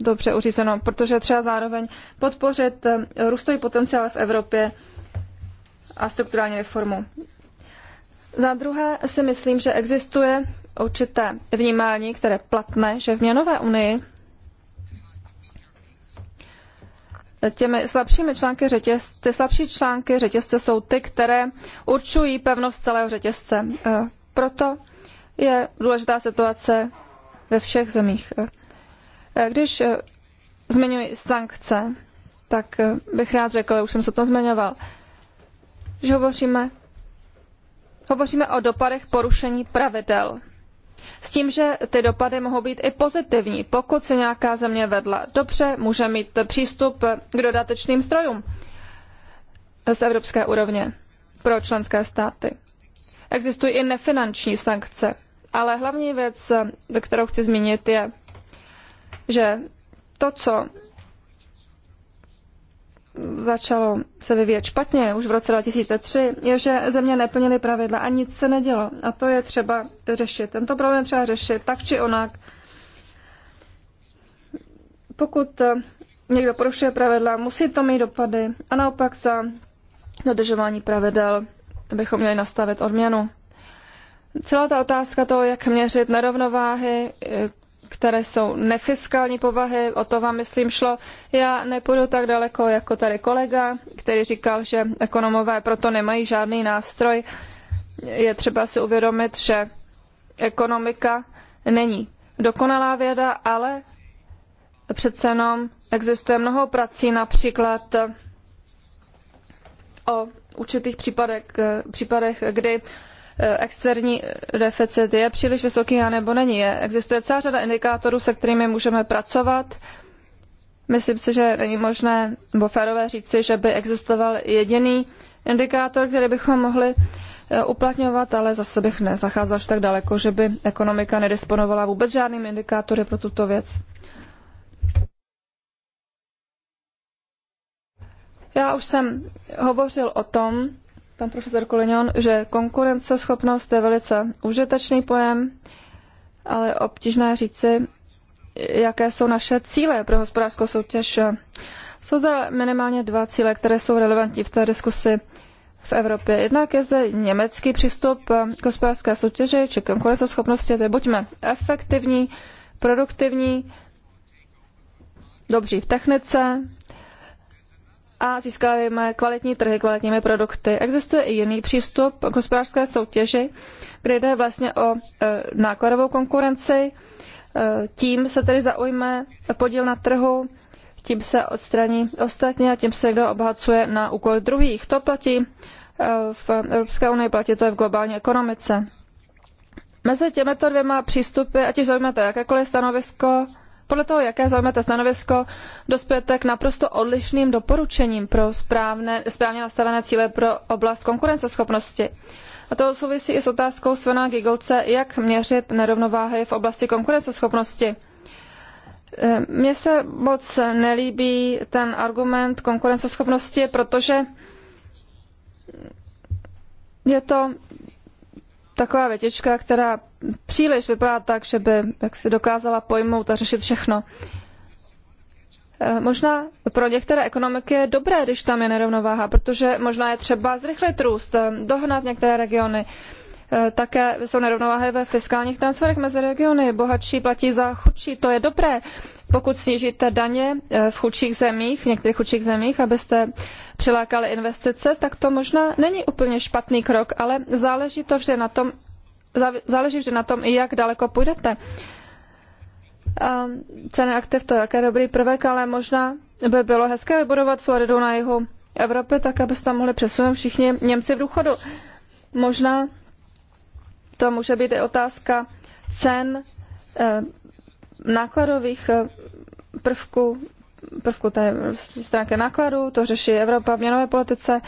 dobře uřízeno, protože třeba zároveň podpořit růstový potenciál v Evropě a strukturální reformu. Za druhé si myslím, že existuje určité vnímání, které platné, že v měnové unii těmi slabšími články řetězce, ty slabší články řetězce jsou ty, které určují pevnost celého řetězce. E, proto je důležitá situace ve všech zemích. E, e, když zmiňuji sankce, tak bych rád řekl, už jsem se to zmiňoval, že hovoříme Hovoříme o dopadech porušení pravidel. S tím, že ty dopady mohou být i pozitivní. Pokud se nějaká země vedla dobře, může mít přístup k dodatečným strojům z evropské úrovně pro členské státy. Existují i nefinanční sankce, ale hlavní věc, kterou chci zmínit, je, že to, co začalo se vyvíjet špatně už v roce 2003, je, že země neplnily pravidla a nic se nedělo. A to je třeba řešit. Tento problém třeba řešit tak či onak. Pokud někdo porušuje pravidla, musí to mít dopady a naopak za dodržování pravidel bychom měli nastavit odměnu. Celá ta otázka toho, jak měřit nerovnováhy, které jsou nefiskální povahy, o to vám myslím šlo. Já nepůjdu tak daleko jako tady kolega, který říkal, že ekonomové proto nemají žádný nástroj. Je třeba si uvědomit, že ekonomika není dokonalá věda, ale přece jenom existuje mnoho prací, například o určitých případech, případech kdy Eh, externí deficit je příliš vysoký a nebo není. Existuje celá řada indikátorů, se kterými můžeme pracovat. Myslím si, že není možné nebo férové říci, že by existoval jediný indikátor, který bychom mohli eh, uplatňovat, ale zase bych nezacházel až tak daleko, že by ekonomika nedisponovala vůbec žádným indikátory pro tuto věc. Já už jsem hovořil o tom, pan profesor Kulinon, že konkurenceschopnost je velice užitečný pojem, ale obtížné říci, jaké jsou naše cíle pro hospodářskou soutěž. Jsou zde minimálně dva cíle, které jsou relevantní v té diskusi v Evropě. Jednak je zde německý přístup k hospodářské soutěži či konkurenceschopnosti, tedy buďme efektivní, produktivní, dobří v technice, a získáváme kvalitní trhy, kvalitními produkty. Existuje i jiný přístup k hospodářské soutěži, kde jde vlastně o e, nákladovou konkurenci, e, tím se tedy zaujme podíl na trhu, tím se odstraní ostatně a tím se někdo obohacuje na úkor druhých. To platí e, v Evropské unii, platí to je v globální ekonomice. Mezi těmito dvěma přístupy, ať už zaujmete jakékoliv stanovisko, podle toho, jaké zaujmete stanovisko, dospějete k naprosto odlišným doporučením pro správné, správně nastavené cíle pro oblast konkurenceschopnosti. A to souvisí i s otázkou Svena Gigolce, jak měřit nerovnováhy v oblasti konkurenceschopnosti. E, mně se moc nelíbí ten argument konkurenceschopnosti, protože je to taková větička, která příliš vypadá tak, že by jak se dokázala pojmout a řešit všechno. Eh, možná pro některé ekonomiky je dobré, když tam je nerovnováha, protože možná je třeba zrychlit růst, eh, dohnat některé regiony. Eh, také jsou nerovnováhy ve fiskálních transferech mezi regiony. Bohatší platí za chudší, to je dobré. Pokud snížíte daně v chudších zemích, v některých chudších zemích, abyste přilákali investice, tak to možná není úplně špatný krok, ale záleží to vždy na tom, záleží vždy na tom, i jak daleko půjdete. Ehm, ceny aktiv to je jaké dobrý prvek, ale možná by bylo hezké vybudovat Floridu na jihu Evropy, tak aby se tam mohli přesunout všichni Němci v důchodu. Možná to může být i otázka cen ehm, nákladových eh, prvků, prvku té stránky nákladů, to řeší Evropa v měnové politice,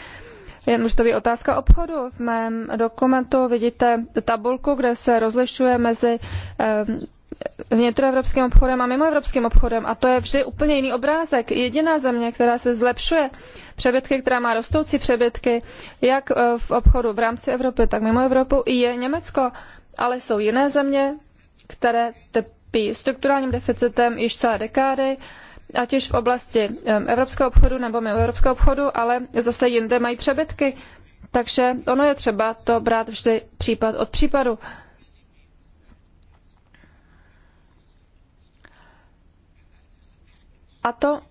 jen už to je otázka obchodu. V mém dokumentu vidíte tabulku, kde se rozlišuje mezi eh, vnitroevropským obchodem a mimoevropským obchodem. A to je vždy úplně jiný obrázek. Jediná země, která se zlepšuje přebytky, která má rostoucí přebytky, jak eh, v obchodu v rámci Evropy, tak mimo Evropu, je Německo. Ale jsou jiné země, které trpí strukturálním deficitem již celé dekády ať už v oblasti evropského obchodu nebo mimo evropského obchodu, ale zase jinde mají přebytky. Takže ono je třeba to brát vždy případ od případu. A to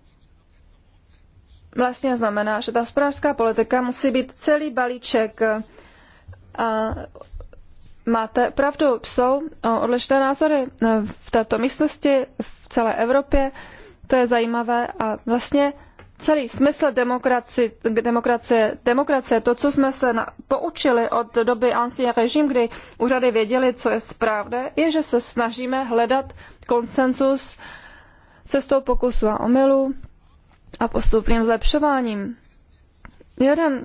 vlastně znamená, že ta hospodářská politika musí být celý balíček. Eh, a máte pravdu, jsou eh, odlišné názory eh, v této místnosti, v celé Evropě to je zajímavé a vlastně celý smysl demokracie, demokracie, demokracie to, co jsme se na, poučili od doby ancien režim, kdy úřady věděli, co je správné, je, že se snažíme hledat konsensus cestou pokusu a omylu a postupným zlepšováním. Jeden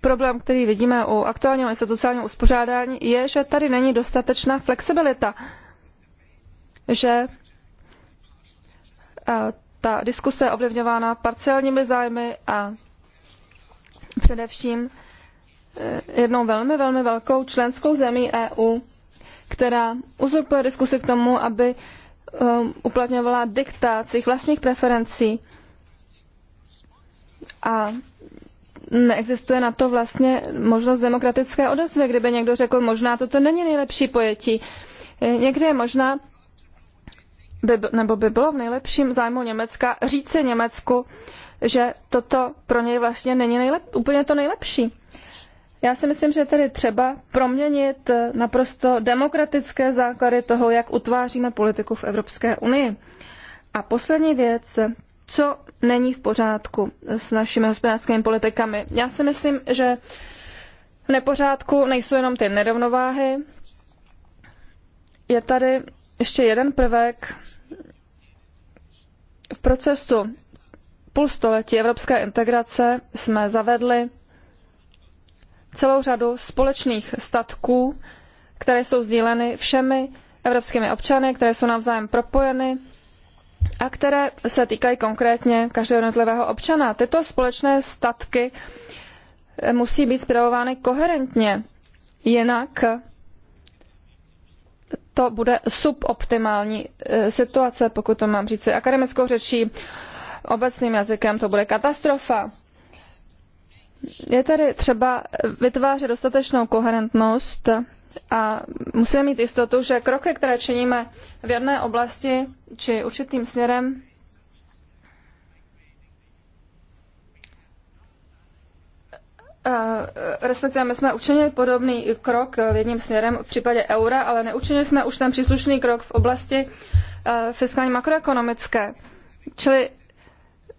problém, který vidíme u aktuálního institucionálního uspořádání, je, že tady není dostatečná flexibilita, že ta diskuse je ovlivňována parciálními zájmy a především eh, jednou velmi, velmi velkou členskou zemí EU, která uzurpuje diskusi k tomu, aby eh, uplatňovala diktát svých vlastních preferencí a neexistuje na to vlastně možnost demokratické odezvy, kdyby někdo řekl, možná toto není nejlepší pojetí. Eh, někdy je možná by, nebo by bylo v nejlepším zájmu Německa říci Německu, že toto pro něj vlastně není nejlep, úplně to nejlepší. Já si myslím, že tedy třeba proměnit naprosto demokratické základy toho, jak utváříme politiku v Evropské unii. A poslední věc, co není v pořádku s našimi hospodářskými politikami. Já si myslím, že v nepořádku nejsou jenom ty nerovnováhy. Je tady ještě jeden prvek, v procesu půl století evropské integrace jsme zavedli celou řadu společných statků, které jsou sdíleny všemi evropskými občany, které jsou navzájem propojeny a které se týkají konkrétně každého jednotlivého občana. Tyto společné statky musí být zpravovány koherentně, jinak to bude suboptimální eh, situace, pokud to mám říct akademickou řečí, obecným jazykem to bude katastrofa. Je tady třeba vytvářet dostatečnou koherentnost a musíme mít jistotu, že kroky, které činíme v jedné oblasti či určitým směrem, respektive my jsme učinili podobný krok v jedním směrem v případě eura, ale neučinili jsme už ten příslušný krok v oblasti e, fiskální makroekonomické. Čili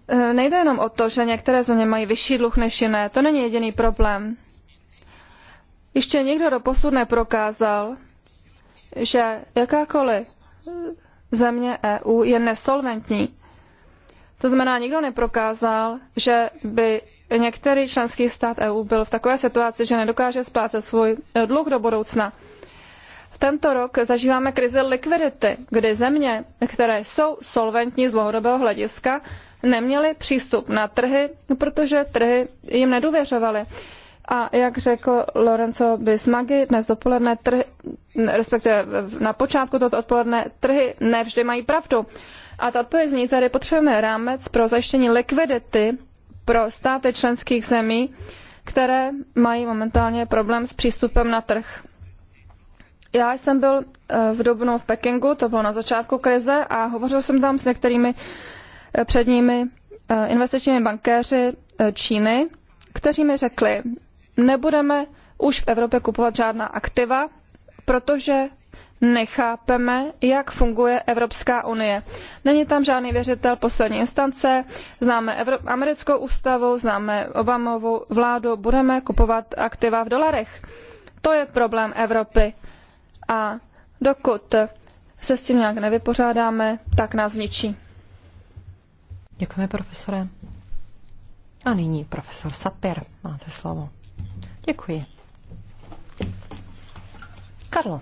e, nejde jenom o to, že některé země mají vyšší dluh než jiné. To není jediný problém. Ještě nikdo do posud neprokázal, že jakákoliv země EU je nesolventní. To znamená, nikdo neprokázal, že by některý členský stát EU byl v takové situaci, že nedokáže splácet svůj eh, dluh do budoucna. Tento rok zažíváme krizi likvidity, kdy země, které jsou solventní z dlouhodobého hlediska, neměly přístup na trhy, protože trhy jim nedůvěřovaly. A jak řekl Lorenzo Bismagi, dnes dopoledne trhy, respektive na počátku toto odpoledne, trhy nevždy mají pravdu. A ta odpověď zní tady potřebujeme rámec pro zajištění likvidity pro státy členských zemí, které mají momentálně problém s přístupem na trh. Já jsem byl eh, v Dubnu v Pekingu, to bylo na začátku krize, a hovořil jsem tam s některými eh, předními eh, investičními bankéři Číny, kteří mi řekli, nebudeme už v Evropě kupovat žádná aktiva, protože nechápeme, jak funguje Evropská unie. Není tam žádný věřitel poslední instance, známe Evro- americkou ústavu, známe Obamovou vládu, budeme kupovat aktiva v dolarech. To je problém Evropy. A dokud se s tím nějak nevypořádáme, tak nás zničí. Děkujeme, profesore. A nyní profesor Sapir, máte slovo. Děkuji. Carlo.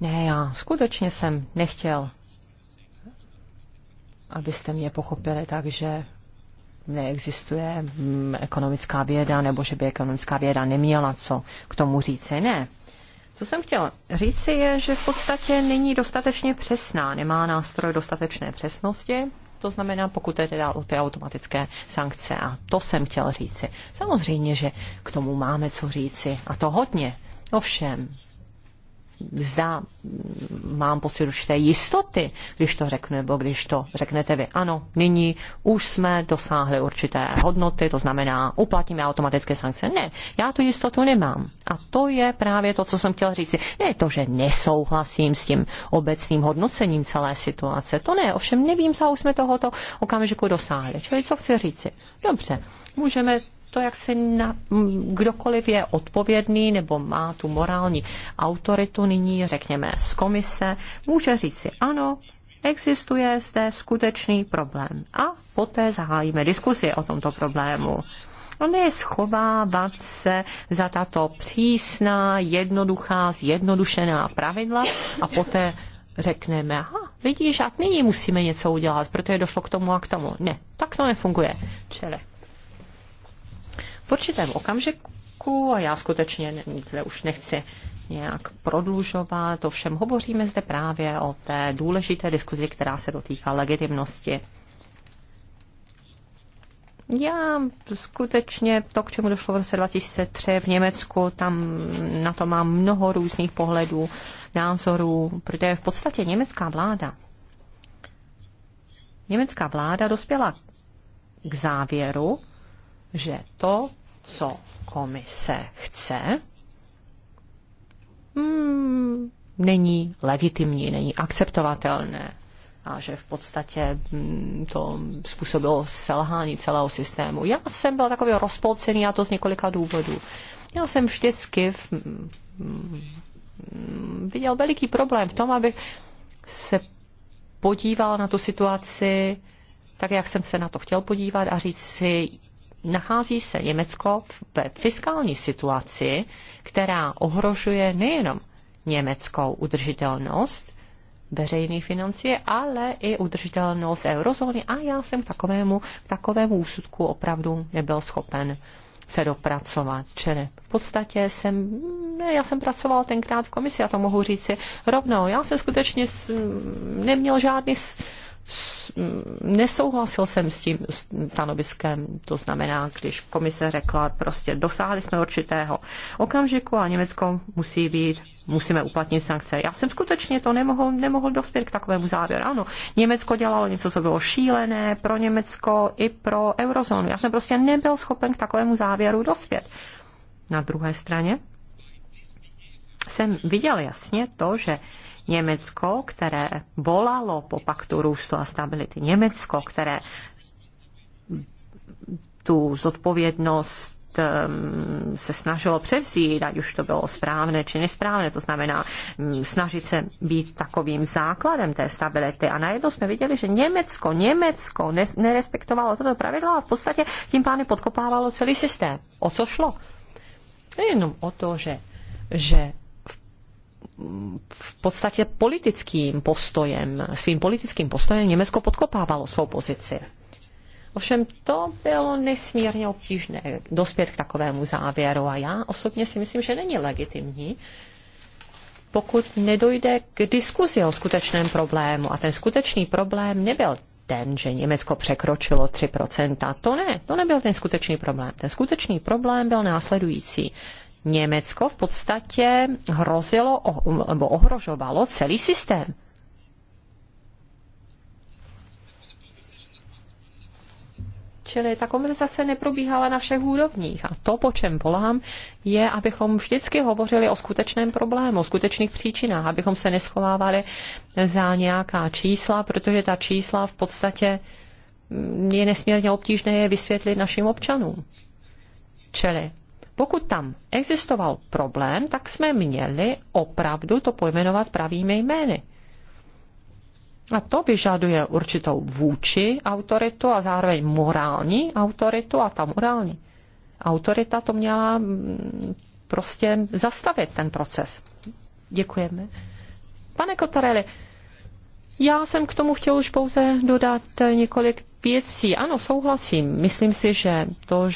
Ne, já skutečně jsem nechtěl, abyste mě pochopili tak, že neexistuje mm, ekonomická věda, nebo že by ekonomická věda neměla co k tomu říci. Ne. Co jsem chtěl říci je, že v podstatě není dostatečně přesná, nemá nástroj dostatečné přesnosti, to znamená, pokud je teda o ty automatické sankce. A to jsem chtěl říci. Samozřejmě, že k tomu máme co říci. A to hodně. Ovšem, zda mám pocit určité jistoty, když to řeknu, nebo když to řeknete vy. Ano, nyní už jsme dosáhli určité hodnoty, to znamená, uplatíme automatické sankce. Ne, já tu jistotu nemám. A to je právě to, co jsem chtěla říct. Ne to, že nesouhlasím s tím obecným hodnocením celé situace. To ne, ovšem nevím, co už jsme tohoto okamžiku dosáhli. Čili co chci říci? Dobře, můžeme to, jak se na, kdokoliv je odpovědný nebo má tu morální autoritu nyní, řekněme, z komise, může říci ano, existuje zde skutečný problém. A poté zahájíme diskusi o tomto problému. On je schovávat se za tato přísná, jednoduchá, zjednodušená pravidla a poté řekneme, aha, vidíš, a nyní musíme něco udělat, protože došlo k tomu a k tomu. Ne, tak to nefunguje. Čele v určitém okamžiku, a já skutečně zde už nechci nějak prodlužovat, to všem hovoříme zde právě o té důležité diskuzi, která se dotýká legitimnosti. Já skutečně to, k čemu došlo v roce 2003 v Německu, tam na to mám mnoho různých pohledů, názorů, protože v podstatě německá vláda Německá vláda dospěla k závěru, že to, co komise chce, hmm, není legitimní, není akceptovatelné a že v podstatě hmm, to způsobilo selhání celého systému. Já jsem byla takový rozpolcený a to z několika důvodů. Já jsem vždycky v, hmm, viděl veliký problém v tom, abych se podíval na tu situaci tak, jak jsem se na to chtěl podívat a říct si, nachází se Německo ve fiskální situaci, která ohrožuje nejenom německou udržitelnost veřejných financí, ale i udržitelnost eurozóny. A já jsem k takovému, k takovému úsudku opravdu nebyl schopen se dopracovat. Čili v podstatě jsem, já jsem pracoval tenkrát v komisi, já to mohu říci rovnou. Já jsem skutečně neměl žádný nesouhlasil jsem s tím stanoviskem, to znamená, když komise řekla, prostě dosáhli jsme určitého okamžiku a Německo musí být musíme uplatnit sankce. Já jsem skutečně to nemohl, nemohl dospět k takovému závěru. Ano, Německo dělalo něco, co bylo šílené pro Německo i pro eurozónu. Já jsem prostě nebyl schopen k takovému závěru dospět. Na druhé straně jsem viděl jasně to, že Německo, které volalo po paktu růstu a stability. Německo, které tu zodpovědnost se snažilo převzít, ať už to bylo správné či nesprávné, to znamená mm, snažit se být takovým základem té stability. A najednou jsme viděli, že Německo, Německo nerespektovalo toto pravidlo a v podstatě tím pádem podkopávalo celý systém. O co šlo? Jenom o to, že, že v podstatě politickým postojem, svým politickým postojem Německo podkopávalo svou pozici. Ovšem to bylo nesmírně obtížné dospět k takovému závěru a já osobně si myslím, že není legitimní, pokud nedojde k diskuzi o skutečném problému. A ten skutečný problém nebyl ten, že Německo překročilo 3%. To ne, to nebyl ten skutečný problém. Ten skutečný problém byl následující. Německo v podstatě hrozilo nebo ohrožovalo celý systém. Čili ta komunizace neprobíhala na všech úrovních. A to, po čem volám, je, abychom vždycky hovořili o skutečném problému, o skutečných příčinách, abychom se neschovávali za nějaká čísla, protože ta čísla v podstatě mm, je nesmírně obtížné je vysvětlit našim občanům. Čili pokud tam existoval problém, tak jsme měli opravdu to pojmenovat pravými jmény. A to vyžaduje určitou vůči autoritu a zároveň morální autoritu a ta morální autorita to měla mm, prostě zastavit ten proces. Děkujeme. Pane Kotareli, já jsem k tomu chtěl už pouze dodat několik věcí. Ano, souhlasím. Myslím si, že to,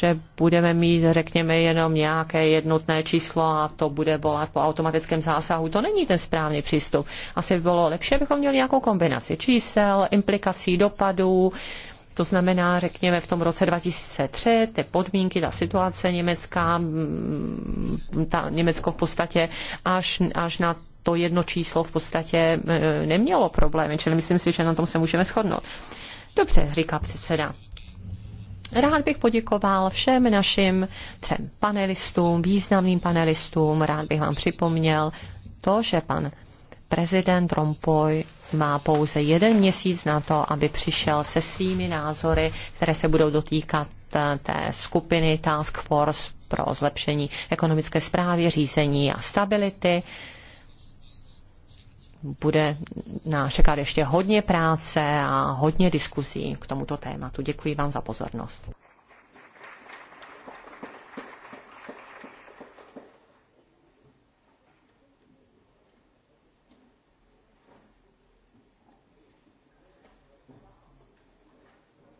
že budeme mít, řekněme, jenom nějaké jednotné číslo a to bude volat po automatickém zásahu. To není ten správný přístup. Asi by bylo lepší, abychom měli nějakou kombinaci čísel, implikací dopadů, to znamená, řekněme, v tom roce 2003 ty podmínky, ta situace německá, mm, ta Německo v podstatě až, až na to jedno číslo v podstatě e, nemělo problémy, čili myslím si, že na tom se můžeme shodnout. Dobře, říká předseda. Rád bych poděkoval všem našim třem panelistům, významným panelistům. Rád bych vám připomněl to, že pan prezident Rompoy má pouze jeden měsíc na to, aby přišel se svými názory, které se budou dotýkat eh, té skupiny Task Force pro zlepšení ekonomické zprávy, řízení a stability bude nás čekat ještě hodně práce a hodně diskuzí k tomuto tématu. Děkuji vám za pozornost.